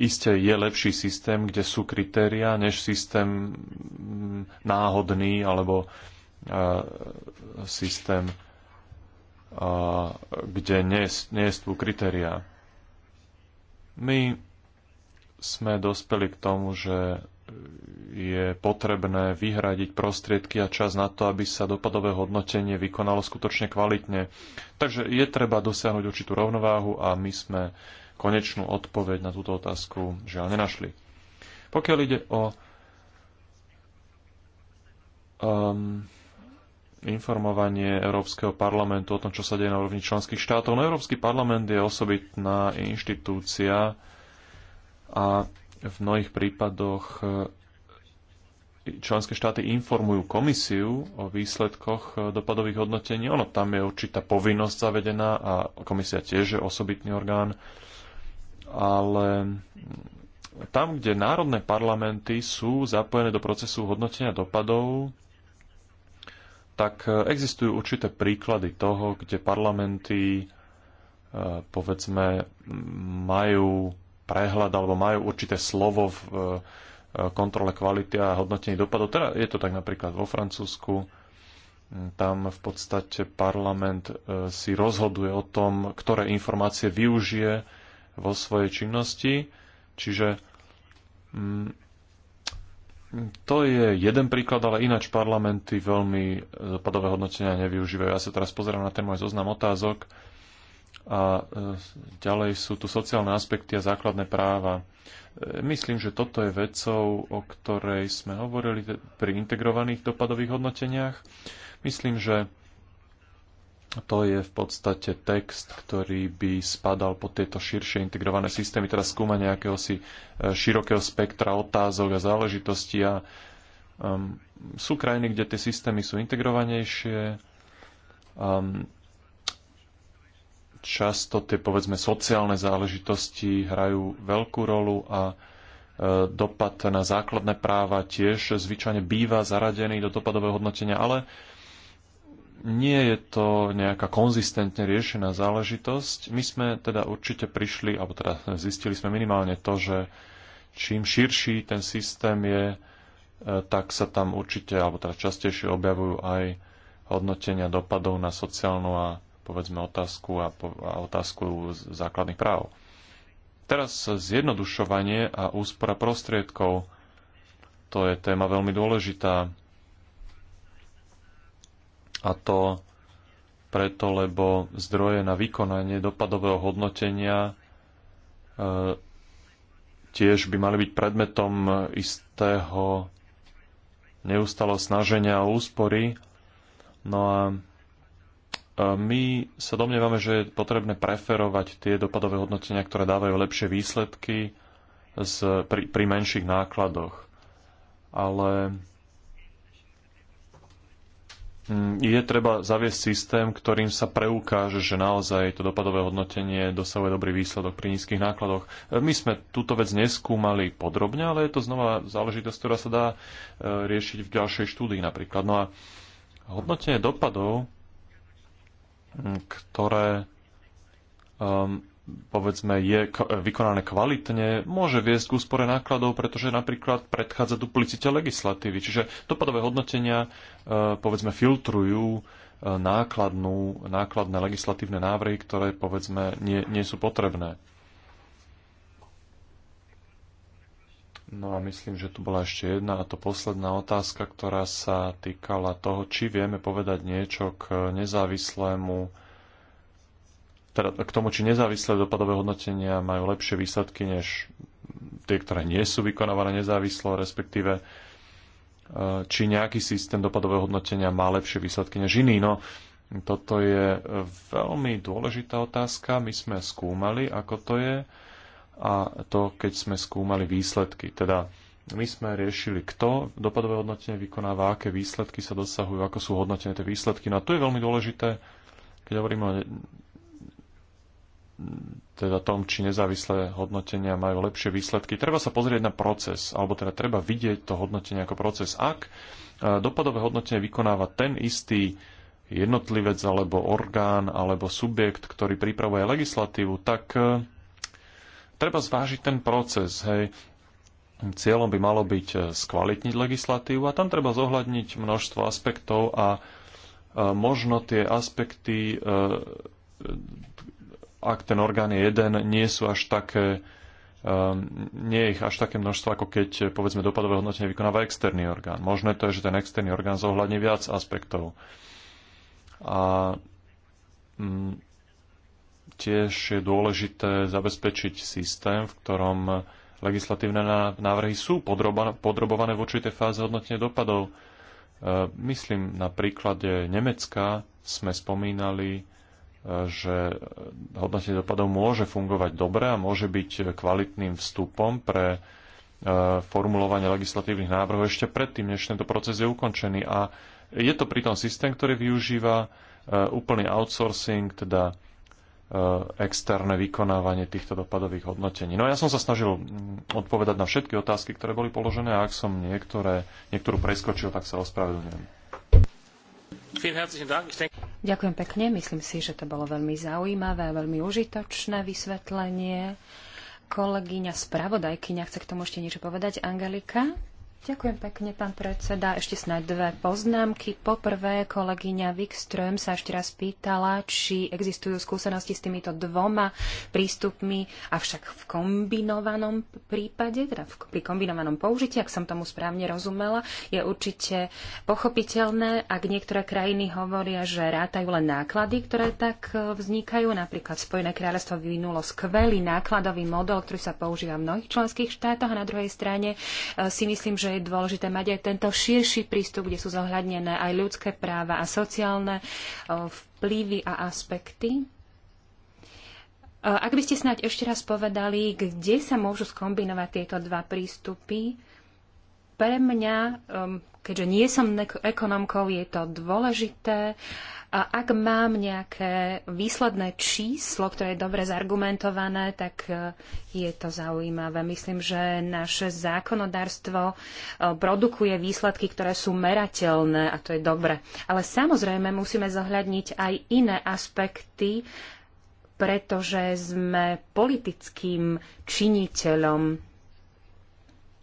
Isté je lepší systém, kde sú kritéria, než systém náhodný alebo e, systém, e, kde nie, nie sú kritéria. My sme dospeli k tomu, že je potrebné vyhradiť prostriedky a čas na to, aby sa dopadové hodnotenie vykonalo skutočne kvalitne. Takže je treba dosiahnuť určitú rovnováhu a my sme konečnú odpoveď na túto otázku žiaľ nenašli. Pokiaľ ide o um, informovanie Európskeho parlamentu o tom, čo sa deje na úrovni členských štátov. No Európsky parlament je osobitná inštitúcia a v mnohých prípadoch e, členské štáty informujú komisiu o výsledkoch e, dopadových hodnotení. Ono tam je určitá povinnosť zavedená a komisia tiež je osobitný orgán ale tam, kde národné parlamenty sú zapojené do procesu hodnotenia dopadov, tak existujú určité príklady toho, kde parlamenty e, povedzme majú prehľad alebo majú určité slovo v e, kontrole kvality a hodnotení dopadov. Teda je to tak napríklad vo Francúzsku. Tam v podstate parlament e, si rozhoduje o tom, ktoré informácie využije vo svojej činnosti. Čiže mm, to je jeden príklad, ale ináč parlamenty veľmi e, dopadové hodnotenia nevyužívajú. Ja sa teraz pozerám na ten môj zoznam otázok a e, ďalej sú tu sociálne aspekty a základné práva. E, myslím, že toto je vecou, o ktorej sme hovorili pri integrovaných dopadových hodnoteniach. Myslím, že to je v podstate text, ktorý by spadal pod tieto širšie integrované systémy, teda nejakého si e, širokého spektra otázok a záležitostí. A um, sú krajiny, kde tie systémy sú integrovanejšie. Um, často tie, povedzme, sociálne záležitosti hrajú veľkú rolu a e, dopad na základné práva tiež zvyčajne býva zaradený do dopadového hodnotenia, ale nie je to nejaká konzistentne riešená záležitosť. My sme teda určite prišli, alebo teda zistili sme minimálne to, že čím širší ten systém je, e, tak sa tam určite, alebo teda častejšie objavujú aj hodnotenia dopadov na sociálnu a povedzme otázku a, a otázku základných práv. Teraz zjednodušovanie a úspora prostriedkov. To je téma veľmi dôležitá. A to preto, lebo zdroje na vykonanie dopadového hodnotenia e, tiež by mali byť predmetom istého neustáleho snaženia a úspory. No a e, my sa domnievame, že je potrebné preferovať tie dopadové hodnotenia, ktoré dávajú lepšie výsledky z, pri, pri menších nákladoch. Ale Mm, je treba zaviesť systém, ktorým sa preukáže, že naozaj to dopadové hodnotenie dosahuje dobrý výsledok pri nízkych nákladoch. E, my sme túto vec neskúmali podrobne, ale je to znova záležitosť, ktorá sa dá e, riešiť v ďalšej štúdii napríklad. No a hodnotenie dopadov, mm, ktoré ehm, povedzme, je vykonané kvalitne, môže viesť k úspore nákladov, pretože napríklad predchádza duplicite legislatívy. Čiže dopadové hodnotenia, e, povedzme, filtrujú e, nákladnú, nákladné legislatívne návrhy, ktoré, povedzme, nie, nie sú potrebné. No a myslím, že tu bola ešte jedna a to posledná otázka, ktorá sa týkala toho, či vieme povedať niečo k nezávislému teda k tomu, či nezávislé dopadové hodnotenia majú lepšie výsledky než tie, ktoré nie sú vykonávané nezávislo, respektíve e, či nejaký systém dopadového hodnotenia má lepšie výsledky než iný. No, toto je veľmi dôležitá otázka. My sme skúmali, ako to je a to, keď sme skúmali výsledky. Teda my sme riešili, kto dopadové hodnotenie vykonáva, aké výsledky sa dosahujú, ako sú hodnotené tie výsledky. No a to je veľmi dôležité, keď hovoríme o teda tom, či nezávislé hodnotenia majú lepšie výsledky. Treba sa pozrieť na proces, alebo teda treba vidieť to hodnotenie ako proces. Ak e, dopadové hodnotenie vykonáva ten istý jednotlivec alebo orgán alebo subjekt, ktorý pripravuje legislatívu, tak e, treba zvážiť ten proces. Hej. Cieľom by malo byť e, skvalitniť legislatívu a tam treba zohľadniť množstvo aspektov a možno tie aspekty ak ten orgán je jeden, nie sú až také um, nie je ich až také množstvo, ako keď povedzme dopadové hodnotenie vykonáva externý orgán. Možné to je, že ten externý orgán zohľadní viac aspektov. A mm, tiež je dôležité zabezpečiť systém, v ktorom legislatívne návrhy sú podrobované v určitej fáze hodnotenia dopadov. E, myslím na príklade Nemecka sme spomínali že hodnotenie dopadov môže fungovať dobre a môže byť kvalitným vstupom pre e, formulovanie legislatívnych návrhov ešte predtým, než tento proces je ukončený. A je to pritom systém, ktorý využíva e, úplný outsourcing, teda e, externé vykonávanie týchto dopadových hodnotení. No ja som sa snažil odpovedať na všetky otázky, ktoré boli položené a ak som niektoré, niektorú preskočil, tak sa ospravedlňujem. Ďakujem pekne. Myslím si, že to bolo veľmi zaujímavé a veľmi užitočné vysvetlenie. Kolegyňa spravodajkyňa chce k tomu ešte niečo povedať. Angelika? Ďakujem pekne, pán predseda. Ešte snáď dve poznámky. Poprvé, kolegyňa Wikström sa ešte raz pýtala, či existujú skúsenosti s týmito dvoma prístupmi, avšak v kombinovanom prípade, teda v, pri kombinovanom použití, ak som tomu správne rozumela, je určite pochopiteľné, ak niektoré krajiny hovoria, že rátajú len náklady, ktoré tak e, vznikajú. Napríklad Spojené kráľovstvo vyvinulo skvelý nákladový model, ktorý sa používa v mnohých členských štátoch a na druhej strane e, si myslím, že že je dôležité mať aj tento širší prístup, kde sú zohľadnené aj ľudské práva a sociálne vplyvy a aspekty. Ak by ste snáď ešte raz povedali, kde sa môžu skombinovať tieto dva prístupy, pre mňa, um, keďže nie som ekonomkou, je to dôležité. A ak mám nejaké výsledné číslo, ktoré je dobre zargumentované, tak uh, je to zaujímavé. Myslím, že naše zákonodárstvo uh, produkuje výsledky, ktoré sú merateľné a to je dobre. Ale samozrejme musíme zohľadniť aj iné aspekty, pretože sme politickým činiteľom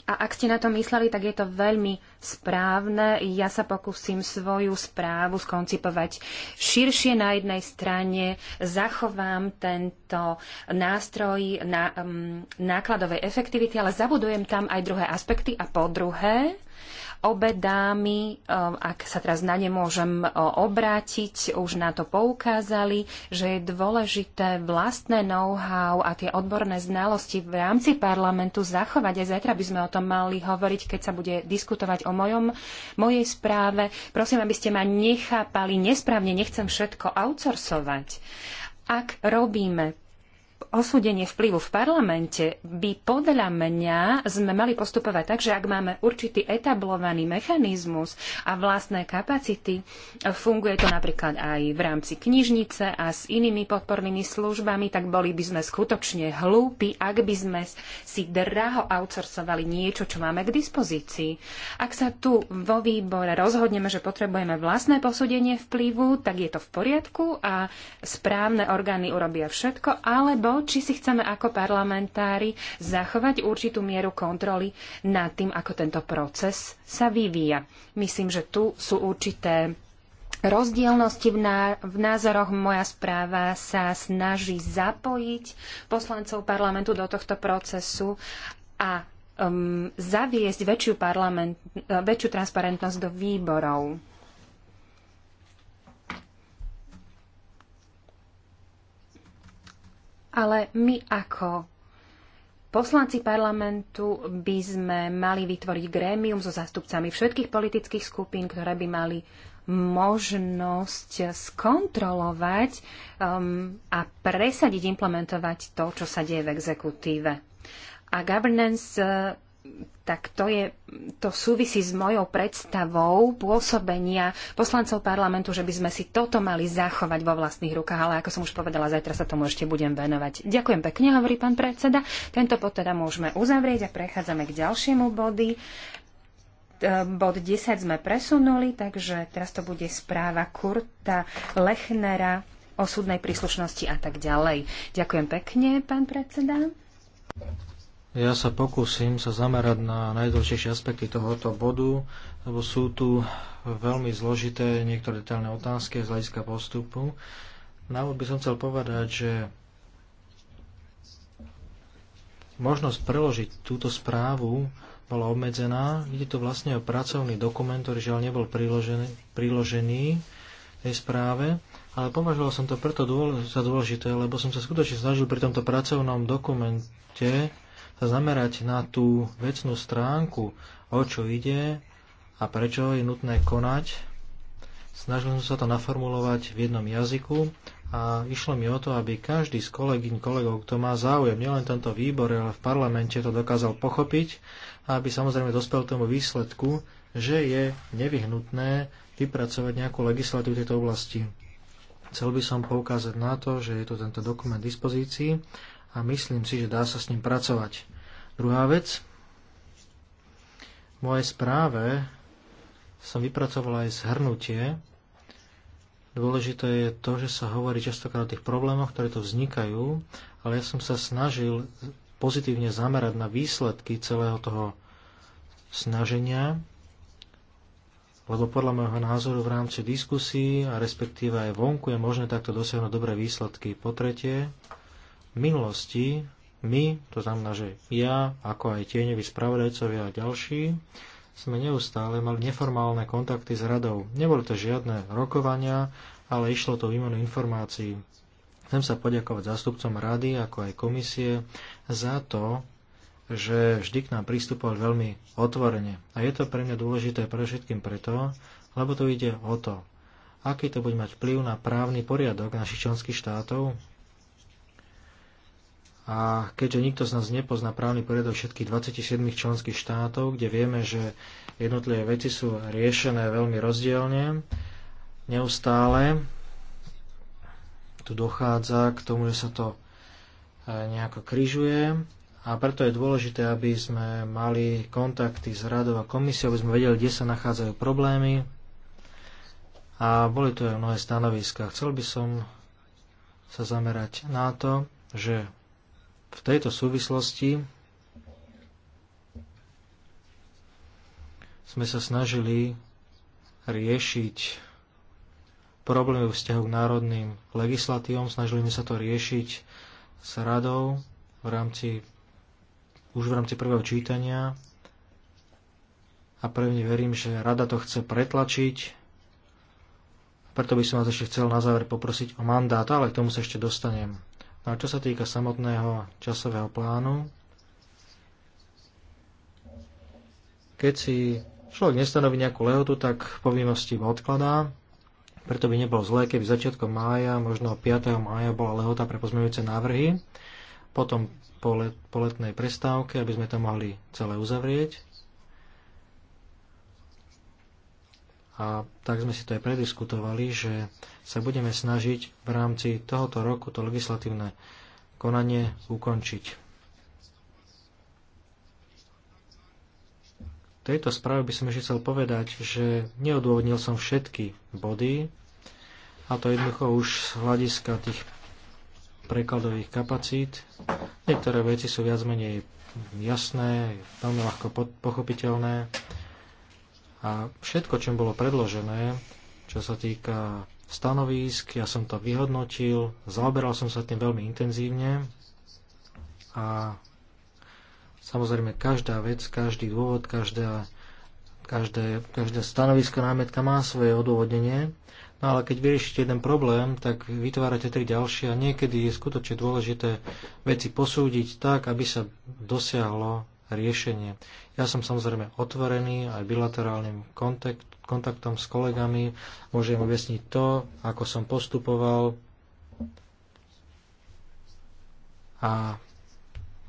a ak ste na to mysleli, tak je to veľmi správne. Ja sa pokúsim svoju správu skoncipovať širšie na jednej strane. Zachovám tento nástroj na, um, nákladovej efektivity, ale zabudujem tam aj druhé aspekty. A po druhé, Obe dámy, eh, ak sa teraz na ne môžem eh, obrátiť, už na to poukázali, že je dôležité vlastné know-how a tie odborné znalosti v rámci parlamentu zachovať. Aj zajtra by sme o tom mali hovoriť, keď sa bude diskutovať o mojom, mojej správe. Prosím, aby ste ma nechápali nesprávne, nechcem všetko outsourcovať. Ak robíme osúdenie vplyvu v parlamente by podľa mňa sme mali postupovať tak, že ak máme určitý etablovaný mechanizmus a vlastné kapacity, funguje to napríklad aj v rámci knižnice a s inými podpornými službami, tak boli by sme skutočne hlúpi, ak by sme si draho outsourcovali niečo, čo máme k dispozícii. Ak sa tu vo výbore rozhodneme, že potrebujeme vlastné posúdenie vplyvu, tak je to v poriadku a správne orgány urobia všetko, alebo alebo či si chceme ako parlamentári zachovať určitú mieru kontroly nad tým, ako tento proces sa vyvíja. Myslím, že tu sú určité rozdielnosti v, ná- v názoroch. Moja správa sa snaží zapojiť poslancov parlamentu do tohto procesu a um, zaviesť väčšiu, parlament, väčšiu transparentnosť do výborov. ale my ako Poslanci parlamentu by sme mali vytvoriť grémium so zástupcami všetkých politických skupín, ktoré by mali možnosť skontrolovať um, a presadiť, implementovať to, čo sa deje v exekutíve. A governance tak to, je, to súvisí s mojou predstavou pôsobenia poslancov parlamentu, že by sme si toto mali zachovať vo vlastných rukách, ale ako som už povedala, zajtra sa tomu ešte budem venovať. Ďakujem pekne, hovorí pán predseda. Tento bod teda môžeme uzavrieť a prechádzame k ďalšiemu body. E, bod 10 sme presunuli, takže teraz to bude správa Kurta Lechnera o súdnej príslušnosti a tak ďalej. Ďakujem pekne, pán predseda. Ja sa pokúsim sa zamerať na najdôležitejšie aspekty tohoto bodu, lebo sú tu veľmi zložité niektoré detailné otázky z hľadiska postupu. Na by som chcel povedať, že možnosť preložiť túto správu bola obmedzená. Ide tu vlastne o pracovný dokument, ktorý žiaľ nebol priložený, priložený tej správe, ale považoval som to preto dôle, za dôležité, lebo som sa skutočne snažil pri tomto pracovnom dokumente sa zamerať na tú vecnú stránku, o čo ide a prečo je nutné konať. Snažil som sa to naformulovať v jednom jazyku a išlo mi o to, aby každý z kolegyň, kolegov, kto má záujem, nielen tento výbor, ale v parlamente to dokázal pochopiť a aby samozrejme dospel tomu výsledku, že je nevyhnutné vypracovať nejakú legislatívu tejto oblasti. Chcel by som poukázať na to, že je tu tento dokument v dispozícii a myslím si, že dá sa s ním pracovať. Druhá vec, v mojej správe som vypracoval aj zhrnutie. Dôležité je to, že sa hovorí častokrát o tých problémoch, ktoré tu vznikajú, ale ja som sa snažil pozitívne zamerať na výsledky celého toho snaženia, lebo podľa môjho názoru v rámci diskusí a respektíve aj vonku je možné takto dosiahnuť dobré výsledky. Po tretie, minulosti my, to znamená, že ja, ako aj tieňoví spravodajcovia a ďalší, sme neustále mali neformálne kontakty s radou. Neboli to žiadne rokovania, ale išlo to výmenu informácií. Chcem sa poďakovať zástupcom rady, ako aj komisie, za to, že vždy k nám pristupoval veľmi otvorene. A je to pre mňa dôležité pre všetkým preto, lebo tu ide o to, aký to bude mať vplyv na právny poriadok našich členských štátov, a keďže nikto z nás nepozná právny poriadok všetkých 27 členských štátov, kde vieme, že jednotlivé veci sú riešené veľmi rozdielne, neustále tu dochádza k tomu, že sa to e, nejako križuje a preto je dôležité, aby sme mali kontakty s radou a komisiou, aby sme vedeli, kde sa nachádzajú problémy a boli tu aj mnohé stanoviska. Chcel by som sa zamerať na to, že v tejto súvislosti sme sa snažili riešiť problémy vzťahu k národným legislatívom, snažili sme sa to riešiť s radou v rámci, už v rámci prvého čítania a pevne verím, že rada to chce pretlačiť. Preto by som vás ešte chcel na záver poprosiť o mandát, ale k tomu sa ešte dostanem. No a čo sa týka samotného časového plánu, keď si človek nestanoví nejakú lehotu, tak povinnosti odkladá. Preto by nebolo zlé, keby začiatkom mája, možno 5. mája bola lehota pre pozmeňujúce návrhy. Potom po, let, po letnej prestávke, aby sme to mohli celé uzavrieť. a tak sme si to aj prediskutovali, že sa budeme snažiť v rámci tohoto roku to legislatívne konanie ukončiť. V tejto správe by som ešte chcel povedať, že neodôvodnil som všetky body, a to jednoducho už z hľadiska tých prekladových kapacít. Niektoré veci sú viac menej jasné, veľmi ľahko pochopiteľné. A všetko, čo bolo predložené, čo sa týka stanovísk, ja som to vyhodnotil, zaoberal som sa tým veľmi intenzívne a samozrejme každá vec, každý dôvod, každá, každé, každá stanovisko, námetka má svoje odôvodnenie, no ale keď vyriešite jeden problém, tak vytvárate tri ďalšie a niekedy je skutočne dôležité veci posúdiť tak, aby sa dosiahlo riešenie. Ja som samozrejme otvorený aj bilaterálnym kontakt, kontaktom s kolegami, môžem objasniť to, ako som postupoval a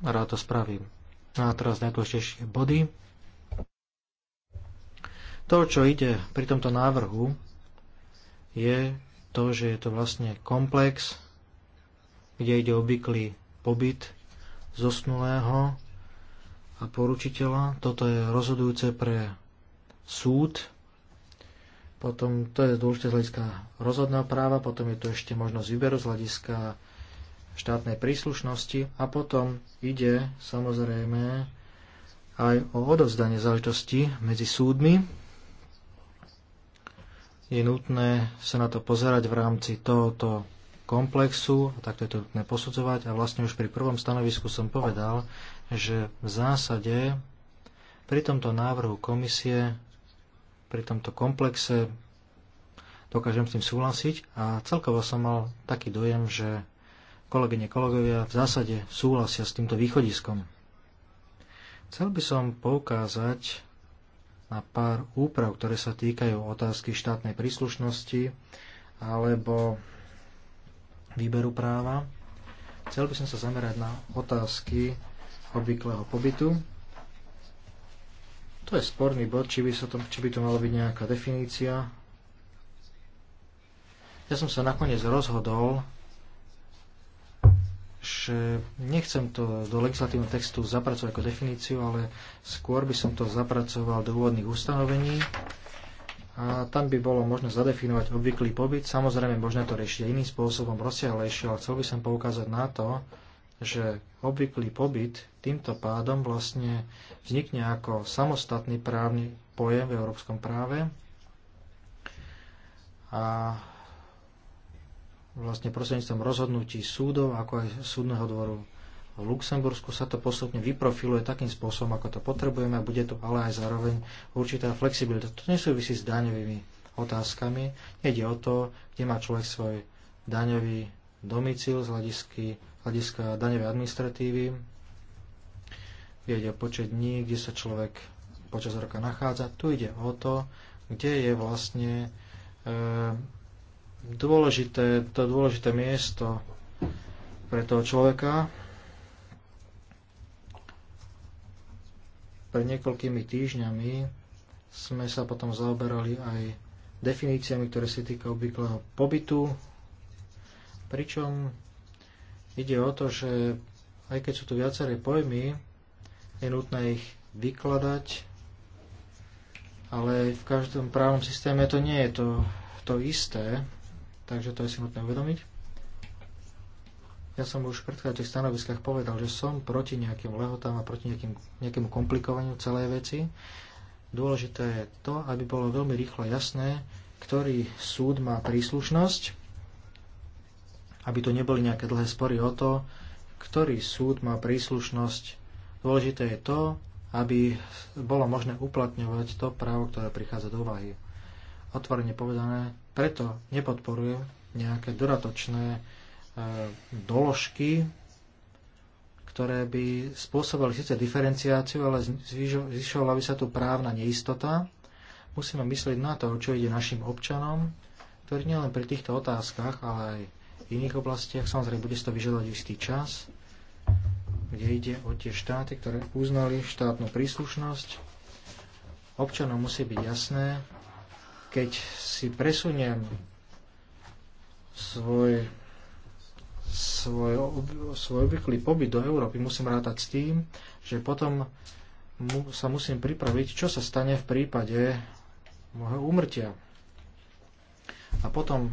rád to spravím. No a teraz najdôležitejšie body. To, čo ide pri tomto návrhu, je to, že je to vlastne komplex, kde ide obvyklý pobyt zosnulého a poručiteľa. Toto je rozhodujúce pre súd. Potom to je dôležité z hľadiska rozhodného práva, potom je tu ešte možnosť výberu z hľadiska štátnej príslušnosti a potom ide samozrejme aj o odovzdanie záležitosti medzi súdmi. Je nutné sa na to pozerať v rámci tohoto komplexu, takto je to nutné posudzovať a vlastne už pri prvom stanovisku som povedal, že v zásade pri tomto návrhu komisie, pri tomto komplexe dokážem s tým súhlasiť a celkovo som mal taký dojem, že kolegyne, kolegovia v zásade súhlasia s týmto východiskom. Chcel by som poukázať na pár úprav, ktoré sa týkajú otázky štátnej príslušnosti alebo výberu práva. Chcel by som sa zamerať na otázky obvyklého pobytu. To je sporný bod, či by, sa to, či by to malo byť nejaká definícia. Ja som sa nakoniec rozhodol, že nechcem to do legislatívneho textu zapracovať ako definíciu, ale skôr by som to zapracoval do úvodných ustanovení a tam by bolo možné zadefinovať obvyklý pobyt. Samozrejme, možné to riešiť iným spôsobom, rozsiahlejšie, ale chcel by som poukázať na to, že obvyklý pobyt týmto pádom vlastne vznikne ako samostatný právny pojem v európskom práve a vlastne prostredníctvom rozhodnutí súdov, ako aj súdneho dvoru v Luxembursku sa to postupne vyprofiluje takým spôsobom, ako to potrebujeme a bude tu ale aj zároveň určitá flexibilita. To nesúvisí s daňovými otázkami. Nejde o to, kde má človek svoj daňový domicil z hľadisky hľadiska daňovej administratívy, kde ide o počet dní, kde sa človek počas roka nachádza. Tu ide o to, kde je vlastne e, dôležité, to dôležité miesto pre toho človeka. Pred niekoľkými týždňami sme sa potom zaoberali aj definíciami, ktoré sa týka obvyklého pobytu, pričom Ide o to, že aj keď sú tu viaceré pojmy, je nutné ich vykladať, ale v každom právnom systéme to nie je to, to isté, takže to je si nutné uvedomiť. Ja som už v predchádzajúcich stanoviskách povedal, že som proti nejakým lehotám a proti nejakým, nejakému komplikovaniu celej veci. Dôležité je to, aby bolo veľmi rýchlo jasné, ktorý súd má príslušnosť aby tu neboli nejaké dlhé spory o to, ktorý súd má príslušnosť. Dôležité je to, aby bolo možné uplatňovať to právo, ktoré prichádza do úvahy. Otvorene povedané, preto nepodporuje nejaké dodatočné e, doložky, ktoré by spôsobili síce diferenciáciu, ale zvyšovala by sa tu právna neistota. Musíme myslieť na to, čo ide našim občanom, ktorí nielen pri týchto otázkach, ale aj v iných oblastiach. Samozrejme, bude si to vyžadovať istý čas, kde ide o tie štáty, ktoré uznali štátnu príslušnosť. Občanom musí byť jasné, keď si presuniem svoj, svoj, svoj obvyklý pobyt do Európy, musím rátať s tým, že potom mu, sa musím pripraviť, čo sa stane v prípade môjho úmrtia. A potom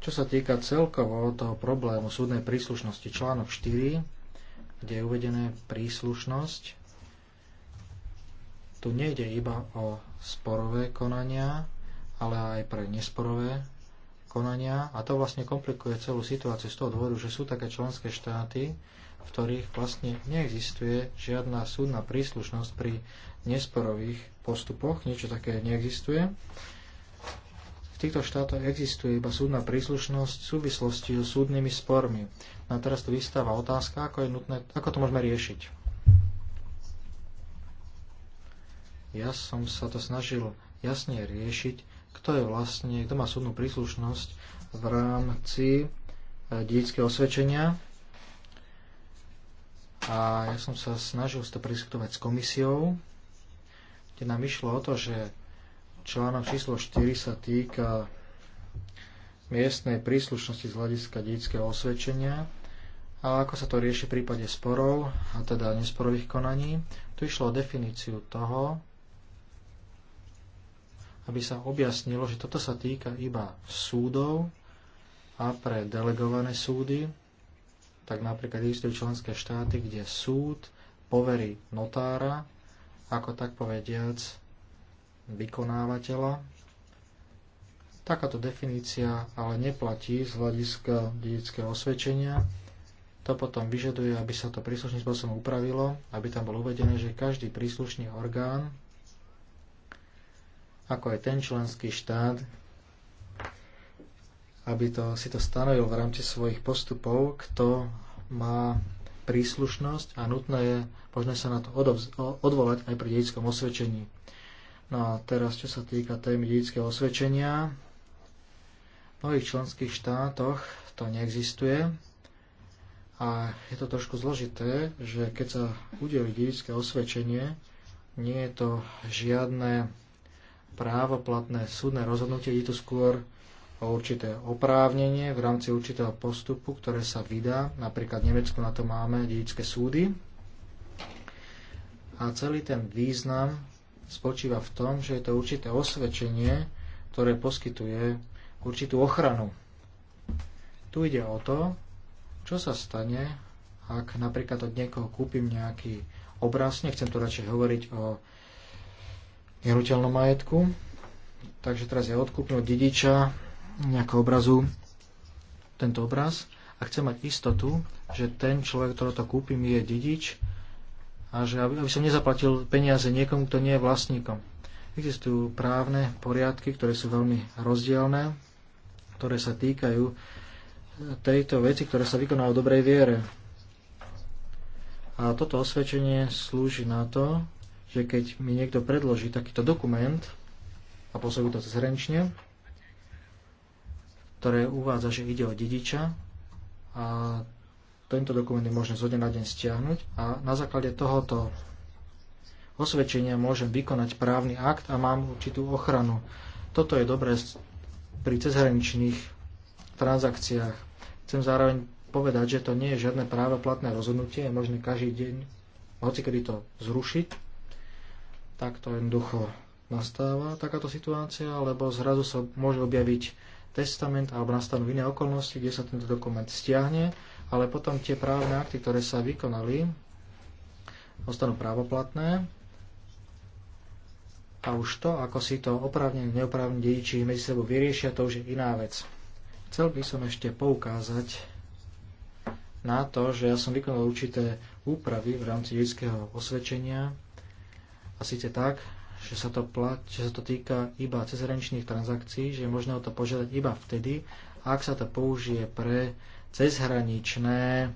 čo sa týka celkovo toho problému súdnej príslušnosti, článok 4, kde je uvedené príslušnosť, tu nejde iba o sporové konania, ale aj pre nesporové konania a to vlastne komplikuje celú situáciu z toho dôvodu, že sú také členské štáty, v ktorých vlastne neexistuje žiadna súdna príslušnosť pri nesporových postupoch, niečo také neexistuje týchto štátoch existuje iba súdna príslušnosť v súvislosti so súdnymi spormi. No a teraz tu vystáva otázka, ako, je nutné, ako to môžeme riešiť. Ja som sa to snažil jasne riešiť, kto je vlastne, kto má súdnu príslušnosť v rámci e, dedického osvedčenia. A ja som sa snažil to prediskutovať s komisiou, kde nám išlo o to, že Článok číslo 4 sa týka miestnej príslušnosti z hľadiska dedického osvedčenia a ako sa to rieši v prípade sporov, a teda nesporových konaní. Tu išlo o definíciu toho, aby sa objasnilo, že toto sa týka iba súdov a pre delegované súdy, tak napríklad existujú členské štáty, kde súd poverí notára, ako tak povediac, vykonávateľa. Takáto definícia ale neplatí z hľadiska dedického osvedčenia. To potom vyžaduje, aby sa to príslušným spôsobom upravilo, aby tam bolo uvedené, že každý príslušný orgán, ako aj ten členský štát, aby to, si to stanovil v rámci svojich postupov, kto má príslušnosť a nutné je, možné sa na to odovz- odvolať aj pri dedickom osvedčení. No a teraz, čo sa týka témy dedického osvedčenia, v mnohých členských štátoch to neexistuje a je to trošku zložité, že keď sa udeli dedické osvedčenie, nie je to žiadne právoplatné súdne rozhodnutie, je to skôr o určité oprávnenie v rámci určitého postupu, ktoré sa vydá. Napríklad v Nemecku na to máme dedické súdy. A celý ten význam spočíva v tom, že je to určité osvedčenie, ktoré poskytuje určitú ochranu. Tu ide o to, čo sa stane, ak napríklad od niekoho kúpim nejaký obraz, nechcem tu radšej hovoriť o nehnuteľnom majetku, takže teraz ja odkúpim od dediča nejakého obrazu tento obraz a chcem mať istotu, že ten človek, ktorý to kúpim, je dedič a že aby, aby som nezaplatil peniaze niekomu, kto nie je vlastníkom. Existujú právne poriadky, ktoré sú veľmi rozdielne, ktoré sa týkajú eh, tejto veci, ktoré sa vykonajú v dobrej viere. A toto osvedčenie slúži na to, že keď mi niekto predloží takýto dokument a posobí to zrenčne, ktoré uvádza, že ide o dediča a tento dokument je možné zo dňa na deň stiahnuť a na základe tohoto osvedčenia môžem vykonať právny akt a mám určitú ochranu. Toto je dobré pri cezhraničných transakciách. Chcem zároveň povedať, že to nie je žiadne právo platné rozhodnutie, je možné každý deň, hoci kedy to zrušiť. Tak to jednoducho nastáva takáto situácia, lebo zrazu sa môže objaviť testament alebo nastanú iné okolnosti, kde sa tento dokument stiahne ale potom tie právne akty, ktoré sa vykonali, ostanú právoplatné a už to, ako si to oprávne neopravne dediči medzi sebou vyriešia, to už je iná vec. Chcel by som ešte poukázať na to, že ja som vykonal určité úpravy v rámci dedického osvedčenia a síce tak, že sa to, plat, že sa to týka iba cezhraničných transakcií, že je možné o to požiadať iba vtedy, ak sa to použije pre cezhraničné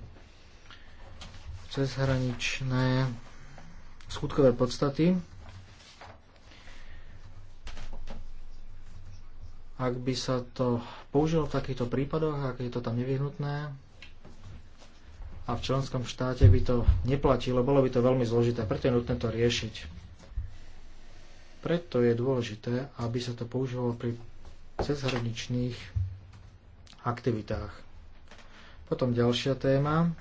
cezhraničné skutkové podstaty. Ak by sa to použilo v takýchto prípadoch, ak je to tam nevyhnutné, a v členskom štáte by to neplatilo, bolo by to veľmi zložité, preto je nutné to riešiť. Preto je dôležité, aby sa to používalo pri cezhraničných aktivitách. Potom ďalšia téma,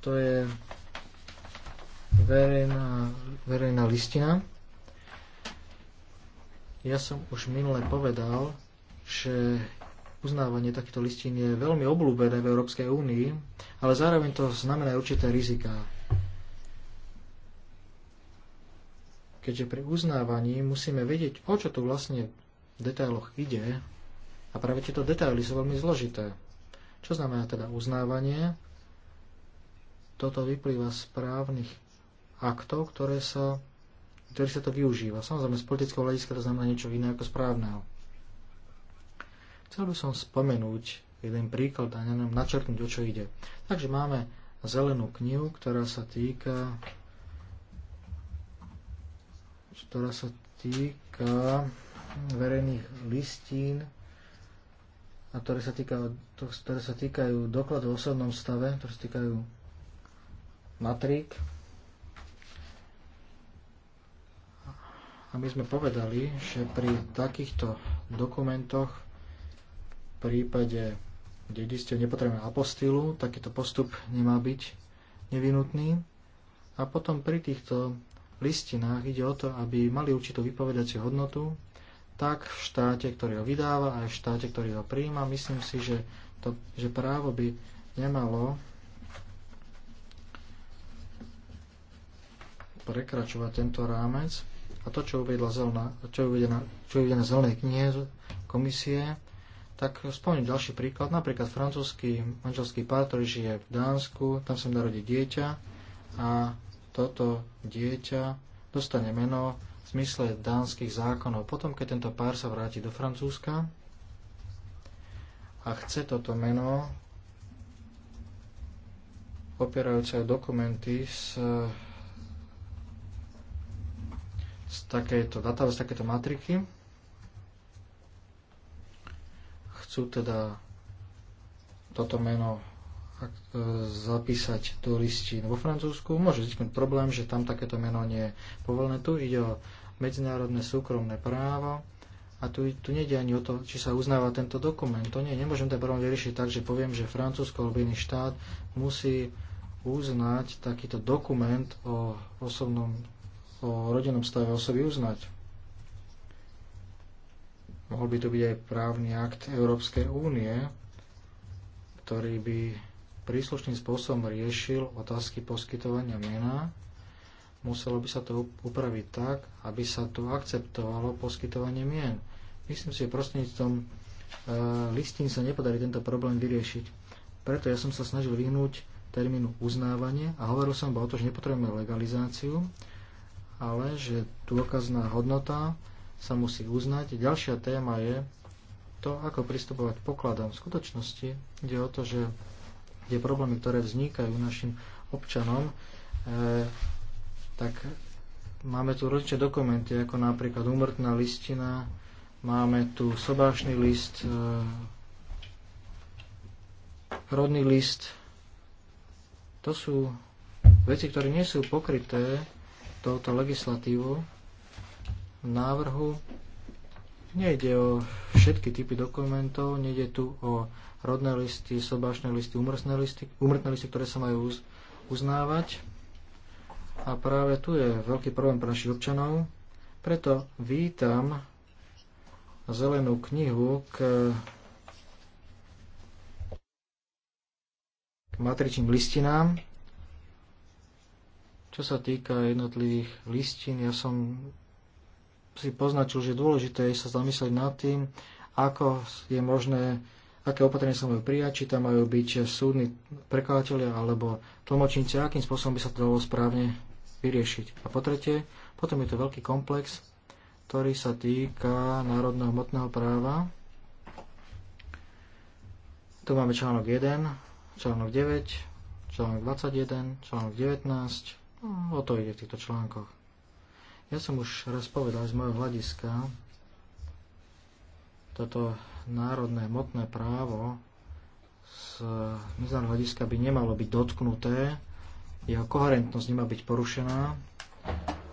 to je verejná, verejná listina. Ja som už minule povedal, že uznávanie takýchto listín je veľmi obľúbené v Európskej únii, ale zároveň to znamená určité riziká. Keďže pri uznávaní musíme vedieť, o čo tu vlastne v detailoch ide a práve tieto detaily sú veľmi zložité. Čo znamená teda uznávanie? Toto vyplýva z právnych aktov, ktoré sa, ktorých sa to využíva. Samozrejme, z politického hľadiska to znamená niečo iné ako správneho. Chcel by som spomenúť jeden príklad a neviem načrtnúť, o čo ide. Takže máme zelenú knihu, ktorá sa týka ktorá sa týka verejných listín a ktoré sa, týkajú, ktoré sa týkajú dokladov o osobnom stave, ktoré sa týkajú matrík. A my sme povedali, že pri takýchto dokumentoch v prípade dedičstiev nepotrebujeme apostilu, takýto postup nemá byť nevinutný. A potom pri týchto listinách ide o to, aby mali určitú vypovedaciu hodnotu, tak v štáte, ktorý ho vydáva, aj v štáte, ktorý ho príjma. Myslím si, že, to, že právo by nemalo prekračovať tento rámec. A to, čo, uviedla zelená, čo, je uvedená, čo je uvedené v zelenej knihe komisie, tak spomínam ďalší príklad. Napríklad francúzsky manželský pár, ktorý žije v Dánsku, tam sa narodí dieťa a toto dieťa dostane meno v zmysle dánskych zákonov. Potom, keď tento pár sa vráti do Francúzska a chce toto meno, opierajúce dokumenty z, z takéto data, z takéto matriky, chcú teda toto meno E, zapísať do listín vo Francúzsku. Môže vzniknúť problém, že tam takéto meno nie je povolené. Tu ide o medzinárodné súkromné právo a tu, tu nejde ani o to, či sa uznáva tento dokument. To nie, nemôžem ten problém vyriešiť tak, že poviem, že Francúzsko alebo iný štát musí uznať takýto dokument o osobnom, o rodinnom stave osoby uznať. Mohol by to byť aj právny akt Európskej únie, ktorý by príslušným spôsobom riešil otázky poskytovania mena, muselo by sa to upraviť tak, aby sa to akceptovalo poskytovanie mien. Myslím si, že prostredníctvom e, listín sa nepodarí tento problém vyriešiť. Preto ja som sa snažil vyhnúť termínu uznávanie a hovoril som o to, že nepotrebujeme legalizáciu, ale že dôkazná hodnota sa musí uznať. Ďalšia téma je to, ako pristupovať k pokladom. V skutočnosti ide o to, že tie problémy, ktoré vznikajú našim občanom, e, tak máme tu rozličné dokumenty, ako napríklad umrtná listina, máme tu sobášny list, e, rodný list. To sú veci, ktoré nie sú pokryté touto legislatívou v návrhu Nejde o všetky typy dokumentov, nejde tu o rodné listy, sobášne listy, umrtné listy, umrtné listy, ktoré sa majú uz, uznávať. A práve tu je veľký problém pre našich občanov. Preto vítam zelenú knihu k k matričným listinám. Čo sa týka jednotlivých listín, ja som si poznačil, že dôležité je sa zamyslieť nad tým, ako je možné, aké opatrenia sa majú prijať, či tam majú byť súdni prekladatelia alebo tlmočníci, akým spôsobom by sa to dalo správne vyriešiť. A po tretie, potom je to veľký komplex, ktorý sa týka národného hmotného práva. Tu máme článok 1, článok 9, článok 21, článok 19. No, o to ide v týchto článkoch. Ja som už raz povedal z môjho hľadiska, toto národné hmotné právo z medzinárodného hľadiska by nemalo byť dotknuté, jeho koherentnosť nemá byť porušená,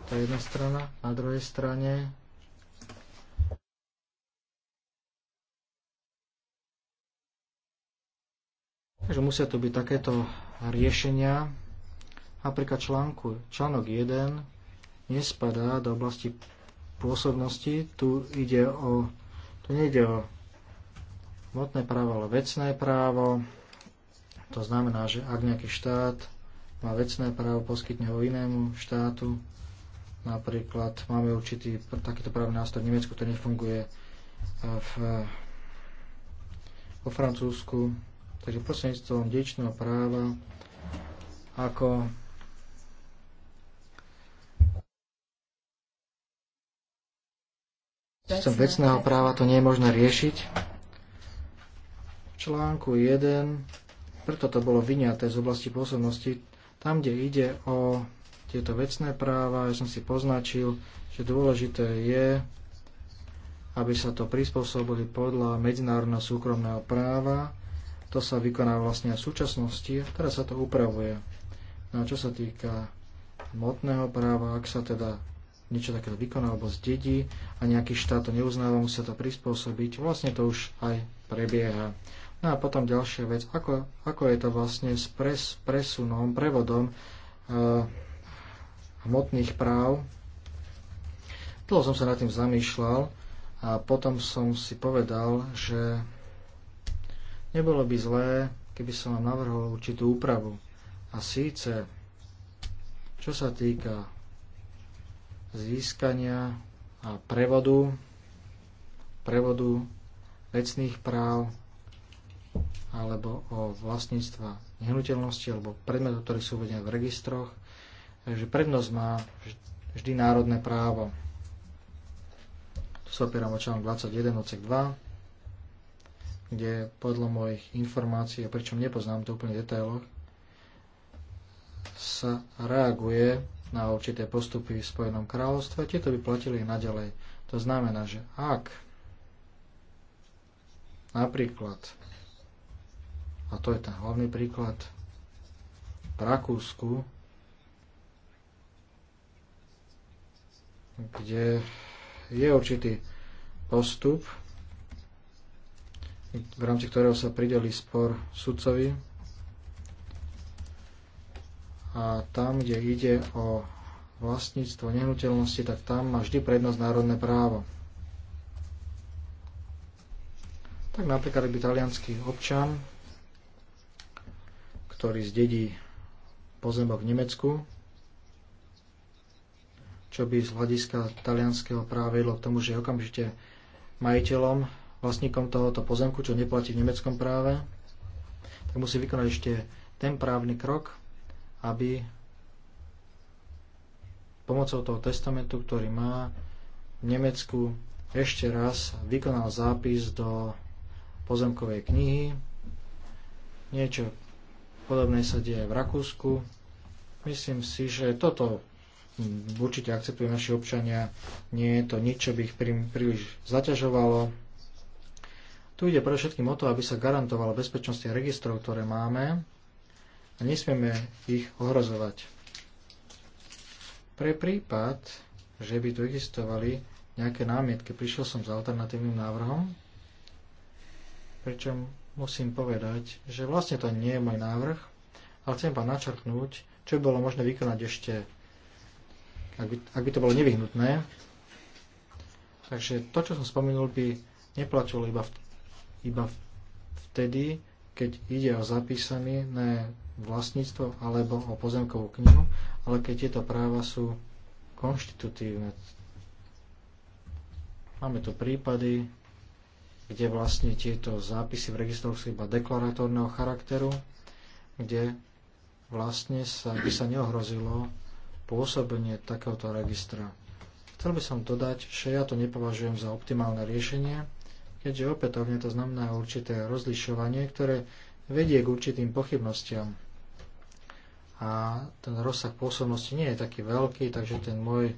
to je jedna strana. Na druhej strane Takže musia to byť takéto riešenia. Napríklad článku, článok 1 nespadá do oblasti pôsobnosti. Tu ide o, tu nejde o hmotné právo, ale vecné právo. To znamená, že ak nejaký štát má vecné právo, poskytne ho inému štátu. Napríklad máme určitý takýto právny nástroj v Nemecku, ktorý nefunguje e, v, vo Francúzsku. Takže prostredníctvom dedičného práva ako Som vecného práva to nie je možné riešiť. V článku 1, preto to bolo vyňaté z oblasti pôsobnosti, tam, kde ide o tieto vecné práva, ja som si poznačil, že dôležité je, aby sa to prispôsobili podľa medzinárodného súkromného práva. To sa vykoná vlastne v súčasnosti teraz sa to upravuje. No a čo sa týka motného práva, ak sa teda niečo takéto vykoná alebo zdedí a nejaký štát to neuznáva, musia to prispôsobiť. Vlastne to už aj prebieha. No a potom ďalšia vec, ako, ako je to vlastne s pres, presunom, prevodom uh, hmotných práv. Dlho som sa nad tým zamýšľal a potom som si povedal, že nebolo by zlé, keby som vám navrhol určitú úpravu. A síce, čo sa týka získania a prevodu, prevodu vecných práv alebo o vlastníctva nehnuteľnosti alebo predmetov, ktoré sú uvedené v registroch. Takže prednosť má vždy národné právo. Tu sa opieram o článok 21 odsek 2, kde podľa mojich informácií, a pričom nepoznám to úplne v detailoch, sa reaguje na určité postupy v Spojenom kráľovstve, tieto by platili naďalej. To znamená, že ak napríklad, a to je ten hlavný príklad, v Rakúsku, kde je určitý postup, v rámci ktorého sa prideli spor sudcovi a tam, kde ide o vlastníctvo nehnuteľnosti, tak tam má vždy prednosť národné právo. Tak napríklad, ak by talianský občan, ktorý zdedí pozemok v Nemecku, čo by z hľadiska talianského práva vedlo k tomu, že je okamžite majiteľom, vlastníkom tohoto pozemku, čo neplatí v nemeckom práve, tak musí vykonať ešte ten právny krok, aby pomocou toho testamentu, ktorý má v Nemecku, ešte raz vykonal zápis do pozemkovej knihy. Niečo podobné sa deje v Rakúsku. Myslím si, že toto určite akceptujú naši občania. Nie je to nič, čo by ich príliš zaťažovalo. Tu ide pre všetkým o to, aby sa garantovalo bezpečnosti registrov, ktoré máme a nesmieme ich ohrozovať. Pre prípad, že by tu existovali nejaké námietky, prišiel som s alternatívnym návrhom, pričom musím povedať, že vlastne to nie je môj návrh, ale chcem vám načrtnúť, čo by bolo možné vykonať ešte, ak by, ak by to bolo nevyhnutné. Takže to, čo som spomenul, by neplatilo iba, v, iba vtedy, keď ide o zapísané vlastníctvo alebo o pozemkovú knihu, ale keď tieto práva sú konštitutívne. Máme tu prípady, kde vlastne tieto zápisy v registroch sú iba deklaratórneho charakteru, kde vlastne sa, by sa neohrozilo pôsobenie takéhoto registra. Chcel by som dodať, že ja to nepovažujem za optimálne riešenie, keďže opätovne to znamená určité rozlišovanie, ktoré vedie k určitým pochybnostiam. A ten rozsah pôsobnosti nie je taký veľký, takže ten môj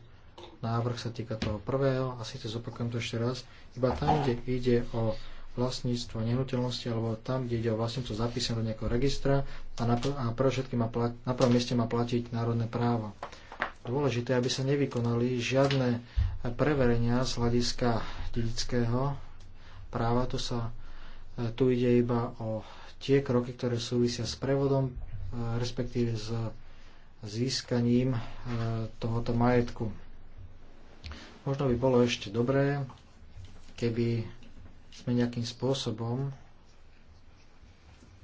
návrh sa týka toho prvého, asi to zopakujem to ešte raz, iba tam, kde ide o vlastníctvo nehnuteľnosti alebo tam, kde ide o vlastníctvo zapísané do nejakého registra a, pr- a pre všetky má plat- na prvom mieste má platiť národné právo. Dôležité, aby sa nevykonali žiadne preverenia z hľadiska dedického práva. Tu, sa, tu ide iba o tie kroky, ktoré súvisia s prevodom, e, respektíve s získaním e, tohoto majetku. Možno by bolo ešte dobré, keby sme nejakým spôsobom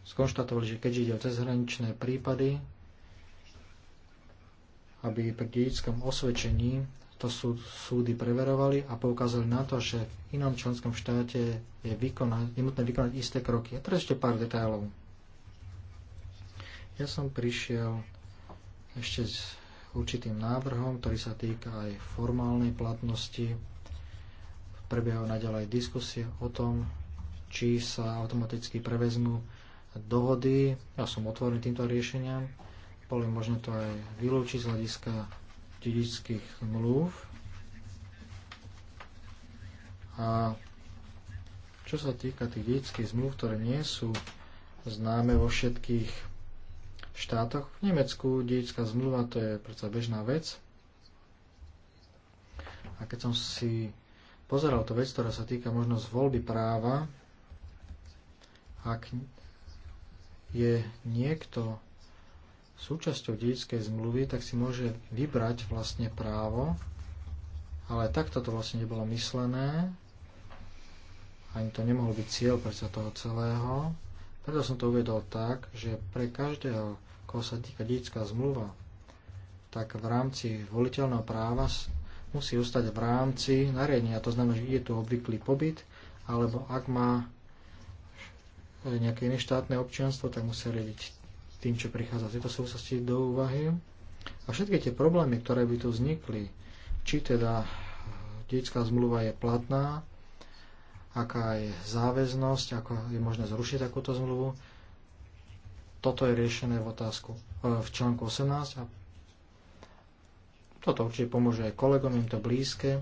skonštatovali, že keď ide o cezhraničné prípady, aby pri dedickom osvedčení to sú, súdy preverovali a poukázali na to, že v inom členskom štáte je, je nutné vykonať isté kroky. A teraz ešte pár detailov. Ja som prišiel ešte s určitým návrhom, ktorý sa týka aj formálnej platnosti. Prebiehajú naďalej diskusie o tom, či sa automaticky prevezmú dohody. Ja som otvorený týmto riešeniam. Boli možné to aj vylúčiť z hľadiska dedických mluv. A čo sa týka tých dedických zmluv, ktoré nie sú známe vo všetkých štátoch, v Nemecku dedická zmluva to je predsa bežná vec. A keď som si pozeral to vec, ktorá sa týka možnosť voľby práva, ak je niekto súčasťou dedickej zmluvy, tak si môže vybrať vlastne právo, ale takto to vlastne nebolo myslené, ani to nemohol byť cieľ predsa toho celého. Preto som to uvedol tak, že pre každého, koho sa týka dedická zmluva, tak v rámci voliteľného práva musí ostať v rámci nariadenia. To znamená, že je tu obvyklý pobyt, alebo ak má nejaké iné štátne občianstvo, tak musia riadiť tým, čo prichádza tieto tejto súvislosti do úvahy. A všetky tie problémy, ktoré by tu vznikli, či teda detská zmluva je platná, aká je záväznosť, ako je možné zrušiť takúto zmluvu, toto je riešené v otázku e, v článku 18 a toto určite pomôže aj kolegom, im to blízke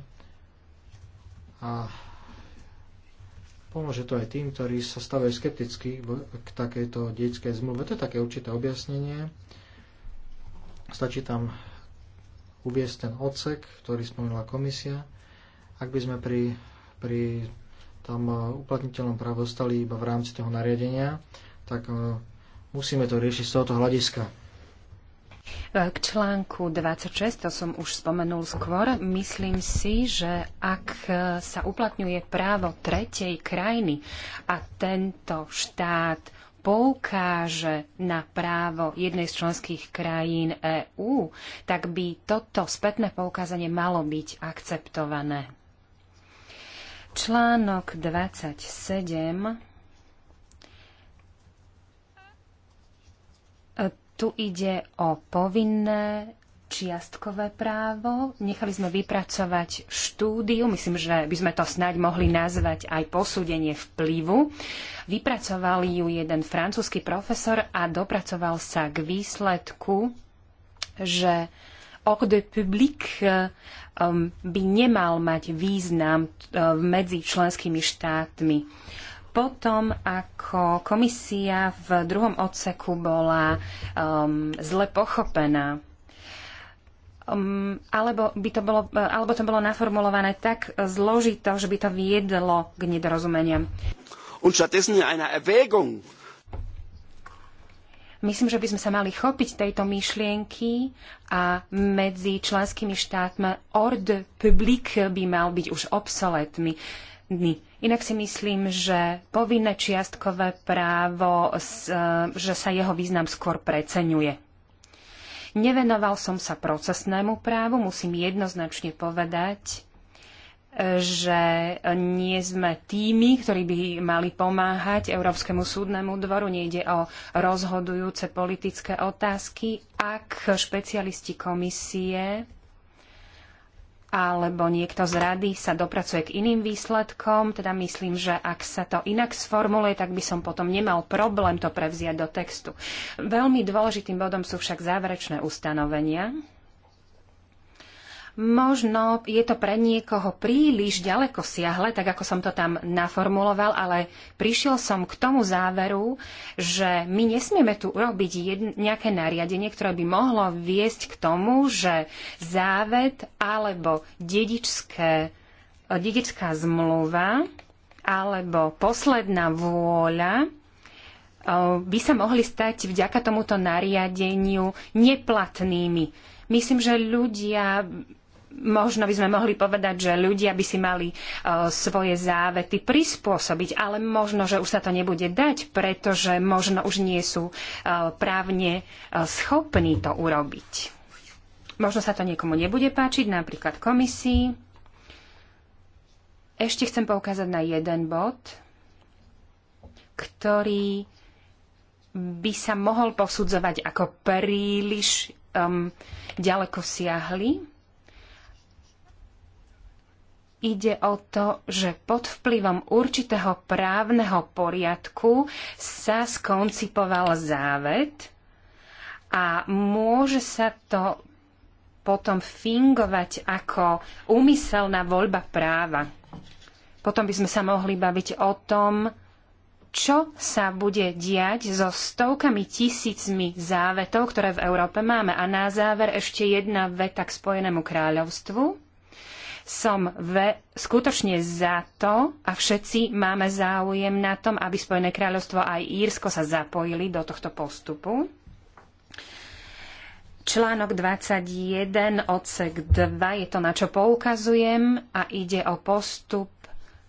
a Pomôže to aj tým, ktorí sa stavajú skepticky k takejto detskej zmluve. To je také určité objasnenie. Stačí tam uviesť ten odsek, ktorý spomínala komisia. Ak by sme pri, pri tam eh, uplatniteľnom práve ostali iba v rámci toho nariadenia, tak eh, musíme to riešiť z tohoto hľadiska. E, k článku 26, to som už spomenul skôr, myslím si, že ak e, sa uplatňuje právo tretej krajiny a tento štát poukáže na právo jednej z členských krajín EÚ, tak by toto spätné poukázanie malo byť akceptované. Článok 27 tu ide o povinné čiastkové právo. Nechali sme vypracovať štúdiu, myslím, že by sme to snáď mohli nazvať aj posúdenie vplyvu. Vypracoval ju jeden francúzsky profesor a dopracoval sa k výsledku, že ordre public um, by nemal mať význam uh, medzi členskými štátmi potom, ako komisia v druhom odseku bola um, zle pochopená. Um, alebo, by to bolo, alebo to bolo naformulované tak zložito, že by to viedlo k nedorozumeniam. Myslím, že by sme sa mali chopiť tejto myšlienky a medzi členskými štátmi ord publik by mal byť už obsoletný. Inak si myslím, že povinné čiastkové právo, e, že sa jeho význam skôr preceňuje. Nevenoval som sa procesnému právu, musím jednoznačne povedať, e, že nie sme tými, ktorí by mali pomáhať Európskemu súdnemu dvoru. Nejde o rozhodujúce politické otázky. Ak špecialisti komisie alebo niekto z rady sa dopracuje k iným výsledkom. Teda myslím, že ak sa to inak sformuluje, tak by som potom nemal problém to prevziať do textu. Veľmi dôležitým bodom sú však záverečné ustanovenia, Možno je to pre niekoho príliš ďaleko siahle, tak ako som to tam naformuloval, ale prišiel som k tomu záveru, že my nesmieme tu urobiť jedn- nejaké nariadenie, ktoré by mohlo viesť k tomu, že závet alebo dedičské, dedičská zmluva alebo posledná vôľa e, by sa mohli stať vďaka tomuto nariadeniu neplatnými. Myslím, že ľudia možno by sme mohli povedať, že ľudia by si mali e, svoje závety prispôsobiť, ale možno, že už sa to nebude dať, pretože možno už nie sú e, právne e, schopní to urobiť. Možno sa to niekomu nebude páčiť, napríklad komisii. Ešte chcem poukázať na jeden bod, ktorý by sa mohol posudzovať ako príliš um, ďaleko siahly ide o to, že pod vplyvom určitého právneho poriadku sa skoncipoval závet a môže sa to potom fingovať ako úmyselná voľba práva. Potom by sme sa mohli baviť o tom, čo sa bude diať so stovkami tisícmi závetov, ktoré v Európe máme. A na záver ešte jedna veta k Spojenému kráľovstvu som ve, skutočne za to a všetci máme záujem na tom, aby Spojené kráľovstvo aj Írsko sa zapojili do tohto postupu. Článok 21, odsek 2, je to, na čo poukazujem a ide o postup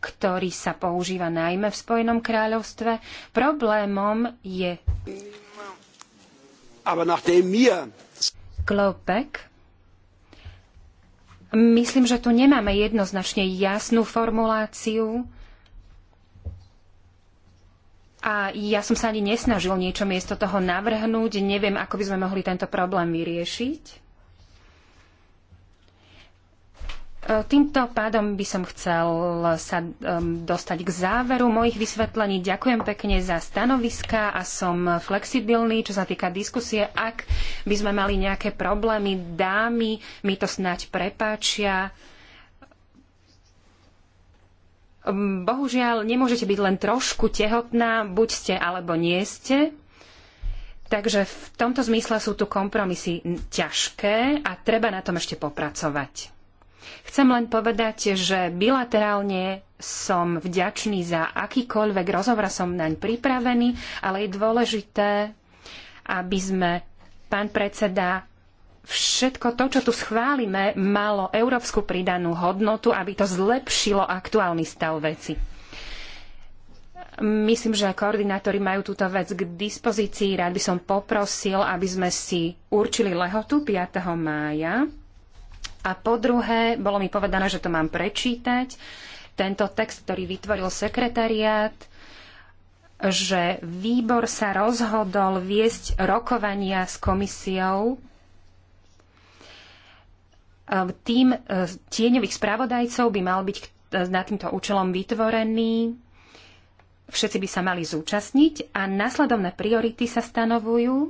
ktorý sa používa najmä v Spojenom kráľovstve. Problémom je... Klopek, Myslím, že tu nemáme jednoznačne jasnú formuláciu a ja som sa ani nesnažil niečo miesto toho navrhnúť. Neviem, ako by sme mohli tento problém vyriešiť. E, týmto pádom by som chcel sa e, dostať k záveru mojich vysvetlení. Ďakujem pekne za stanoviska a som flexibilný, čo sa týka diskusie. Ak by sme mali nejaké problémy, dámy mi to snať prepáčia. Bohužiaľ, nemôžete byť len trošku tehotná, buď ste alebo nie ste. Takže v tomto zmysle sú tu kompromisy ťažké a treba na tom ešte popracovať. Chcem len povedať, že bilaterálne som vďačný za akýkoľvek rozhovor, som naň pripravený, ale je dôležité, aby sme, pán predseda, všetko to, čo tu schválime, malo európsku pridanú hodnotu, aby to zlepšilo aktuálny stav veci. Myslím, že koordinátori majú túto vec k dispozícii. Rád by som poprosil, aby sme si určili lehotu 5. mája a po druhé, bolo mi povedané, že to mám prečítať, tento text, ktorý vytvoril sekretariát, že výbor sa rozhodol viesť rokovania s komisiou e, tým e, tieňových spravodajcov by mal byť e, na týmto účelom vytvorený. Všetci by sa mali zúčastniť a následovné priority sa stanovujú.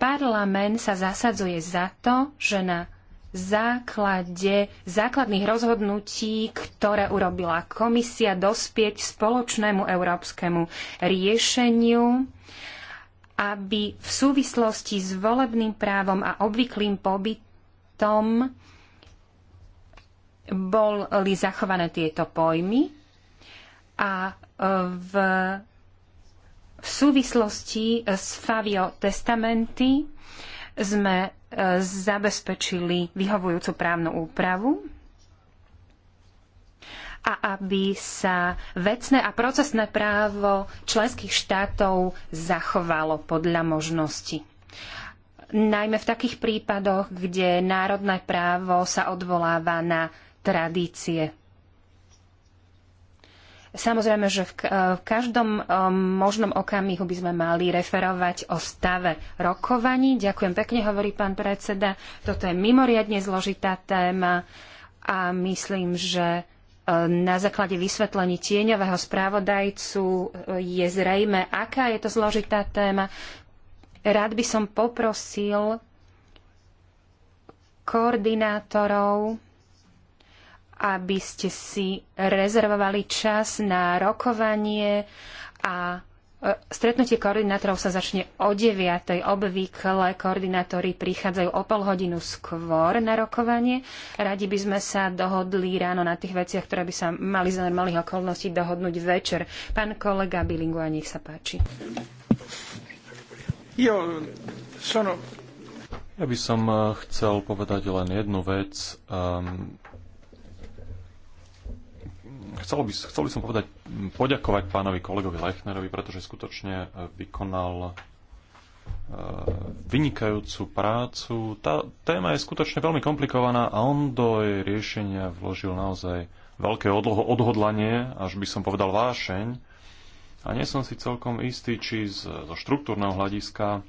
Parlament sa zasadzuje za to, že na základe základných rozhodnutí, ktoré urobila komisia, dospieť spoločnému európskemu riešeniu, aby v súvislosti s volebným právom a obvyklým pobytom boli zachované tieto pojmy a v, v súvislosti s Favio Testamenty sme zabezpečili vyhovujúcu právnu úpravu a aby sa vecné a procesné právo členských štátov zachovalo podľa možnosti. Najmä v takých prípadoch, kde národné právo sa odvoláva na tradície Samozrejme, že v, e, každom e, možnom okamihu by sme mali referovať o stave rokovaní. Ďakujem pekne, hovorí pán predseda. Toto je mimoriadne zložitá téma a myslím, že e, na základe vysvetlení tieňového správodajcu je zrejme, aká je to zložitá téma. Rád by som poprosil koordinátorov aby ste si rezervovali čas na rokovanie a e, Stretnutie koordinátorov sa začne o 9. Obvykle koordinátori prichádzajú o pol hodinu skôr na rokovanie. Radi by sme sa dohodli ráno na tých veciach, ktoré by sa mali za normálnych okolností dohodnúť večer. Pán kolega a nech sa páči. Ja by som e, chcel povedať len jednu vec. Um, chcel, by, chcel by som povedať, poďakovať pánovi kolegovi Lechnerovi, pretože skutočne e, vykonal e, vynikajúcu prácu. Tá téma je skutočne veľmi komplikovaná a on do jej riešenia vložil naozaj veľké odhodlanie, až by som povedal vášeň. A nie som si celkom istý, či z, zo štruktúrneho hľadiska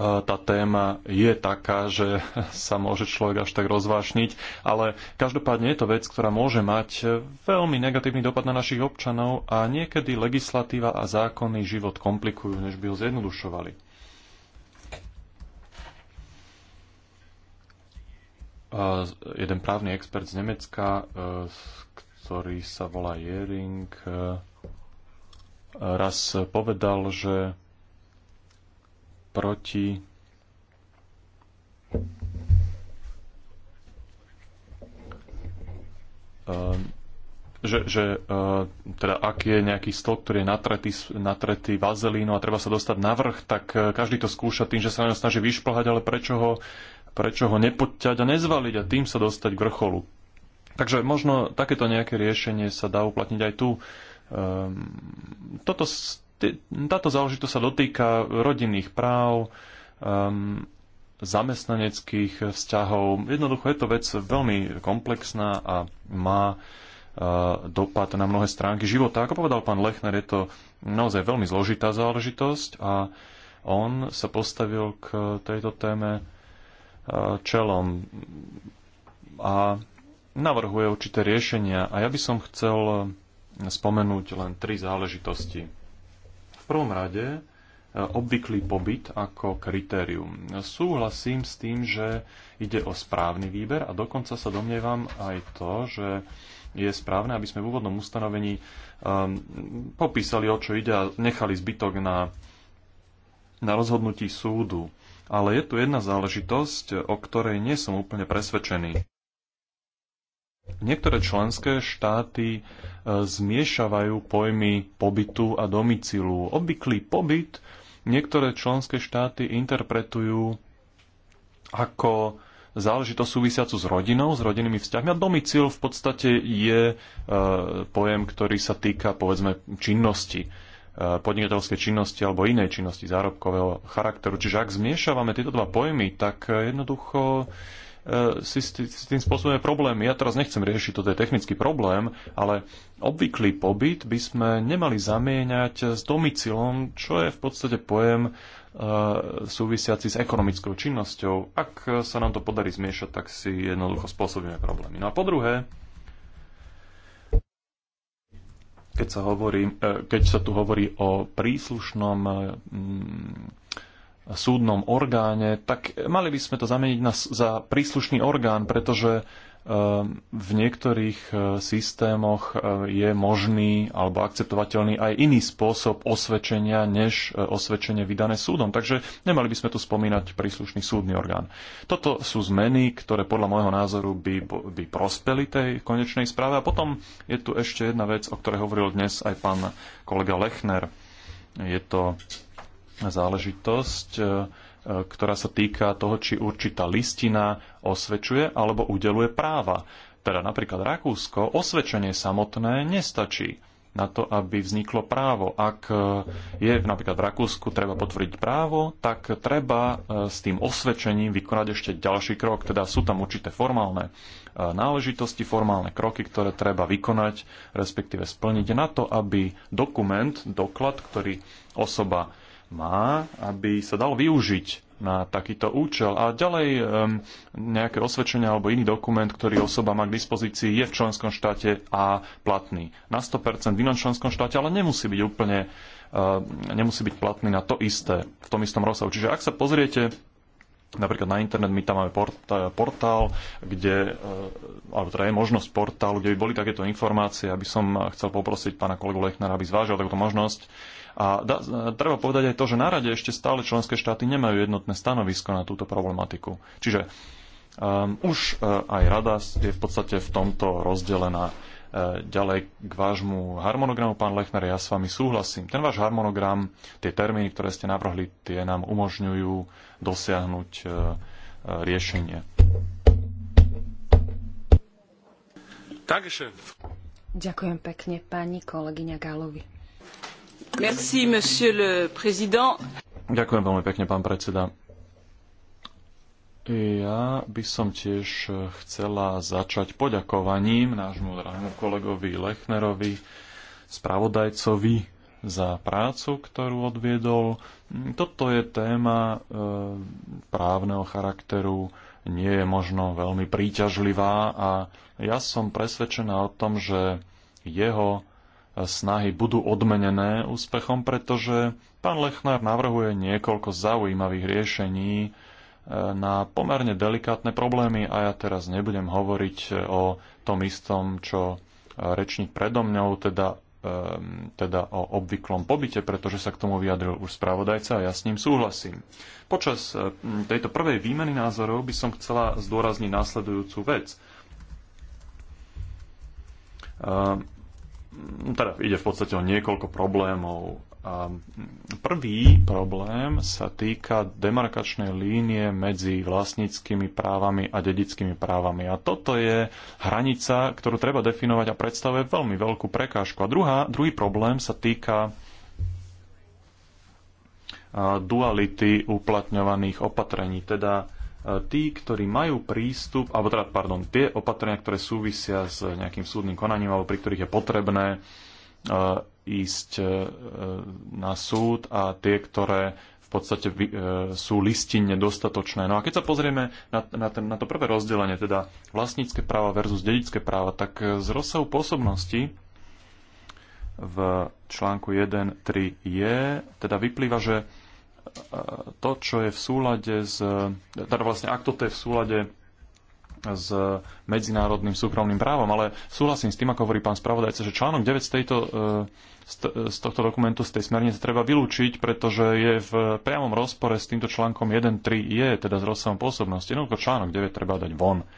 tá téma je taká, že [LAUGHS] sa môže človek až tak rozvášniť, ale každopádne je to vec, ktorá môže mať veľmi negatívny dopad na našich občanov a niekedy legislatíva a zákony život komplikujú, než by ho zjednodušovali. Jeden právny expert z Nemecka, e, ktorý sa volá Jering, e, raz povedal, že proti, ehm, že, že ehm, teda ak je nejaký stĺp, ktorý je natretý, natretý vazelínou a treba sa dostať na vrch, tak e, každý to skúša tým, že sa na snaží vyšplhať, ale prečo ho, prečo ho nepoťať a nezvaliť a tým sa dostať k vrcholu. Takže možno takéto nejaké riešenie sa dá uplatniť aj tu. Ehm, toto táto záležitosť sa dotýka rodinných práv, um, zamestnaneckých vzťahov. Jednoducho je to vec veľmi komplexná a má uh, dopad na mnohé stránky života. Ako povedal pán Lechner, je to naozaj veľmi zložitá záležitosť a on sa postavil k tejto téme uh, čelom a navrhuje určité riešenia. A ja by som chcel spomenúť len tri záležitosti prvom rade e, obvyklý pobyt ako kritérium. Súhlasím s tým, že ide o správny výber a dokonca sa domnievam aj to, že je správne, aby sme v úvodnom ustanovení um, popísali, o čo ide a nechali zbytok na, na rozhodnutí súdu. Ale je tu jedna záležitosť, o ktorej nie som úplne presvedčený. Niektoré členské štáty e, zmiešavajú pojmy pobytu a domicilu. Obvyklý pobyt niektoré členské štáty interpretujú ako záležitosť súvisiacu s rodinou, s rodinnými vzťahmi. A domicil v podstate je e, pojem, ktorý sa týka, povedzme, činnosti, e, podnikateľskej činnosti alebo inej činnosti zárobkového charakteru. Čiže ak zmiešavame tieto dva pojmy, tak jednoducho E, si s tým spôsobuje problémy. Ja teraz nechcem riešiť, toto je technický problém, ale obvyklý pobyt by sme nemali zamieňať s domicilom, čo je v podstate pojem e, súvisiaci s ekonomickou činnosťou. Ak sa nám to podarí zmiešať, tak si jednoducho spôsobíme problémy. No a po druhé, keď sa, hovorí, e, keď sa tu hovorí o príslušnom súdnom orgáne, tak mali by sme to zameniť na, za príslušný orgán, pretože e, v niektorých e, systémoch e, je možný alebo akceptovateľný aj iný spôsob osvedčenia, než osvedčenie vydané súdom. Takže nemali by sme tu spomínať príslušný súdny orgán. Toto sú zmeny, ktoré podľa môjho názoru by, by prospeli tej konečnej správe. A potom je tu ešte jedna vec, o ktorej hovoril dnes aj pán kolega Lechner. Je to záležitosť, e, e, ktorá sa týka toho, či určitá listina osvečuje alebo udeluje práva. Teda napríklad Rakúsko, osvečenie samotné nestačí na to, aby vzniklo právo. Ak e, je napríklad v Rakúsku treba potvrdiť právo, tak treba s tým osvedčením vykonať ešte ďalší krok. Teda sú tam určité formálne náležitosti, formálne kroky, ktoré treba vykonať, respektíve splniť na to, aby dokument, doklad, ktorý osoba má, aby sa dal využiť na takýto účel. A ďalej um, nejaké osvedčenie alebo iný dokument, ktorý osoba má k dispozícii, je v členskom štáte a platný. Na 100% v inom členskom štáte, ale nemusí byť úplne uh, nemusí byť platný na to isté, v tom istom rozsahu. Čiže ak sa pozriete Napríklad na internet my tam máme portál, kde, alebo teda je možnosť portálu, kde by boli takéto informácie, aby som chcel poprosiť pána kolegu Lechnera, aby zvážil takúto možnosť a da, treba povedať aj to, že na rade ešte stále členské štáty nemajú jednotné stanovisko na túto problematiku. Čiže um, už uh, aj rada je v podstate v tomto rozdelená. E, ďalej k vášmu harmonogramu, pán Lechner, ja s vami súhlasím. Ten váš harmonogram, tie termíny, ktoré ste navrhli, tie nám umožňujú dosiahnuť e, riešenie. riešenie. Ďakujem pekne pani kolegyňa Gálovi. Merci, monsieur le président. Ďakujem veľmi pekne, pán predseda. Ja by som tiež chcela začať poďakovaním nášmu drahému kolegovi Lechnerovi, spravodajcovi za prácu, ktorú odviedol. Toto je téma e, právneho charakteru, nie je možno veľmi príťažlivá a ja som presvedčená o tom, že jeho snahy budú odmenené úspechom, pretože pán Lechnár navrhuje niekoľko zaujímavých riešení e, na pomerne delikátne problémy a ja teraz nebudem hovoriť o tom istom, čo e, rečník predo mňou, teda, e, teda o obvyklom pobyte, pretože sa k tomu vyjadril už správodajca a ja s ním súhlasím. Počas tejto prvej výmeny názorov by som chcela zdôrazniť následujúcu vec Mm, teda ide v podstate o niekoľko problémov. A mm, prvý problém sa týka demarkačnej línie medzi vlastníckými právami a dedickými právami. A toto je hranica, ktorú treba definovať a predstavuje veľmi veľkú prekážku. A druhá, druhý problém sa týka duality uplatňovaných opatrení, teda E, tí, ktorí majú prístup, alebo teda, pardon, tie opatrenia, ktoré súvisia s nejakým súdnym konaním, alebo pri ktorých je potrebné e, ísť e, na súd a tie, ktoré v podstate sú listinne dostatočné. No a keď sa pozrieme na, na, ten, na to prvé rozdelenie, teda vlastnícke práva versus dedické práva, tak z rozsahu pôsobnosti v článku 1.3 je, teda vyplýva, že to, čo je v súlade s, teda vlastne ak toto je v súlade s medzinárodným súkromným právom, ale súhlasím s tým, ako hovorí pán spravodajca, že článok 9 z, tejto, e, z tohto dokumentu, z tej smernice treba vylúčiť, pretože je v priamom rozpore s týmto článkom je, teda s rozsahom pôsobnosti. Jednoducho článok 9 treba dať von.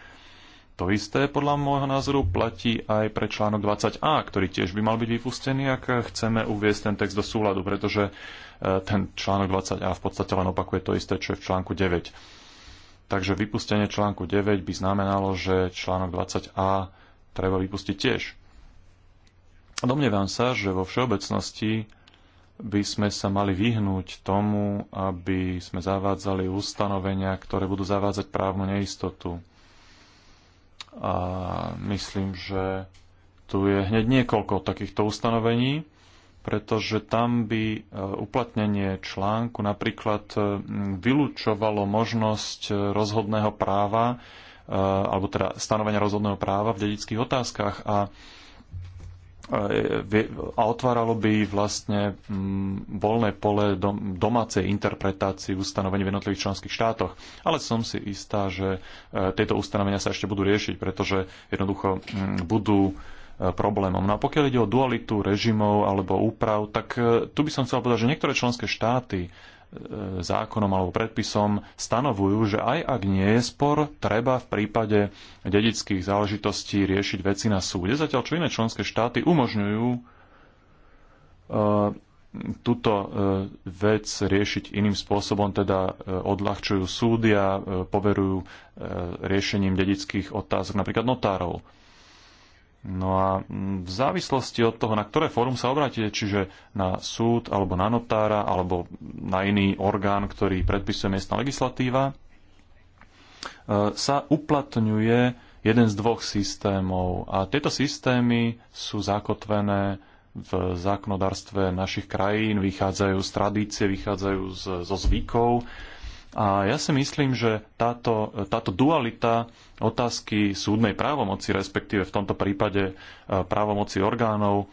To isté podľa môjho názoru platí aj pre článok 20a, ktorý tiež by mal byť vypustený, ak chceme uviesť ten text do súladu, pretože ten článok 20a v podstate len opakuje to isté, čo je v článku 9. Takže vypustenie článku 9 by znamenalo, že článok 20a treba vypustiť tiež. Domnievam sa, že vo všeobecnosti by sme sa mali vyhnúť tomu, aby sme zavádzali ustanovenia, ktoré budú zavádzať právnu neistotu. A myslím, že tu je hneď niekoľko takýchto ustanovení, pretože tam by e, uplatnenie článku napríklad e, vylúčovalo možnosť e, rozhodného práva, alebo teda stanovenia rozhodného práva v dedických otázkach a, a otváralo by vlastne mm, voľné pole domácej interpretácii ustanovení v jednotlivých členských štátoch. Ale som si istá, že tieto ustanovenia sa ešte budú riešiť, pretože jednoducho mm, budú E, problémom. No a pokiaľ ide o dualitu režimov alebo úprav, tak e, tu by som chcel povedať, že niektoré členské štáty e, zákonom alebo predpisom stanovujú, že aj ak nie je spor, treba v prípade dedických záležitostí riešiť veci na súde, zatiaľ čo iné členské štáty umožňujú túto vec riešiť iným spôsobom, teda odľahčujú súdy a poverujú riešením dedických otázok napríklad notárov. No a mm, v závislosti od toho, na ktoré fórum sa obratíte, čiže na súd alebo na notára alebo na iný orgán, ktorý predpisuje miestna legislatíva, e, sa uplatňuje jeden z dvoch systémov. A tieto systémy sú zakotvené v zákonodárstve našich krajín, vychádzajú z tradície, vychádzajú z, zo zvykov a ja si myslím, že táto, táto dualita otázky súdnej právomoci, respektíve v tomto prípade e, právomoci orgánov, e,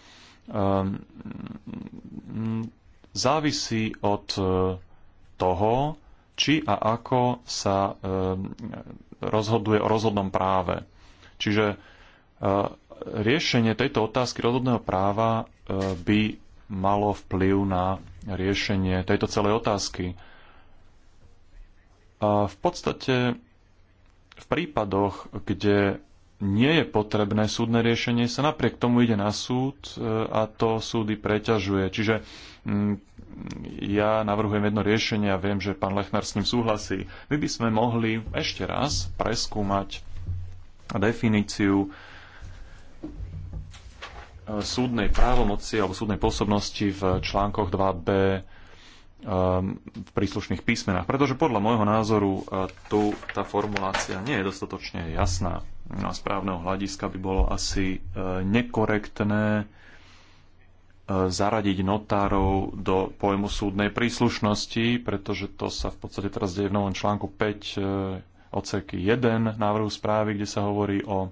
závisí od e, toho, či a ako sa rozhoduje o rozhodnom práve. Čiže riešenie tejto otázky rozhodného práva by malo vplyv na riešenie tejto celej otázky. A v podstate v prípadoch, kde nie je potrebné súdne riešenie, sa napriek tomu ide na súd e, a to súdy preťažuje. Čiže mm, ja navrhujem jedno riešenie a viem, že pán Lechnár s ním súhlasí. My by sme mohli ešte raz preskúmať definíciu e, súdnej právomoci alebo súdnej pôsobnosti v článkoch 2b Um, v príslušných písmenách. Pretože podľa môjho názoru uh, tu tá formulácia nie je dostatočne jasná. Na no správneho hľadiska by bolo asi uh, nekorektné uh, zaradiť notárov do pojmu súdnej príslušnosti, pretože to sa v podstate teraz deje v novom článku 5 odsek 1 návrhu správy, kde sa hovorí o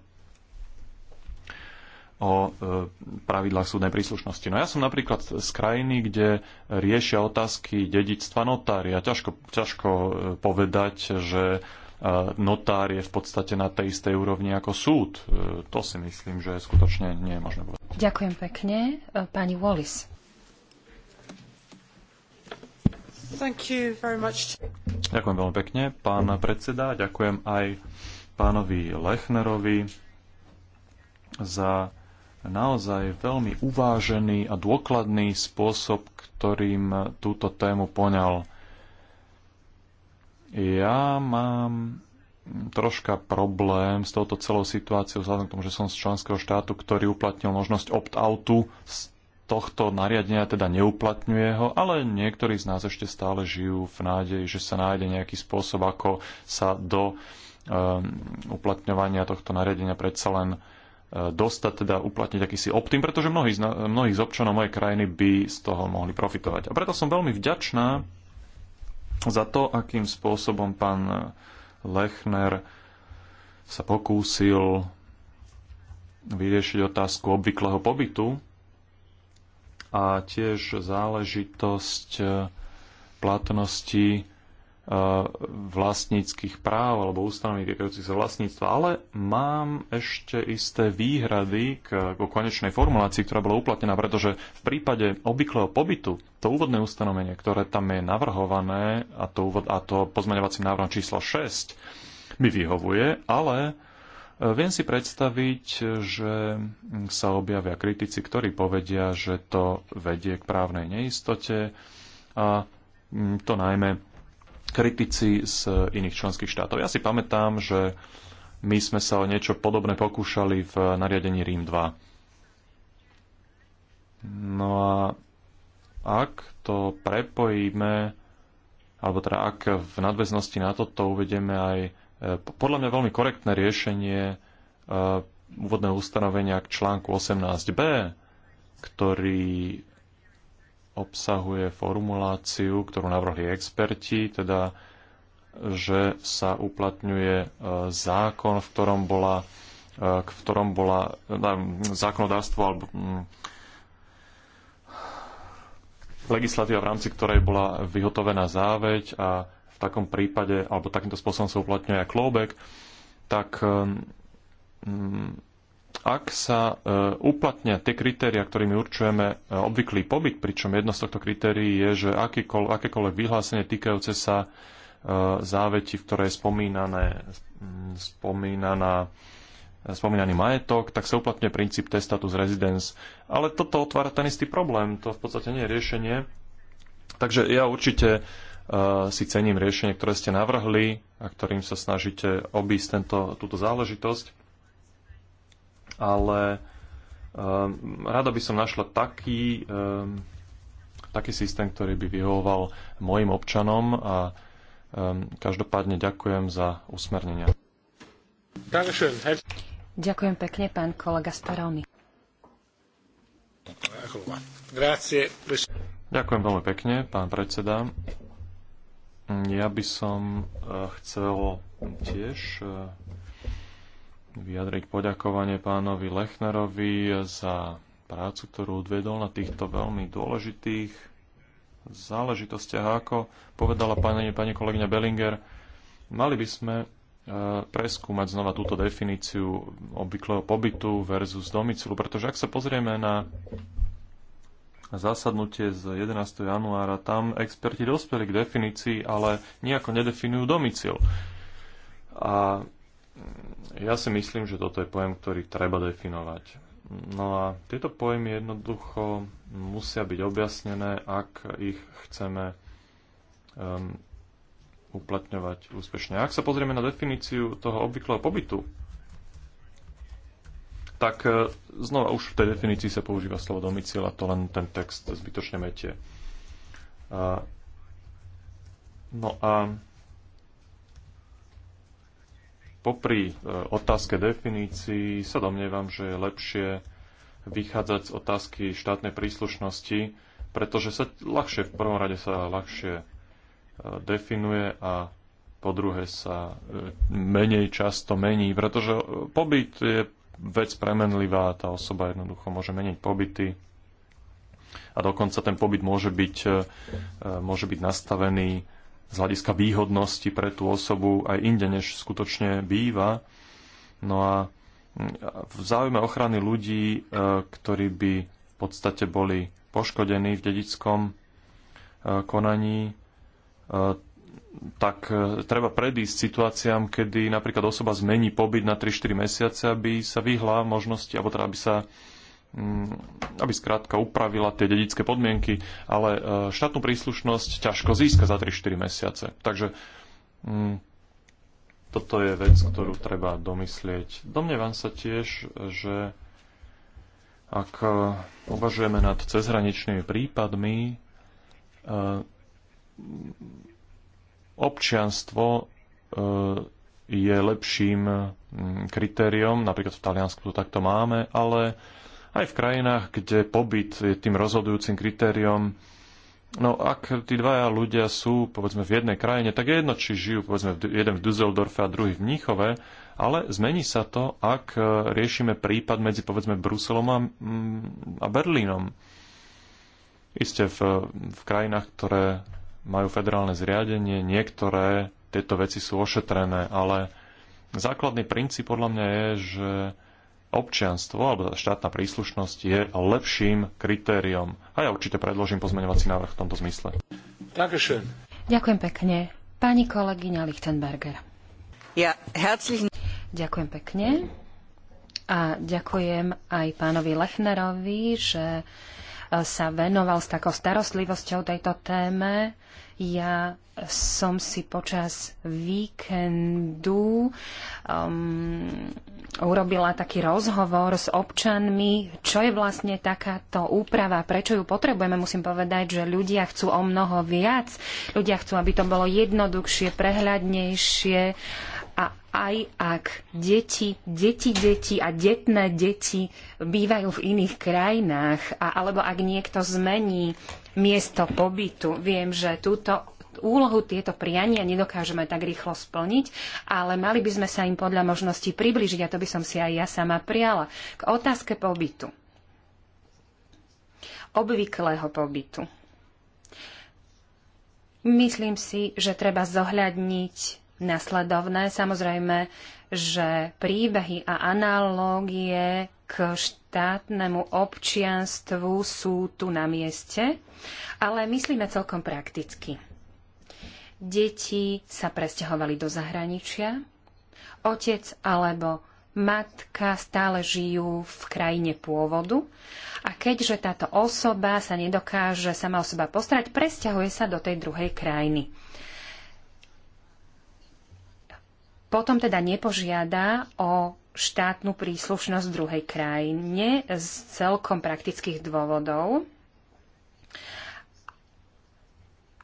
o e, pravidlách súdnej príslušnosti. No ja som napríklad z krajiny, kde riešia otázky notári notária. Ťažko, ťažko e, povedať, že e, notár je v podstate na tej istej úrovni ako súd. To si myslím, že skutočne nie je možné povedať. Ďakujem pekne. Pani Wallis. Thank you very much. Ďakujem veľmi pekne, pán predseda. Ďakujem aj pánovi Lechnerovi za naozaj veľmi uvážený a dôkladný spôsob, ktorým túto tému poňal. Ja mám troška problém s touto celou situáciou, vzhľadom k tomu, že som z členského štátu, ktorý uplatnil možnosť opt-outu z tohto nariadenia, teda neuplatňuje ho, ale niektorí z nás ešte stále žijú v nádeji, že sa nájde nejaký spôsob, ako sa do um, uplatňovania tohto nariadenia predsa len Eh, dostať, teda uplatniť akýsi optim, pretože mnohí, mnohí z občanov mojej krajiny by z toho mohli profitovať. A preto som veľmi vďačná za to, akým spôsobom pán Lechner sa pokúsil vyriešiť otázku obvyklého pobytu a tiež záležitosť platnosti Eh, vlastníckých práv alebo ustanovení týkajúcich sa vlastníctva, ale mám ešte isté výhrady k, k konečnej formulácii, ktorá bola uplatnená, pretože v prípade obvyklého pobytu to úvodné ustanovenie, ktoré tam je navrhované a to, úvod, a to pozmeňovacím návrhom číslo 6 mi vyhovuje, ale eh, Viem si predstaviť, že sa objavia kritici, ktorí povedia, že to vedie k právnej neistote a mm, to najmä kritici z iných členských štátov. Ja si pamätám, že my sme sa o niečo podobné pokúšali v nariadení Rím 2. No a ak to prepojíme, alebo teda ak v nadväznosti na toto uvedieme aj e, podľa mňa veľmi korektné riešenie e, úvodného ustanovenia k článku 18b, ktorý obsahuje formuláciu, ktorú navrhli experti, teda že sa uplatňuje e, zákon, v ktorom bola, e, v ktorom bola e, zákonodárstvo alebo mm, legislatíva, v rámci ktorej bola vyhotovená záveď a v takom prípade, alebo takýmto spôsobom sa uplatňuje aj klobek, tak mm, ak sa e, uplatnia tie kritéria, ktorými určujeme e, obvyklý pobyt, pričom jedno z tohto kritérií je, že akékoľvek vyhlásenie týkajúce sa e, záveti, v ktorej je spomínané, mm, spomínaná, spomínaný majetok, tak sa uplatňuje princíp testatus residence. Ale toto otvára ten istý problém, to v podstate nie je riešenie. Takže ja určite si cením riešenie, ktoré ste navrhli a ktorým sa snažíte obísť tento, túto záležitosť ale um, rada by som našla taký, um, taký systém, ktorý by vyhovoval mojim občanom a um, každopádne ďakujem za usmernenia. Ďakujem pekne, pán kolega Speroni. Ďakujem veľmi pekne, pán predseda. Ja by som eh, chcel tiež eh, vyjadriť poďakovanie pánovi Lechnerovi za prácu, ktorú odvedol na týchto veľmi dôležitých záležitostiach. Ako povedala pani, pani kolegyňa Bellinger, mali by sme e, preskúmať znova túto definíciu obvyklého pobytu versus domicilu, pretože ak sa pozrieme na zasadnutie z 11. januára, tam experti dospeli k definícii, ale nejako nedefinujú domicil. A ja si myslím, že toto je pojem, ktorý treba definovať. No a tieto pojmy jednoducho musia byť objasnené, ak ich chceme um, uplatňovať úspešne. Ak sa pozrieme na definíciu toho obvyklého pobytu, tak uh, znova už v tej definícii sa používa slovo domicil a to len ten text zbytočne metie. Uh, no a popri e, otázke definícií sa domnievam, že je lepšie vychádzať z otázky štátnej príslušnosti, pretože sa ľahšie, v prvom rade sa ľahšie e, definuje a po druhé sa e, menej často mení, pretože pobyt je vec premenlivá, tá osoba jednoducho môže meniť pobyty a dokonca ten pobyt môže byť, môže byť nastavený z hľadiska výhodnosti pre tú osobu aj inde, než skutočne býva. No a mm, v záujme ochrany ľudí, e, ktorí by v podstate boli poškodení v dedickom e, konaní, e, tak treba predísť situáciám, kedy napríklad osoba zmení pobyt na 3-4 mesiace, aby sa vyhla možnosti, alebo teda aby sa Mm, aby skrátka upravila tie dedické podmienky, ale e, štátnu príslušnosť ťažko získa za 3-4 mesiace. Takže mm, toto je vec, ktorú treba domyslieť. Domnievam sa tiež, že ak e, uvažujeme nad cezhraničnými prípadmi, e, občianstvo je lepším mm, kritériom, napríklad v Taliansku to takto máme, ale aj v krajinách, kde pobyt je tým rozhodujúcim kritériom. No ak tí dvaja ľudia sú, povedzme, v jednej krajine, tak je jedno, či žijú, povedzme, jeden v Düsseldorfe a druhý v Mníchove, ale zmení sa to, ak e, riešime prípad medzi, povedzme, Bruselom a, mm, a Berlínom. Isté v, v krajinách, ktoré majú federálne zriadenie, niektoré tieto veci sú ošetrené, ale základný princíp podľa mňa je, že občianstvo alebo teda štátna príslušnosť je lepším kritériom. A ja určite predložím pozmeňovací návrh v tomto zmysle. Dankeschön. Ďakujem pekne. Pani kolegyňa Lichtenberger. Ja, herzlich... Ďakujem pekne. A ďakujem aj pánovi Lechnerovi, že sa venoval s takou starostlivosťou tejto téme. Ja som si počas víkendu um, urobila taký rozhovor s občanmi, čo je vlastne takáto úprava, prečo ju potrebujeme. Musím povedať, že ľudia chcú o mnoho viac. Ľudia chcú, aby to bolo jednoduchšie, prehľadnejšie. Uh, a aj ak deti, deti, deti a detné deti bývajú v iných krajinách, a, alebo ak niekto zmení miesto pobytu, viem, že túto úlohu tieto priania nedokážeme tak rýchlo splniť, ale mali by sme sa im podľa možností približiť a to by som si aj ja sama priala. K otázke pobytu. Obvyklého pobytu. Myslím si, že treba zohľadniť nasledovné. Samozrejme, že príbehy a analógie k štátnemu občianstvu sú tu na mieste, ale myslíme celkom prakticky. Deti sa presťahovali do zahraničia, otec alebo matka stále žijú v krajine pôvodu a keďže táto osoba sa nedokáže sama o seba postarať, presťahuje sa do tej druhej krajiny potom teda nepožiada o štátnu príslušnosť druhej krajine z celkom praktických dôvodov.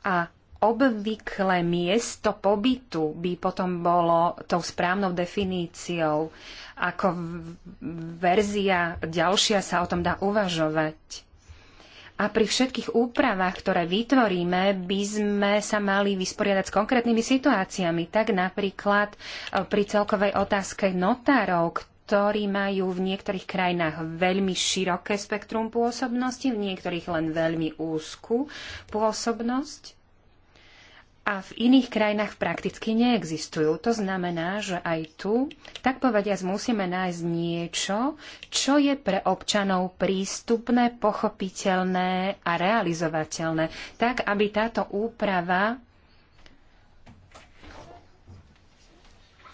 A obvykle miesto pobytu by potom bolo tou správnou definíciou. Ako verzia ďalšia sa o tom dá uvažovať. A pri všetkých úpravách, ktoré vytvoríme, by sme sa mali vysporiadať s konkrétnymi situáciami. Tak napríklad e, pri celkovej otázke notárov, ktorí majú v niektorých krajinách veľmi široké spektrum pôsobnosti, v niektorých len veľmi úzku pôsobnosť a v iných krajinách prakticky neexistujú. To znamená, že aj tu, tak povediac, musíme nájsť niečo, čo je pre občanov prístupné, pochopiteľné a realizovateľné, tak aby táto úprava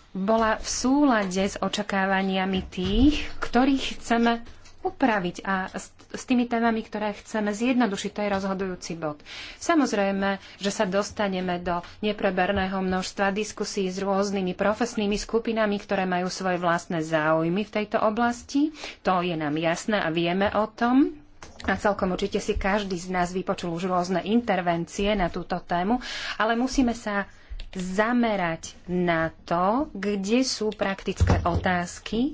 bola v súlade s očakávaniami tých, ktorých chceme upraviť. A s tými témami, ktoré chceme zjednodušiť, to je rozhodujúci bod. Samozrejme, že sa dostaneme do nepreberného množstva diskusí s rôznymi profesnými skupinami, ktoré majú svoje vlastné záujmy v tejto oblasti. To je nám jasné a vieme o tom. A celkom určite si každý z nás vypočul už rôzne intervencie na túto tému, ale musíme sa zamerať na to, kde sú praktické otázky,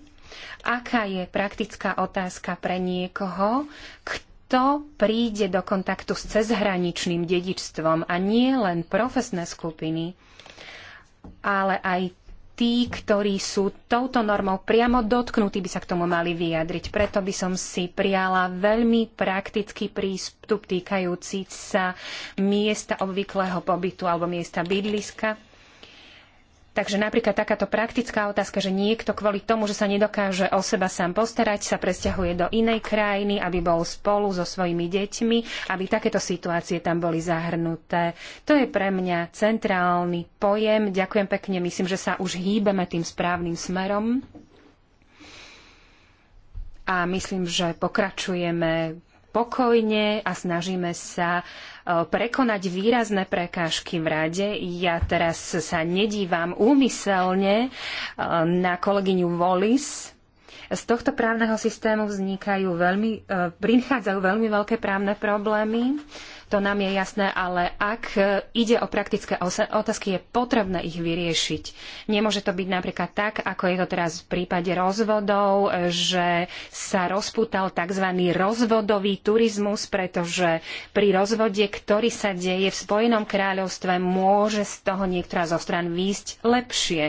aká je praktická otázka pre niekoho, kto príde do kontaktu s cezhraničným dedičstvom a nie len profesné skupiny, ale aj tí, ktorí sú touto normou priamo dotknutí, by sa k tomu mali vyjadriť. Preto by som si prijala veľmi praktický prístup týkajúci sa miesta obvyklého pobytu alebo miesta bydliska. Takže napríklad takáto praktická otázka, že niekto kvôli tomu, že sa nedokáže o seba sám postarať, sa presťahuje do inej krajiny, aby bol spolu so svojimi deťmi, aby takéto situácie tam boli zahrnuté. To je pre mňa centrálny pojem. Ďakujem pekne, myslím, že sa už hýbeme tým správnym smerom. A myslím, že pokračujeme pokojne a snažíme sa e, prekonať výrazné prekážky v rade. Ja teraz sa nedívam úmyselne e, na kolegyňu Wallis, z tohto právneho systému vznikajú veľmi, e, prichádzajú veľmi veľké právne problémy to nám je jasné, ale ak e, ide o praktické otázky, je potrebné ich vyriešiť. Nemôže to byť napríklad tak, ako je to teraz v prípade rozvodov, e, že sa rozputal tzv. rozvodový turizmus, pretože pri rozvode, ktorý sa deje v Spojenom kráľovstve, môže z toho niektorá zo stran výjsť lepšie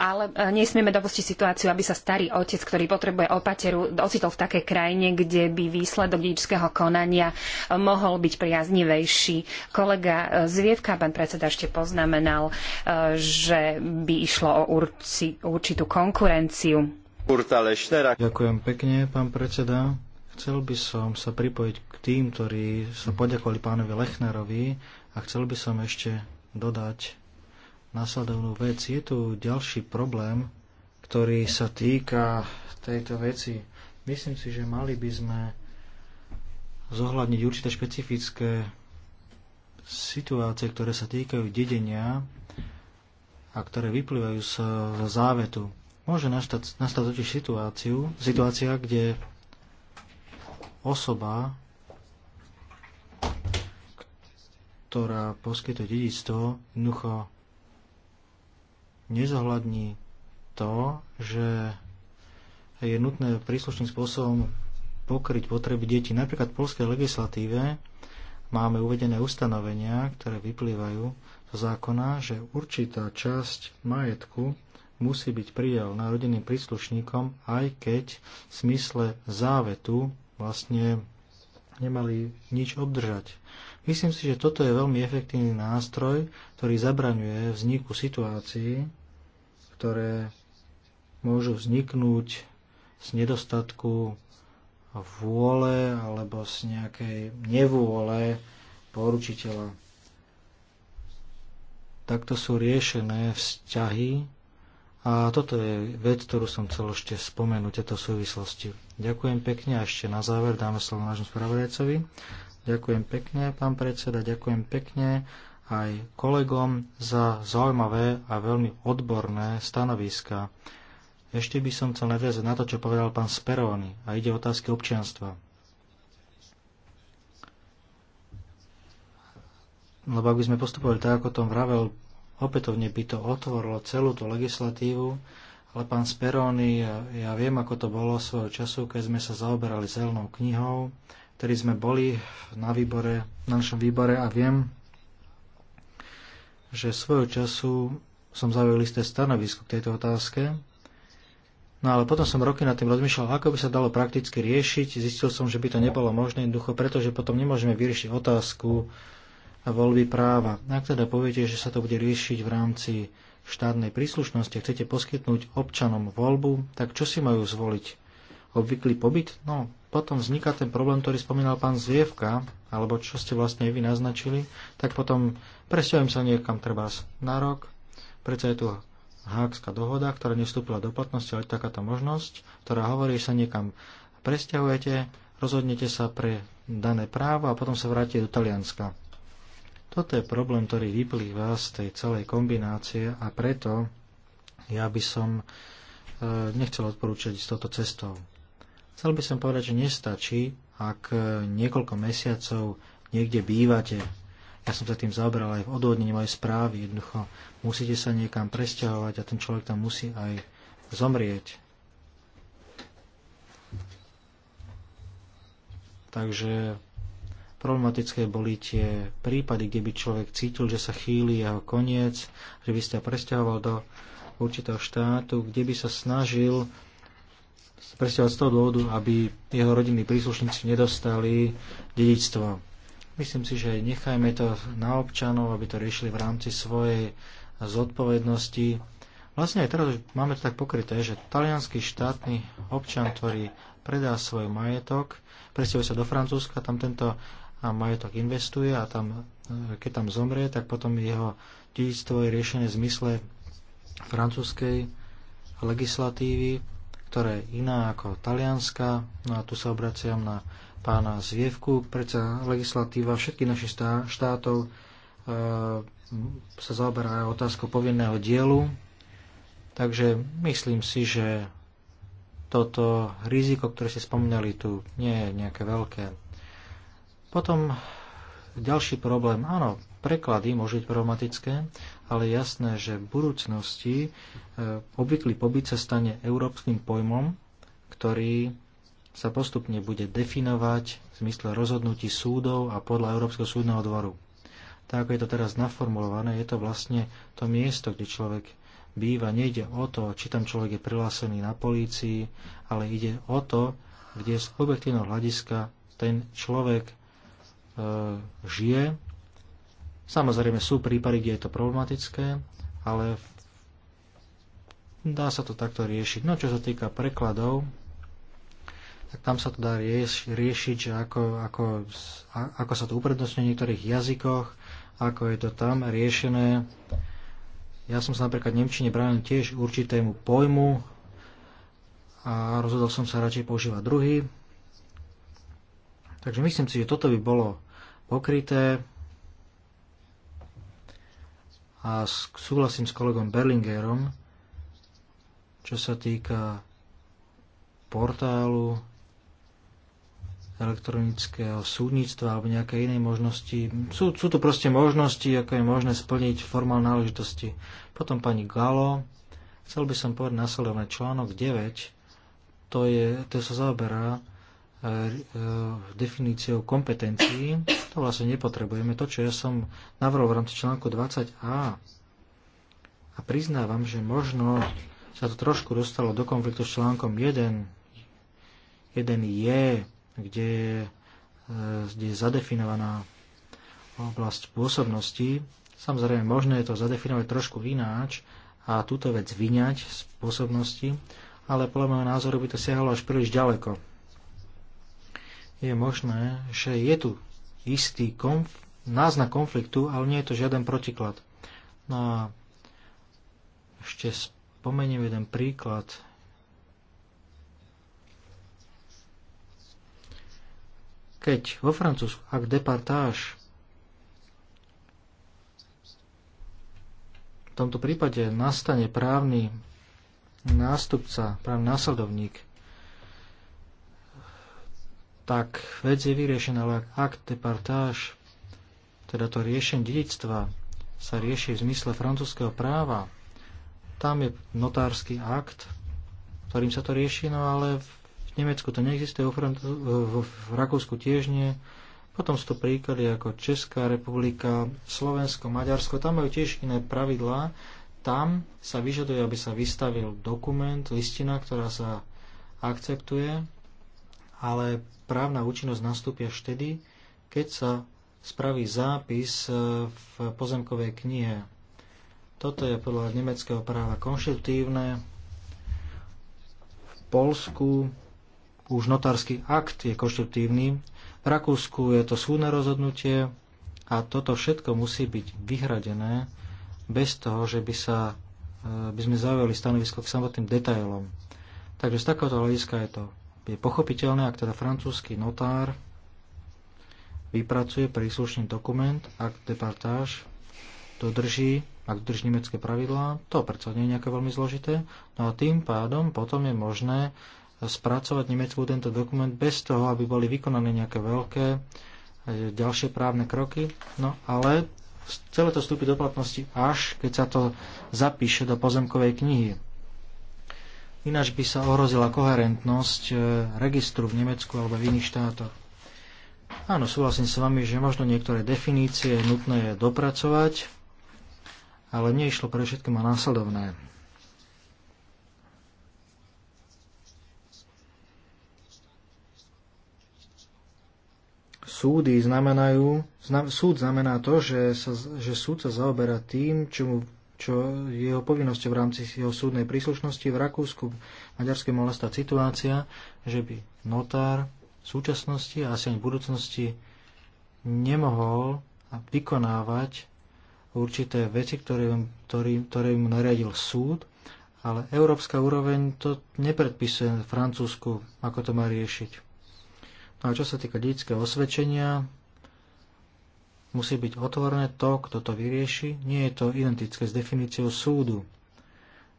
ale e, nesmieme dopustiť situáciu, aby sa starý otec, ktorý potrebuje opateru, ocitol v takej krajine, kde by výsledok dedičského konania e, mohol byť priaznivejší. Kolega e, Zvievka, pán predseda, ešte poznamenal, že by išlo o urci, určitú konkurenciu. Ďakujem pekne, pán predseda. Chcel by som sa pripojiť k tým, ktorí sa poďakovali pánovi Lechnerovi a chcel by som ešte dodať nasledovnú vec. Je tu ďalší problém, ktorý sa týka tejto veci. Myslím si, že mali by sme zohľadniť určité špecifické situácie, ktoré sa týkajú dedenia a ktoré vyplývajú z závetu. Môže nastať, nastať totiž situáciu, situácia, kde osoba, ktorá poskytuje dedictvo, jednoducho nezohľadní to, že je nutné príslušným spôsobom pokryť potreby detí. Napríklad v polskej legislatíve máme uvedené ustanovenia, ktoré vyplývajú zo zákona, že určitá časť majetku musí byť prijal na rodinným príslušníkom, aj keď v smysle závetu vlastne nemali nič obdržať. Myslím si, že toto je veľmi efektívny nástroj, ktorý zabraňuje vzniku situácií, ktoré môžu vzniknúť z nedostatku vôle alebo z nejakej nevôle poručiteľa. Takto sú riešené vzťahy a toto je vec, ktorú som chcel ešte spomenúť, tieto súvislosti. Ďakujem pekne a ešte na záver dáme slovo nášmu spravodajcovi. Ďakujem pekne, pán predseda, ďakujem pekne aj kolegom za zaujímavé a veľmi odborné stanoviska. Ešte by som chcel nadviazať na to, čo povedal pán Speroni a ide o otázky občianstva. Lebo ak by sme postupovali tak, ako tom vravel, opätovne by to otvorilo celú tú legislatívu, ale pán Speroni, ja, ja viem, ako to bolo svojho času, keď sme sa zaoberali zelenou knihou ktorí sme boli na výbore, na našom výbore a viem, že svojho času som zaujal isté stanovisko k tejto otázke. No ale potom som roky nad tým rozmýšľal, ako by sa dalo prakticky riešiť. Zistil som, že by to nebolo možné jednoducho, pretože potom nemôžeme vyriešiť otázku voľby práva. Ak teda poviete, že sa to bude riešiť v rámci štátnej príslušnosti a chcete poskytnúť občanom voľbu, tak čo si majú zvoliť? Obvyklý pobyt? No, potom vzniká ten problém, ktorý spomínal pán Zvievka, alebo čo ste vlastne vy naznačili, tak potom presťahujem sa niekam treba na rok, predsa je tu háxka dohoda, ktorá nestúpila do platnosti, ale takáto možnosť, ktorá hovorí, že sa niekam presťahujete, rozhodnete sa pre dané právo a potom sa vrátite do Talianska. Toto je problém, ktorý vyplýva z tej celej kombinácie a preto ja by som e, nechcel odporúčať s touto cestou. Chcel by som povedať, že nestačí, ak e, niekoľko mesiacov niekde bývate. Ja som sa tým zaoberal aj v odvodnení mojej správy. Jednoducho musíte sa niekam presťahovať a ten človek tam musí aj zomrieť. Takže problematické boli tie prípady, kde by človek cítil, že sa chýli jeho koniec, že by sa presťahoval do určitého štátu, kde by sa snažil presťahovať z toho dôvodu, aby jeho rodinní príslušníci nedostali dedičstvo. Myslím si, že nechajme to na občanov, aby to riešili v rámci svojej zodpovednosti. Vlastne aj teraz máme to tak pokryté, že talianský štátny občan, ktorý predá svoj majetok, presťahuje sa do Francúzska, tam tento majetok investuje a tam, keď tam zomrie, tak potom jeho dedičstvo je riešené v zmysle francúzskej legislatívy ktorá je iná ako talianská. No a tu sa obraciam na pána Zvievku, predsa legislatíva všetkých našich štátov e, sa zaoberá otázkou povinného dielu. Takže myslím si, že toto riziko, ktoré ste spomínali tu, nie je nejaké veľké. Potom ďalší problém. Áno, preklady môžu byť problematické ale jasné, že v budúcnosti e, obvyklý pobyt sa stane európskym pojmom, ktorý sa postupne bude definovať v zmysle rozhodnutí súdov a podľa Európskeho súdneho dvoru. Tak, ako je to teraz naformulované, je to vlastne to miesto, kde človek býva. Nejde o to, či tam človek je prihlásený na polícii, ale ide o to, kde z objektívneho hľadiska ten človek e, žije Samozrejme sú prípady, kde je to problematické, ale dá sa to takto riešiť. No čo sa týka prekladov, tak tam sa to dá rieš, riešiť, že ako, ako, ako sa to uprednostňuje v niektorých jazykoch, ako je to tam riešené. Ja som sa napríklad v Nemčine bránil tiež určitému pojmu a rozhodol som sa radšej používať druhý. Takže myslím si, že toto by bolo pokryté a súhlasím s kolegom Berlingerom, čo sa týka portálu elektronického súdnictva alebo nejaké inej možnosti. Sú, sú tu proste možnosti, ako je možné splniť formálne náležitosti. Potom pani Galo, chcel by som povedať nasledovne článok 9, to, je, to sa zaoberá E, definíciou kompetencií. To vlastne nepotrebujeme. To, čo ja som navrhol v rámci článku 20a a priznávam, že možno sa to trošku dostalo do konfliktu s článkom 1. 1 je, kde, e, kde je zadefinovaná oblasť pôsobnosti. Samozrejme, možné je to zadefinovať trošku ináč a túto vec vyňať z pôsobnosti, ale podľa môjho názoru by to siahalo až príliš ďaleko je možné, že je tu istý konf- náznak konfliktu, ale nie je to žiaden protiklad. No a ešte spomeniem jeden príklad. Keď vo Francúzsku, ak departáž v tomto prípade nastane právny nástupca, právny následovník tak vec je vyriešená, ale ak departáž, teda to riešenie dedictva, sa rieši v zmysle francúzského práva, tam je notársky akt, ktorým sa to rieši, no ale v Nemecku to neexistuje, v Rakúsku tiež nie. Potom sú to príklady ako Česká republika, Slovensko, Maďarsko, tam majú tiež iné pravidlá. Tam sa vyžaduje, aby sa vystavil dokument, listina, ktorá sa akceptuje ale právna účinnosť nastúpi až vtedy, keď sa spraví zápis e, v pozemkovej knihe. Toto je podľa nemeckého práva konštitutívne. V Polsku už notársky akt je konštitutívny, v Rakúsku je to súdne rozhodnutie a toto všetko musí byť vyhradené bez toho, že by sa e, by sme zaujali stanovisko k samotným detailom. Takže z takéhoto hľadiska je to je pochopiteľné, ak teda francúzsky notár vypracuje príslušný dokument, ak departáž dodrží, ak dodrží nemecké pravidlá, to predsa nie je nejaké veľmi zložité. No a tým pádom potom je možné spracovať Nemecku tento dokument bez toho, aby boli vykonané nejaké veľké e, ďalšie právne kroky. No ale celé to vstúpi do platnosti až, keď sa to zapíše do pozemkovej knihy ináč by sa ohrozila koherentnosť e, registru v Nemecku alebo v iných štátoch. Áno, súhlasím s vami, že možno niektoré definície je nutné je dopracovať, ale mne išlo pre všetkým a následovné. Súdy znamenajú, znam, súd znamená to, že, sa, že súd sa zaoberá tým, čo mu čo je jeho povinnosťou v rámci jeho súdnej príslušnosti v Rakúsku. Maďarskej mohla stať situácia, že by notár v súčasnosti a asi ani v budúcnosti nemohol vykonávať určité veci, ktoré, ktorý, ktoré mu nariadil súd, ale európska úroveň to nepredpisuje Francúzsku, ako to má riešiť. No a čo sa týka dedického osvedčenia, musí byť otvorené to, kto to vyrieši. Nie je to identické s definíciou súdu.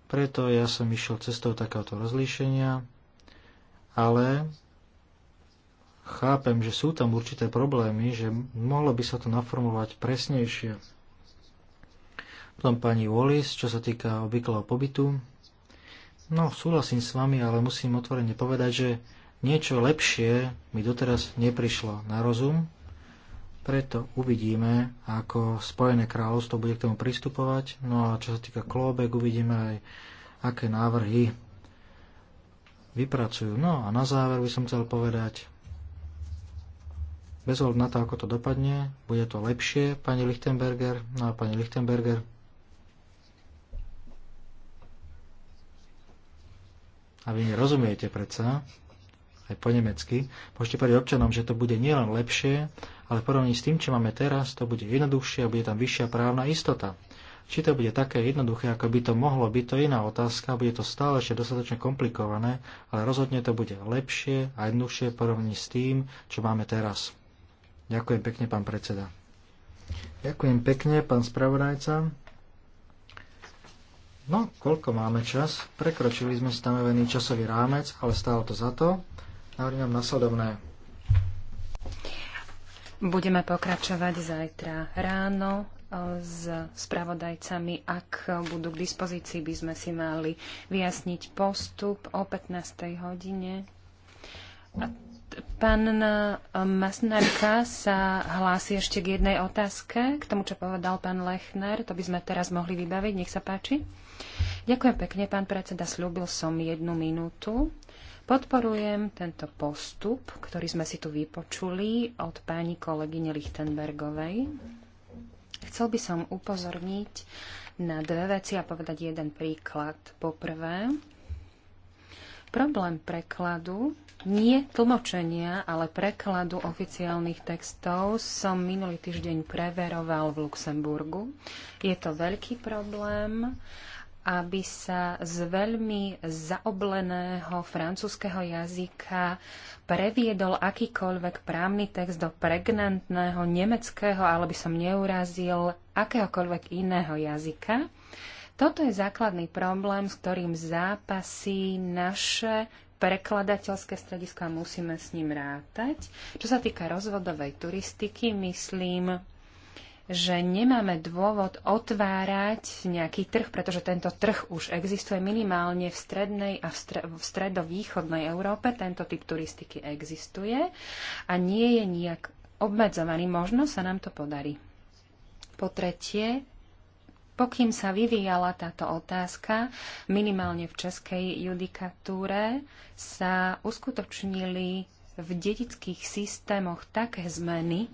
Preto ja som išiel cestou takéhoto rozlíšenia, ale chápem, že sú tam určité problémy, že mohlo by sa to naformulovať presnejšie. Potom pani Wallis, čo sa týka obvyklého pobytu. No, súhlasím s vami, ale musím otvorene povedať, že niečo lepšie mi doteraz neprišlo na rozum. Preto uvidíme, ako Spojené kráľovstvo bude k tomu pristupovať. No a čo sa týka klobek, uvidíme aj, aké návrhy vypracujú. No a na záver by som chcel povedať, bez ohľadu na to, ako to dopadne, bude to lepšie, pani Lichtenberger. No a pani Lichtenberger, a vy nerozumiete predsa, aj po nemecky, môžete povedať občanom, že to bude nielen lepšie, ale v porovnaní s tým, čo máme teraz, to bude jednoduchšie a bude tam vyššia právna istota. Či to bude také jednoduché, ako by to mohlo byť, to je iná otázka, bude to stále ešte dostatočne komplikované, ale rozhodne to bude lepšie a jednoduchšie v porovnaní s tým, čo máme teraz. Ďakujem pekne, pán predseda. Ďakujem pekne, pán spravodajca. No, koľko máme čas? Prekročili sme stanovený časový rámec, ale stálo to za to. Navrňujem nasledovné. Budeme pokračovať zajtra ráno e, s spravodajcami. Ak budú k dispozícii, by sme si mali vyjasniť postup o 15. hodine. pán e, Masnarka sa hlási ešte k jednej otázke, k tomu, čo povedal pán Lechner. To by sme teraz mohli vybaviť. Nech sa páči. Ďakujem pekne, pán predseda. Sľúbil som jednu minútu. Podporujem tento postup, ktorý sme si tu vypočuli od pani kolegyne Lichtenbergovej. Chcel by som upozorniť na dve veci a povedať jeden príklad. Poprvé, problém prekladu, nie tlmočenia, ale prekladu oficiálnych textov som minulý týždeň preveroval v Luxemburgu. Je to veľký problém aby sa z veľmi zaobleného francúzského jazyka previedol akýkoľvek právny text do pregnantného nemeckého, ale by som neurazil akéhokoľvek iného jazyka. Toto je základný problém, s ktorým zápasí naše prekladateľské stredisko a musíme s ním rátať. Čo sa týka rozvodovej turistiky, myslím, že nemáme dôvod otvárať nejaký trh, pretože tento trh už existuje minimálne v strednej a v, stre- v stredovýchodnej Európe. Tento typ turistiky existuje a nie je nijak obmedzovaný. Možno sa nám to podarí. Po tretie, pokým sa vyvíjala táto otázka, minimálne v českej judikatúre sa uskutočnili v dedických systémoch také zmeny,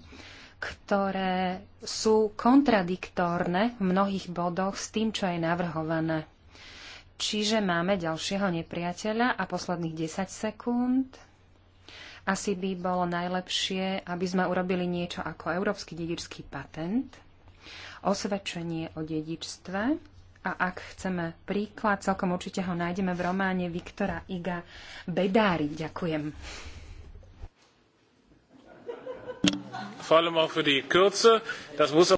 ktoré sú kontradiktórne v mnohých bodoch s tým, čo je navrhované. Čiže máme ďalšieho nepriateľa a posledných 10 sekúnd. Asi by bolo najlepšie, aby sme urobili niečo ako európsky dedičský patent, osvedčenie o dedičstve a ak chceme príklad, celkom určite ho nájdeme v románe Viktora Iga Bedári. Ďakujem vor allem auch für die Kürze. Das muss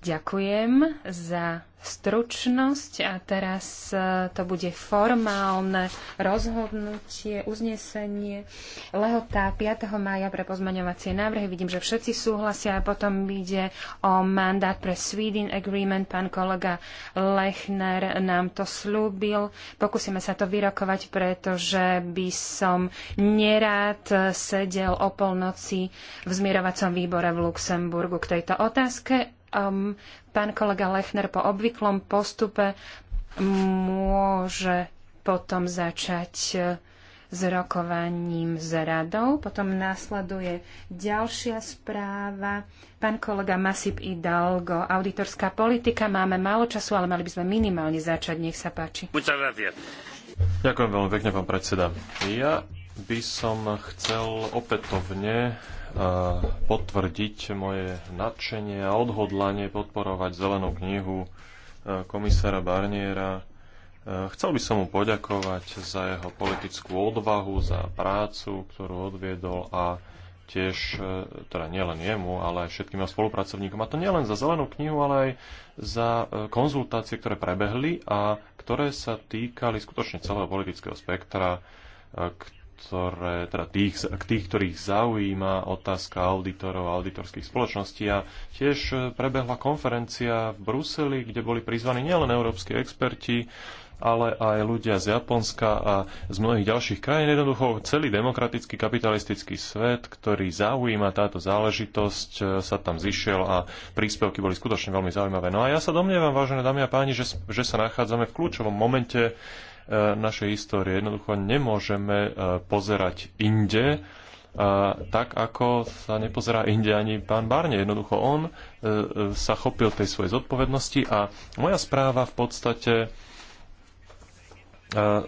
Ďakujem za stručnosť a teraz e, to bude formálne rozhodnutie, uznesenie lehota 5. maja pre pozmaňovacie návrhy. Vidím, že všetci súhlasia a potom ide o mandát pre Sweden Agreement. Pán kolega Lechner nám to slúbil. Pokúsime sa to vyrokovať, pretože by som nerád sedel o polnoci v zmierovacom výbore v Luxemburgu k tejto otázke Um, pán kolega Lechner po obvyklom postupe môže potom začať e, s rokovaním s radou. Potom následuje ďalšia správa. Pán kolega Masip Hidalgo, auditorská politika. Máme málo času, ale mali by sme minimálne začať. Nech sa páči. Ďakujem veľmi pekne, pán predseda. Ja by som chcel opätovne potvrdiť moje nadšenie a odhodlanie podporovať zelenú knihu komisára Barniera. Chcel by som mu poďakovať za jeho politickú odvahu, za prácu, ktorú odviedol a tiež, e, teda nielen jemu, ale aj všetkým spolupracovníkom. A to nielen za zelenú knihu, ale aj za e, konzultácie, ktoré prebehli a ktoré sa týkali skutočne celého politického spektra, e, ktoré, teda tých, tých, ktorých zaujíma otázka auditorov a auditorských spoločností. A tiež e, prebehla konferencia v Bruseli, kde boli prizvaní nielen európsky experti, ale aj ľudia z Japonska a z mnohých ďalších krajín. Jednoducho celý demokratický kapitalistický svet, ktorý zaujíma táto záležitosť, e, sa tam zišiel a príspevky boli skutočne veľmi zaujímavé. No a ja sa domnievam, vážené dámy a páni, že, že sa nachádzame v kľúčovom momente našej histórie. Jednoducho nemôžeme e, pozerať inde, e, tak ako sa nepozerá inde ani pán Barne. Jednoducho on e, sa chopil tej svojej zodpovednosti a moja správa v podstate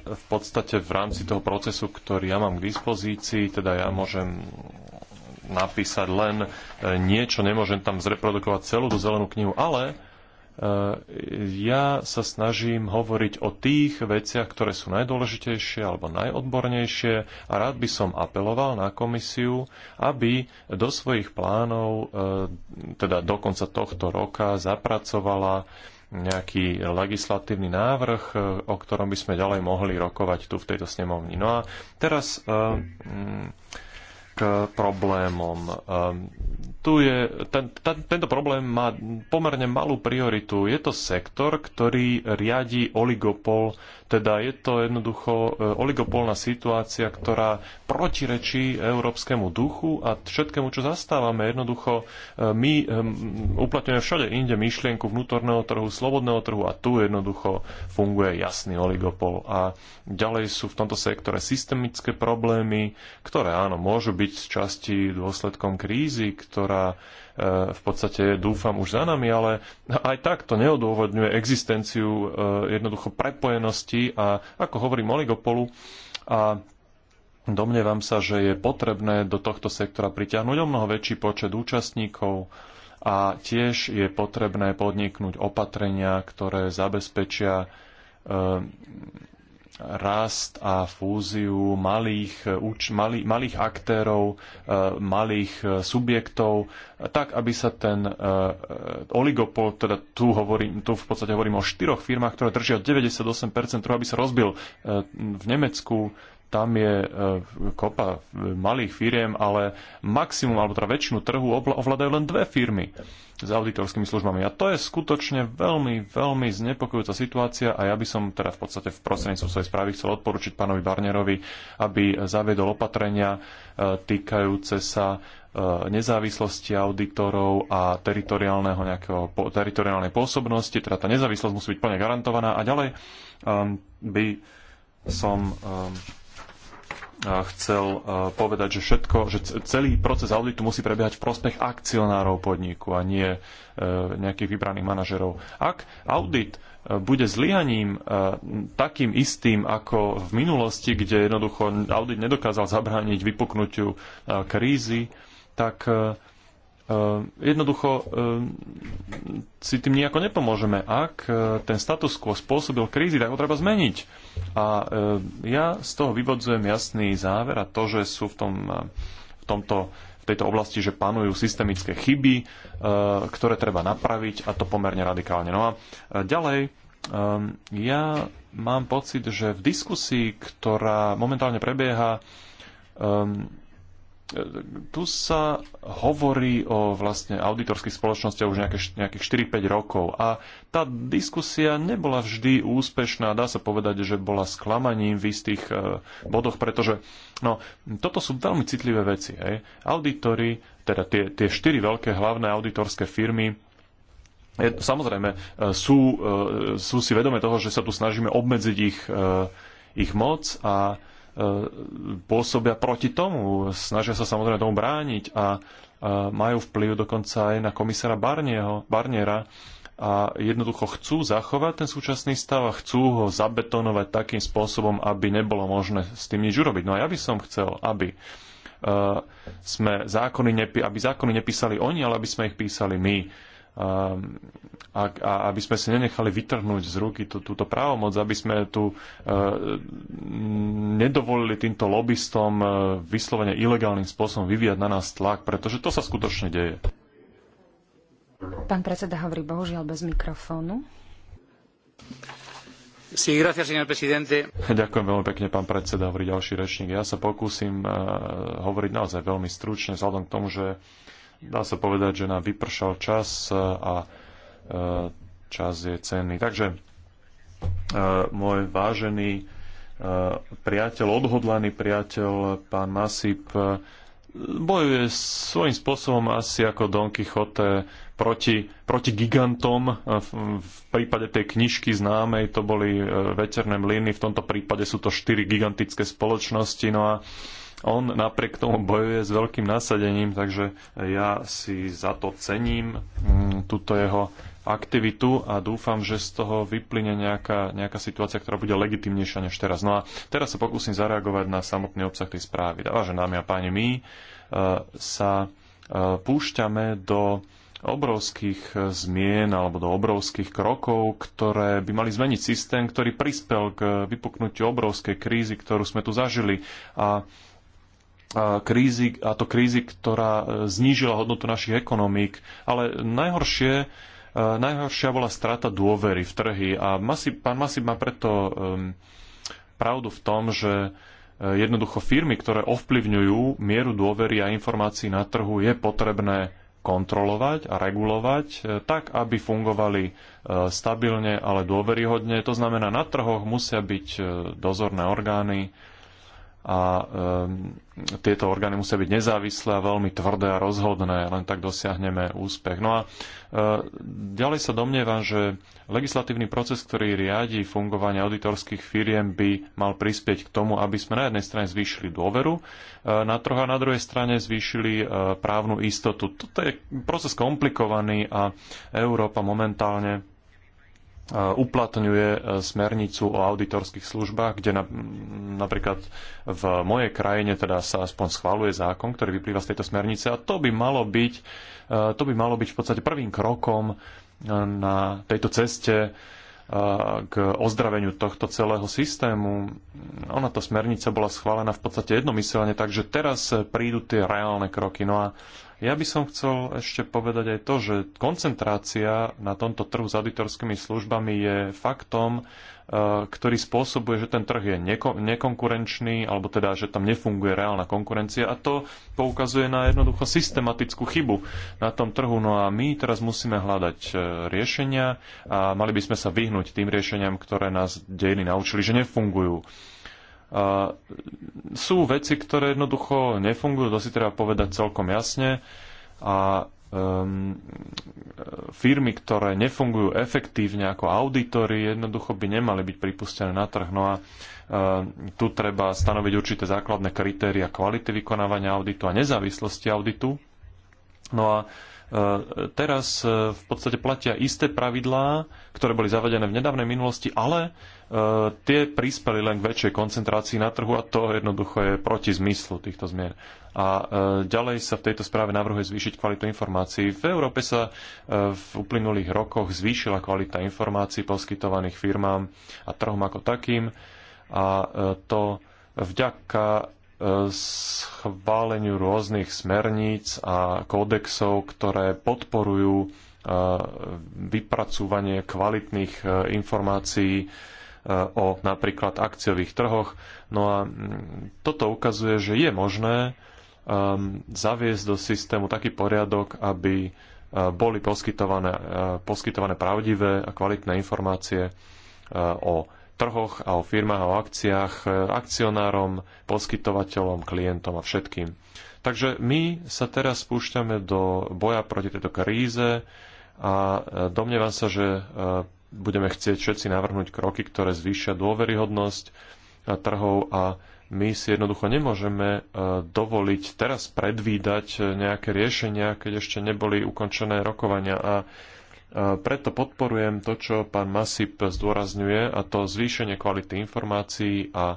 v podstate v rámci toho procesu, ktorý ja mám k dispozícii, teda ja môžem napísať len niečo, nemôžem tam zreprodukovať celú tú zelenú knihu, ale Eh, ja sa snažím hovoriť o tých veciach, ktoré sú najdôležitejšie alebo najodbornejšie a rád by som apeloval na komisiu, aby do svojich plánov, eh, teda do konca tohto roka, zapracovala nejaký legislatívny návrh, eh, o ktorom by sme ďalej mohli rokovať tu v tejto snemovni. No a teraz mm, problémom. Ehm, tu je, ten, ten, tento problém má pomerne malú prioritu. Je to sektor, ktorý riadi oligopol teda je to jednoducho e, oligopolná situácia, ktorá protirečí európskemu duchu a všetkému, čo zastávame. Jednoducho e, my e, uplatňujeme všade inde myšlienku vnútorného trhu, slobodného trhu a tu jednoducho funguje jasný oligopol. A ďalej sú v tomto sektore systemické problémy, ktoré áno, môžu byť z časti dôsledkom krízy, ktorá v podstate dúfam už za nami, ale aj tak to neodôvodňuje existenciu e, jednoducho prepojenosti a ako hovorím oligopolu a domnievam sa, že je potrebné do tohto sektora priťahnuť o mnoho väčší počet účastníkov a tiež je potrebné podniknúť opatrenia, ktoré zabezpečia e, rast a fúziu malých, malých, malých aktérov, e, malých e, subjektov, tak, aby sa ten e, oligopol, teda tu, hovorím, tu v podstate hovorím o štyroch firmách, ktoré držia 98% trhu, aby sa rozbil v Nemecku, tam je e, kopa e, malých firiem, ale maximum, alebo teda väčšinu trhu ovládajú len dve firmy s auditorskými službami. A to je skutočne veľmi, veľmi znepokojúca situácia a ja by som teda v podstate v prostredníctvom svojej správy chcel odporučiť pánovi Barnerovi, aby zaviedol opatrenia e, týkajúce sa nezávislosti auditorov a teritoriálneho nejakého, teritoriálnej pôsobnosti, teda tá nezávislosť musí byť plne garantovaná a ďalej um, by som um, chcel e, povedať, že všetko, že celý proces auditu musí prebiehať v prospech akcionárov podniku a nie e, nejakých vybraných manažerov. Ak audit e, bude zlyhaním takým istým ako v minulosti, kde jednoducho audit nedokázal zabrániť vypuknutiu krízy, tak jednoducho si tým nejako nepomôžeme. Ak ten status quo spôsobil krízy, tak ho treba zmeniť a e, ja z toho vyvodzujem jasný záver a to, že sú v, tom, e, v tomto v tejto oblasti, že panujú systemické chyby, e, ktoré treba napraviť a to pomerne radikálne. No a ďalej, ja mám pocit, že v diskusii, ktorá momentálne prebieha, tu sa hovorí o vlastne auditorských spoločnostiach už nejaké, nejakých 4-5 rokov a tá diskusia nebola vždy úspešná, dá sa povedať, že bola sklamaním v istých e, bodoch, pretože no, toto sú veľmi citlivé veci. Hej. Auditory, teda tie, tie 4 veľké hlavné auditorské firmy, je, samozrejme e, sú, e, sú si vedome toho, že sa tu snažíme obmedziť ich, e, ich moc a E, pôsobia proti tomu, snažia sa samozrejme tomu brániť a majú vplyv dokonca aj na komisára Barnieho, Barniera a jednoducho chcú zachovať ten súčasný stav a chcú ho zabetonovať takým spôsobom, aby nebolo možné s tým nič urobiť. No a ja by som chcel, aby e, sme zákony, aby zákony nepísali oni, ale aby sme ich písali my a, a aby sme si nenechali vytrhnúť z ruky tú, túto právomoc, aby sme tu e, nedovolili týmto lobbystom e, vyslovene ilegálnym spôsobom vyvíjať na nás tlak, pretože to sa skutočne deje. Pán predseda hovorí bohužiaľ bez mikrofónu. Sí, gracias, señor presidente. Ďakujem veľmi pekne, pán predseda, hovorí ďalší rečník. Ja sa pokúsim uh, e, hovoriť naozaj veľmi stručne, vzhľadom k tomu, že uh, dá sa povedať, že nám vypršal čas e, a e, čas je cenný. Takže e, môj vážený priateľ, odhodlaný priateľ, pán Masip, bojuje svojím spôsobom asi ako Don Quixote proti, proti gigantom. V prípade tej knižky známej to boli veterné mlyny, v tomto prípade sú to štyri gigantické spoločnosti. No a on napriek tomu bojuje s veľkým nasadením, takže ja si za to cením mm, túto jeho aktivitu a dúfam, že z toho vyplyne nejaká, nejaká situácia, ktorá bude legitimnejšia než teraz. No a teraz sa pokúsim zareagovať na samotný obsah tej správy. Vážené dámy a páni, my e, sa e, púšťame do obrovských e, zmien alebo do obrovských krokov, ktoré by mali zmeniť systém, ktorý prispel k vypuknutiu obrovskej krízy, ktorú sme tu zažili. A krízy, a to krízy, ktorá e, znížila hodnotu našich ekonomík. Ale najhoršie, e, najhoršia bola strata dôvery v trhy. A Masip, pán Masip má preto pravdu v tom, že e, jednoducho firmy, ktoré ovplyvňujú mieru dôvery a informácií na trhu, je potrebné kontrolovať a regulovať tak, aby fungovali stabilne, ale dôveryhodne. To znamená, na trhoch musia byť dozorné orgány, a e, tieto orgány musia byť nezávislé a veľmi tvrdé a rozhodné, len tak dosiahneme úspech. No a e, ďalej sa domnievam, že legislatívny proces, ktorý riadi fungovanie auditorských firiem, by mal prispieť k tomu, aby sme na jednej strane zvýšili dôveru e, na trh a na druhej strane zvýšili e, právnu istotu. Toto je proces komplikovaný a Európa momentálne uplatňuje e, smernicu o auditorských službách, kde na, napríklad v mojej krajine teda sa aspoň schváluje zákon, ktorý vyplýva z tejto smernice a to by malo byť, e, to by malo byť v podstate prvým krokom e, na tejto ceste k ozdraveniu tohto celého systému. Ona, tá smernica bola schválená v podstate jednomyselne, takže teraz prídu tie reálne kroky. No a ja by som chcel ešte povedať aj to, že koncentrácia na tomto trhu s auditorskými službami je faktom, e, ktorý spôsobuje, že ten trh je nekonkurenčný, alebo teda, že tam nefunguje reálna konkurencia a to poukazuje na jednoducho systematickú chybu na tom trhu. No a my teraz musíme hľadať e, riešenia a mali by sme sa vyhnúť tým riešeniam, ktoré nás dejiny naučili, že nefungujú. A sú veci, ktoré jednoducho nefungujú, to si treba povedať celkom jasne. A um, firmy, ktoré nefungujú efektívne ako auditory, jednoducho by nemali byť pripustené na trh. No a um, tu treba stanoviť určité základné kritéria kvality vykonávania auditu a nezávislosti auditu. No a uh, teraz e, v podstate platia isté pravidlá, ktoré boli zavedené v nedávnej minulosti, ale e, tie prispeli len k väčšej koncentrácii na trhu a to jednoducho je proti zmyslu týchto zmien. A e, ďalej sa v tejto správe navrhuje zvýšiť kvalitu informácií. V Európe sa v uplynulých rokoch zvýšila kvalita informácií poskytovaných firmám a trhom ako takým a to vďaka schváleniu rôznych smerníc a kódexov, ktoré podporujú e, vypracúvanie kvalitných e, informácií e, o napríklad akciových trhoch. No a toto ukazuje, že je možné zaviesť do systému taký poriadok, aby boli poskytované, poskytované pravdivé a kvalitné informácie o trhoch a o firmách a o akciách, e, akcionárom, poskytovateľom, klientom a všetkým. Takže my sa teraz spúšťame do boja proti tejto kríze a e, domnievam sa, že e, budeme chcieť všetci navrhnúť kroky, ktoré zvýšia dôveryhodnosť trhov a my si jednoducho nemôžeme dovoliť teraz predvídať nejaké riešenia, keď ešte neboli ukončené rokovania. A preto podporujem to, čo pán Masip zdôrazňuje, a to zvýšenie kvality informácií a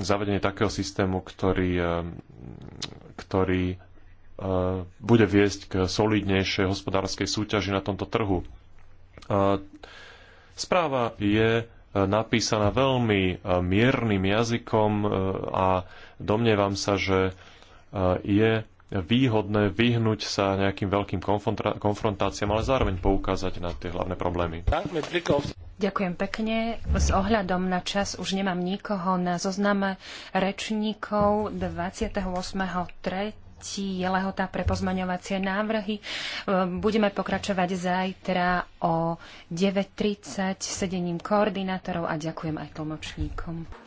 zavedenie takého systému, ktorý, ktorý bude viesť k solidnejšej hospodárskej súťaži na tomto trhu. Správa je napísaná veľmi miernym jazykom a domnievam sa, že je výhodné vyhnúť sa nejakým veľkým konfrontáciám, ale zároveň poukázať na tie hlavné problémy. Ďakujem pekne. S ohľadom na čas už nemám nikoho na zozname rečníkov 28.3 je lehota pre pozmaňovacie návrhy. Budeme pokračovať zajtra o 9.30 sedením koordinátorov a ďakujem aj tlmočníkom.